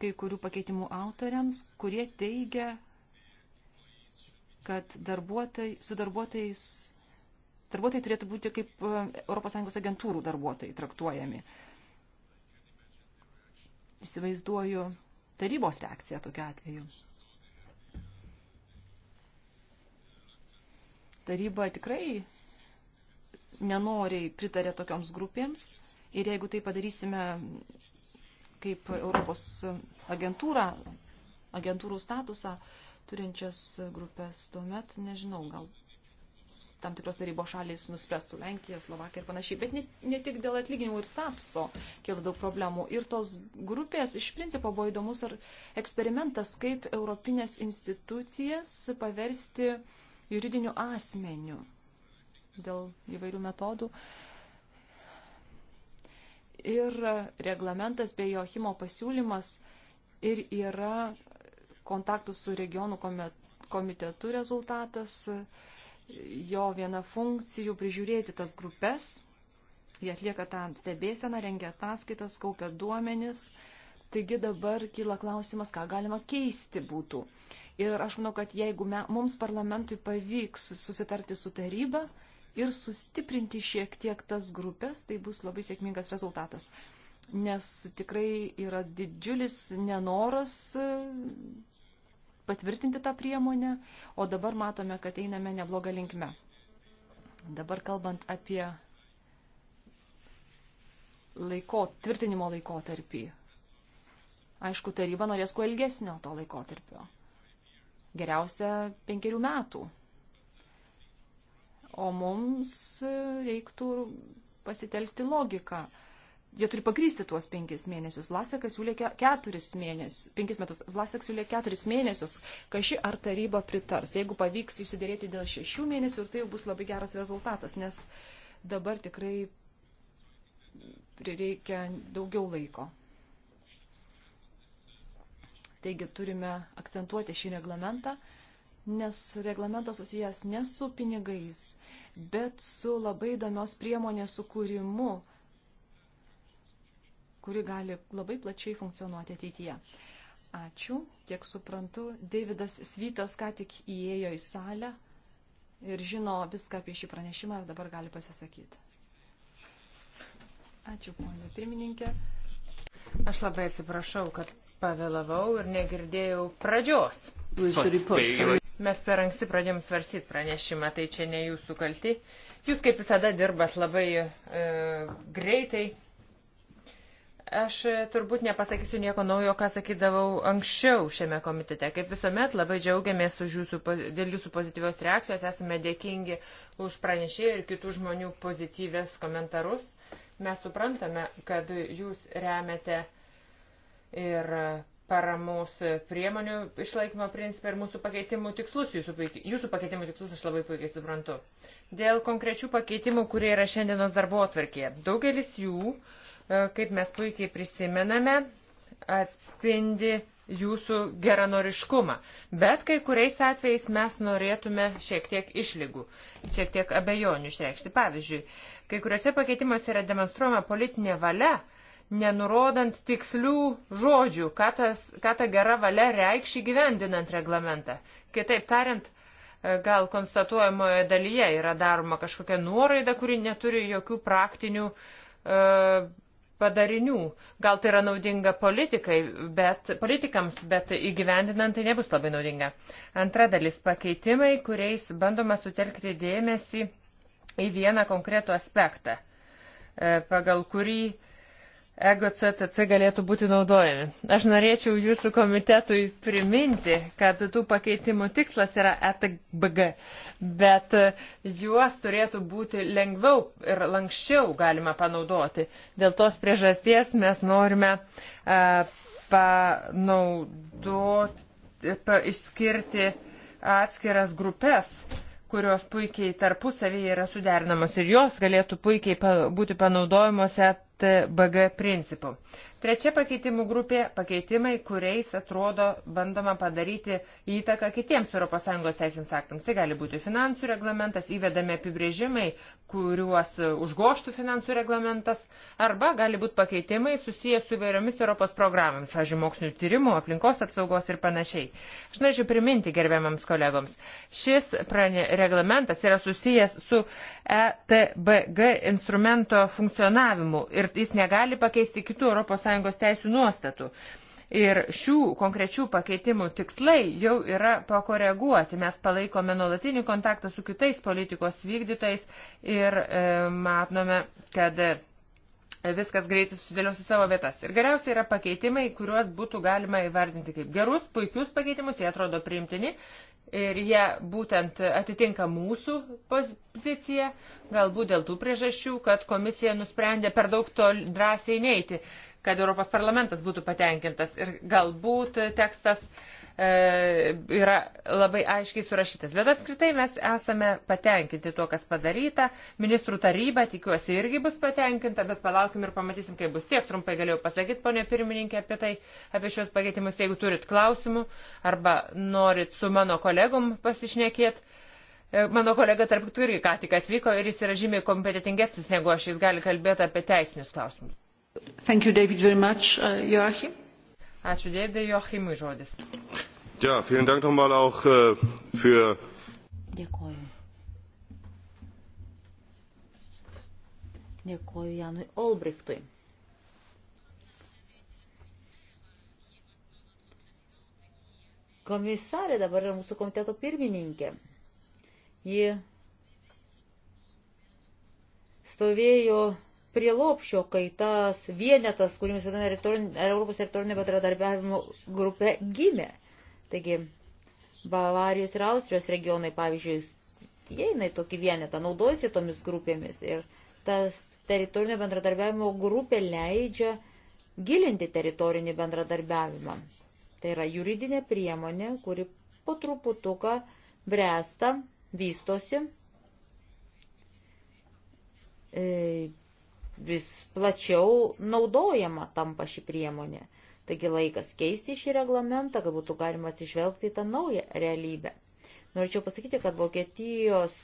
A: kai kurių pakeitimų autoriams, kurie teigia, kad darbuotojai, su darbuotojais darbuotojai turėtų būti kaip ES agentūrų darbuotojai traktuojami. Įsivaizduoju tarybos reakciją tokiu atveju. Taryba tikrai nenoriai pritarė tokioms grupėms ir jeigu tai padarysime kaip Europos agentūrą, agentūrų statusą turinčias grupės, tuomet nežinau, gal tam tikros tarybos šalys nuspręstų Lenkiją, Slovakiją ir panašiai, bet ne, ne tik dėl atlyginimų ir statuso kilo daug problemų. Ir tos grupės iš principo buvo įdomus ar eksperimentas, kaip europinės institucijas paversti juridiniu asmeniu dėl įvairių metodų. Uh, Ir reglamentas bei Johimo pasiūlymas ir yra kontaktų su regionų komitetu rezultatas, jo viena funkcijų prižiūrėti tas grupės, jie atlieka tą stebėseną, rengia ataskaitas, kaupia duomenis. Taigi dabar kyla klausimas, ką galima keisti būtų. Ir aš manau, kad jeigu me, mums parlamentui pavyks susitarti su taryba, ir sustiprinti šiek tiek tas grupės, tai bus labai sėkmingas rezultatas. Nes tikrai yra didžiulis nenoras e, patvirtinti tą priemonę, o dabar matome, kad einame neblogą linkmę. Dabar kalbant apie laiko, tvirtinimo laikotarpį. Aišku, taryba norės kuo ilgesnio to laikotarpio. Geriausia penkerių metų o mums reiktų pasitelkti logiką. Jie turi pagrysti tuos penkis mėnesius. Vlasekas siūlė keturis mėnesius, penkis metus. Vlasekas siūlė keturis mėnesius, kai ši ar taryba pritars. Jeigu pavyks išsiderėti dėl šešių mėnesių, ir tai jau bus labai geras rezultatas, nes dabar tikrai prireikia daugiau laiko. Taigi turime akcentuoti šį reglamentą, nes reglamentas susijęs ne su pinigais, bet su labai įdomios priemonės sukūrimu, kuri gali labai plačiai funkcionuoti ateityje. Ačiū, kiek suprantu, Davidas Svytas ką tik įėjo į salę ir žino viską apie šį pranešimą ir dabar gali pasisakyti.
C: Ačiū, ponė pirmininkė. Aš labai atsiprašau, kad pavėlavau ir negirdėjau pradžios. Mes per anksti pradėjom svarsyti pranešimą, tai čia ne jūsų kalti. Jūs kaip visada dirbat labai e, greitai. Aš e, turbūt nepasakysiu nieko naujo, ką sakydavau anksčiau šiame komitete. Kaip visuomet, labai džiaugiamės jūsų, dėl jūsų pozityvios reakcijos, esame dėkingi už pranešėjų ir kitų žmonių pozityvės komentarus. Mes suprantame, kad jūs remiate ir paramos priemonių išlaikymo principą ir mūsų pakeitimų tikslus, jūsų, jūsų pakeitimų tikslus aš labai puikiai suprantu. Dėl konkrečių pakeitimų, kurie yra šiandienos darbo atvarkėje, daugelis jų, e, kaip mes puikiai prisimename, atspindi jūsų geranoriškumą. Bet kai kuriais atvejais mes norėtume šiek tiek išlygų, šiek tiek abejonių išreikšti. Pavyzdžiui, kai kuriuose pakeitimuose yra demonstruojama politinė valia, nenurodant tikslių žodžių, ką, tas, ką ta gera valia reikš įgyvendinant reglamentą. Kitaip tariant, e, gal konstatuojamoje dalyje yra daroma kažkokia nuoraida, kuri neturi jokių praktinių e, padarinių. Gal tai yra naudinga politikai, bet, politikams, bet įgyvendinant tai nebus labai naudinga. Antra dalis - pakeitimai, kuriais bandoma sutelkti dėmesį į vieną konkretų aspektą, e, pagal kurį EGCTC galėtų būti naudojami. Aš norėčiau jūsų komitetui priminti, kad tų pakeitimų tikslas yra ETBG, bet juos turėtų būti lengviau ir lankščiau galima panaudoti. Dėl tos priežasties mes norime uh, panaudoti, pa, išskirti atskiras grupės kurios puikiai tarpusavyje yra suderinamos ir jos galėtų puikiai pa, būti panaudojamos e TBG principu. Trečia pakeitimų grupė - pakeitimai, kuriais atrodo bandoma padaryti įtaką kitiems ES teisėms aktams. Tai gali būti finansų reglamentas, įvedami apibrėžimai, kuriuos užgoštų finansų reglamentas, arba gali būti pakeitimai susijęs su įvairiomis Europos programomis, pavyzdžiui, mokslinių tyrimų, aplinkos apsaugos ir panašiai. Aš norėčiau priminti gerbiamams kolegoms, šis prane, reglamentas yra susijęs su ETBG instrumento funkcionavimu ir jis negali pakeisti kitų ES ES teisų nuostatų. Ir šių konkrečių pakeitimų tikslai jau yra pakoreguoti. Mes palaikome nuolatinį kontaktą su kitais politikos vykdytojais ir e, matome, kad e, viskas greitai susidėlios į savo vietas. Ir geriausia yra pakeitimai, kuriuos būtų galima įvardinti kaip gerus, puikius pakeitimus, jie atrodo priimtini ir jie būtent atitinka mūsų poziciją, galbūt dėl tų priežasčių, kad komisija nusprendė per daug tol drąsiai neiti kad Europos parlamentas būtų patenkintas ir galbūt tekstas e, yra labai aiškiai surašytas. Bet apskritai mes esame patenkinti tuo, kas padaryta. Ministrų taryba, tikiuosi, irgi bus patenkinta, bet palaukim ir pamatysim, kaip bus. Tiek trumpai galėjau pasakyti, ponė pirmininkė, apie tai, apie šios pakeitimus. Jeigu turit klausimų arba norit su mano kolegom pasišnekėti, e, Mano kolega tarp kitų irgi ką tik atvyko ir jis yra žymiai kompetitingesnis negu aš, jis gali kalbėti apie teisinius klausimus.
A: Thank you, David, very much. Uh, Joachim.
C: Ačiū Dėdė, Joachimui žodis. Ja, vielen Dank nochmal auch uh, für.
B: Dėkoju. Dėkoju Janui Olbrichtui. Komisarė dabar yra mūsų komiteto pirmininkė. Ji stovėjo prie lopšio, kai tas vienetas, kurį mes vadiname Europos teritorinio bendradarbiavimo grupė, gimė. Taigi, Bavarijos ir Austrijos regionai, pavyzdžiui, įeina į tokį vienetą, naudojasi tomis grupėmis ir tas teritorinio bendradarbiavimo grupė leidžia gilinti teritorinį bendradarbiavimą. Tai yra juridinė priemonė, kuri po truputuką bręsta, vystosi, e, vis plačiau naudojama tampa ši priemonė. Taigi laikas keisti šį reglamentą, kad būtų galima atsižvelgti į tą naują realybę. Norėčiau pasakyti, kad Vokietijos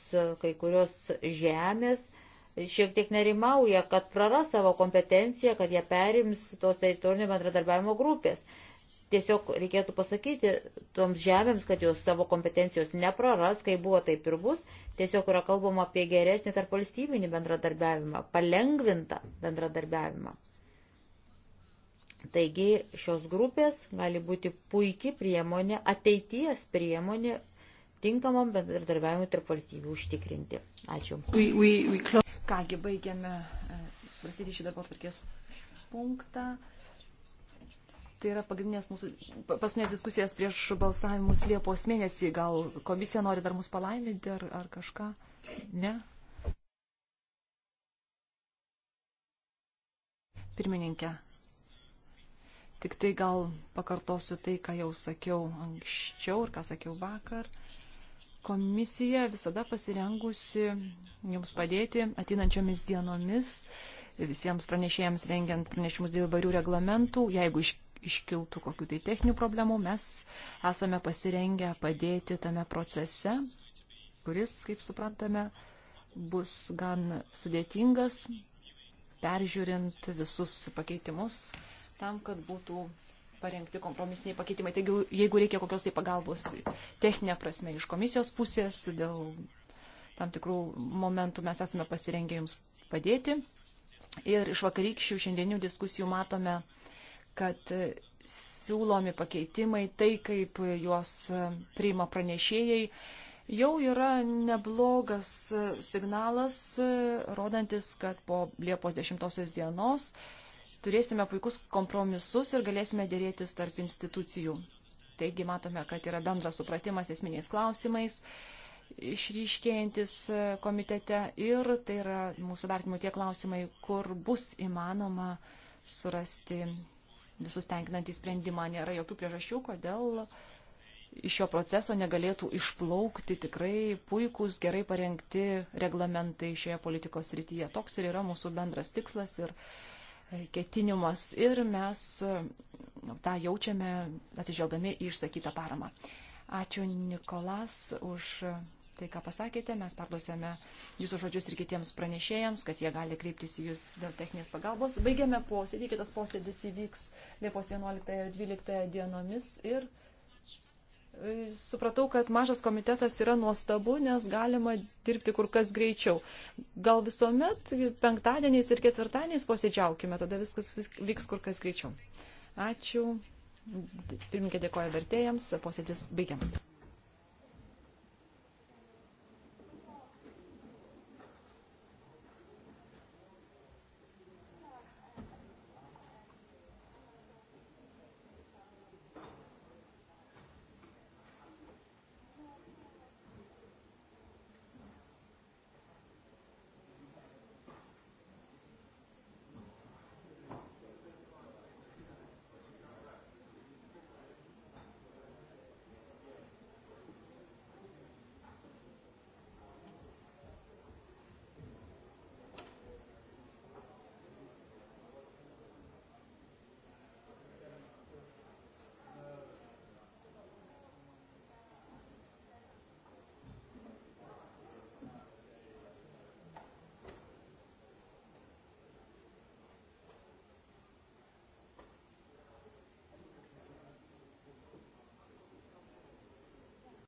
B: kai kurios žemės šiek tiek nerimauja, kad praras savo kompetenciją, kad jie perims tos teritorinio bendradarbiavimo grupės. Tiesiog reikėtų pasakyti toms žemėms, kad jos savo kompetencijos nepraras, kai buvo taip ir bus. Tiesiog yra kalbama apie geresnį tarp valstybinį bendradarbiavimą, palengvintą bendradarbiavimą. Taigi šios grupės gali būti puikiai priemonė, ateities priemonė tinkamam bendradarbiavimui tarp valstybių užtikrinti. Ačiū. We, we, we Kągi, baigiame e, svarstyti šį darbo tvarkės
A: punktą. Tai yra pagrindinės mūsų paskutinės diskusijos prieš balsavimus Liepos mėnesį. Gal komisija nori dar mus palaiminti ar, ar kažką? Ne? Pirmininkė. Tik tai gal pakartosiu tai, ką jau sakiau anksčiau ir ką sakiau vakar. Komisija visada pasirengusi jums padėti ateinančiomis dienomis visiems pranešėjams rengiant pranešimus dėl varių reglamentų. Jeigu iš iškiltų kokių tai techninių problemų, mes esame pasirengę padėti tame procese, kuris, kaip suprantame, bus gan sudėtingas, peržiūrint visus pakeitimus, tam, kad būtų parengti kompromisiniai pakeitimai. Taigi, jeigu reikia kokios tai pagalbos techninė prasme iš komisijos pusės, dėl tam tikrų momentų mes esame pasirengę jums padėti. Ir iš vakarykščių šiandienių diskusijų matome, kad siūlomi pakeitimai, tai kaip juos priima pranešėjai, jau yra neblogas signalas, rodantis, kad po Liepos 10 dienos turėsime puikus kompromisus ir galėsime dėrėtis tarp institucijų. Taigi matome, kad yra bendras supratimas esminiais klausimais išryškėjantis komitete ir tai yra mūsų vertimo tie klausimai, kur bus įmanoma surasti visus tenkinantį sprendimą. Nėra jokių priežasčių, kodėl iš šio proceso negalėtų išplaukti tikrai puikūs, gerai parengti reglamentai šioje politikos rytyje. Toks ir yra mūsų bendras tikslas ir e, ketinimas. Ir mes e, tą jaučiame atsižvelgdami į išsakytą paramą. Ačiū Nikolas už tai, ką pasakėte. Mes perduosime jūsų žodžius ir kitiems pranešėjams, kad jie gali kreiptis į jūs dėl techninės pagalbos. Baigiame posėdį, kitas posėdis įvyks Liepos 11-12 dienomis ir e, supratau, kad mažas komitetas yra nuostabu, nes galima dirbti kur kas greičiau. Gal visuomet penktadieniais ir ketvirtadieniais posėdžiaukime, tada viskas vyks kur kas greičiau. Ačiū. Pirmininkė dėkoja vertėjams, posėdis baigiamas.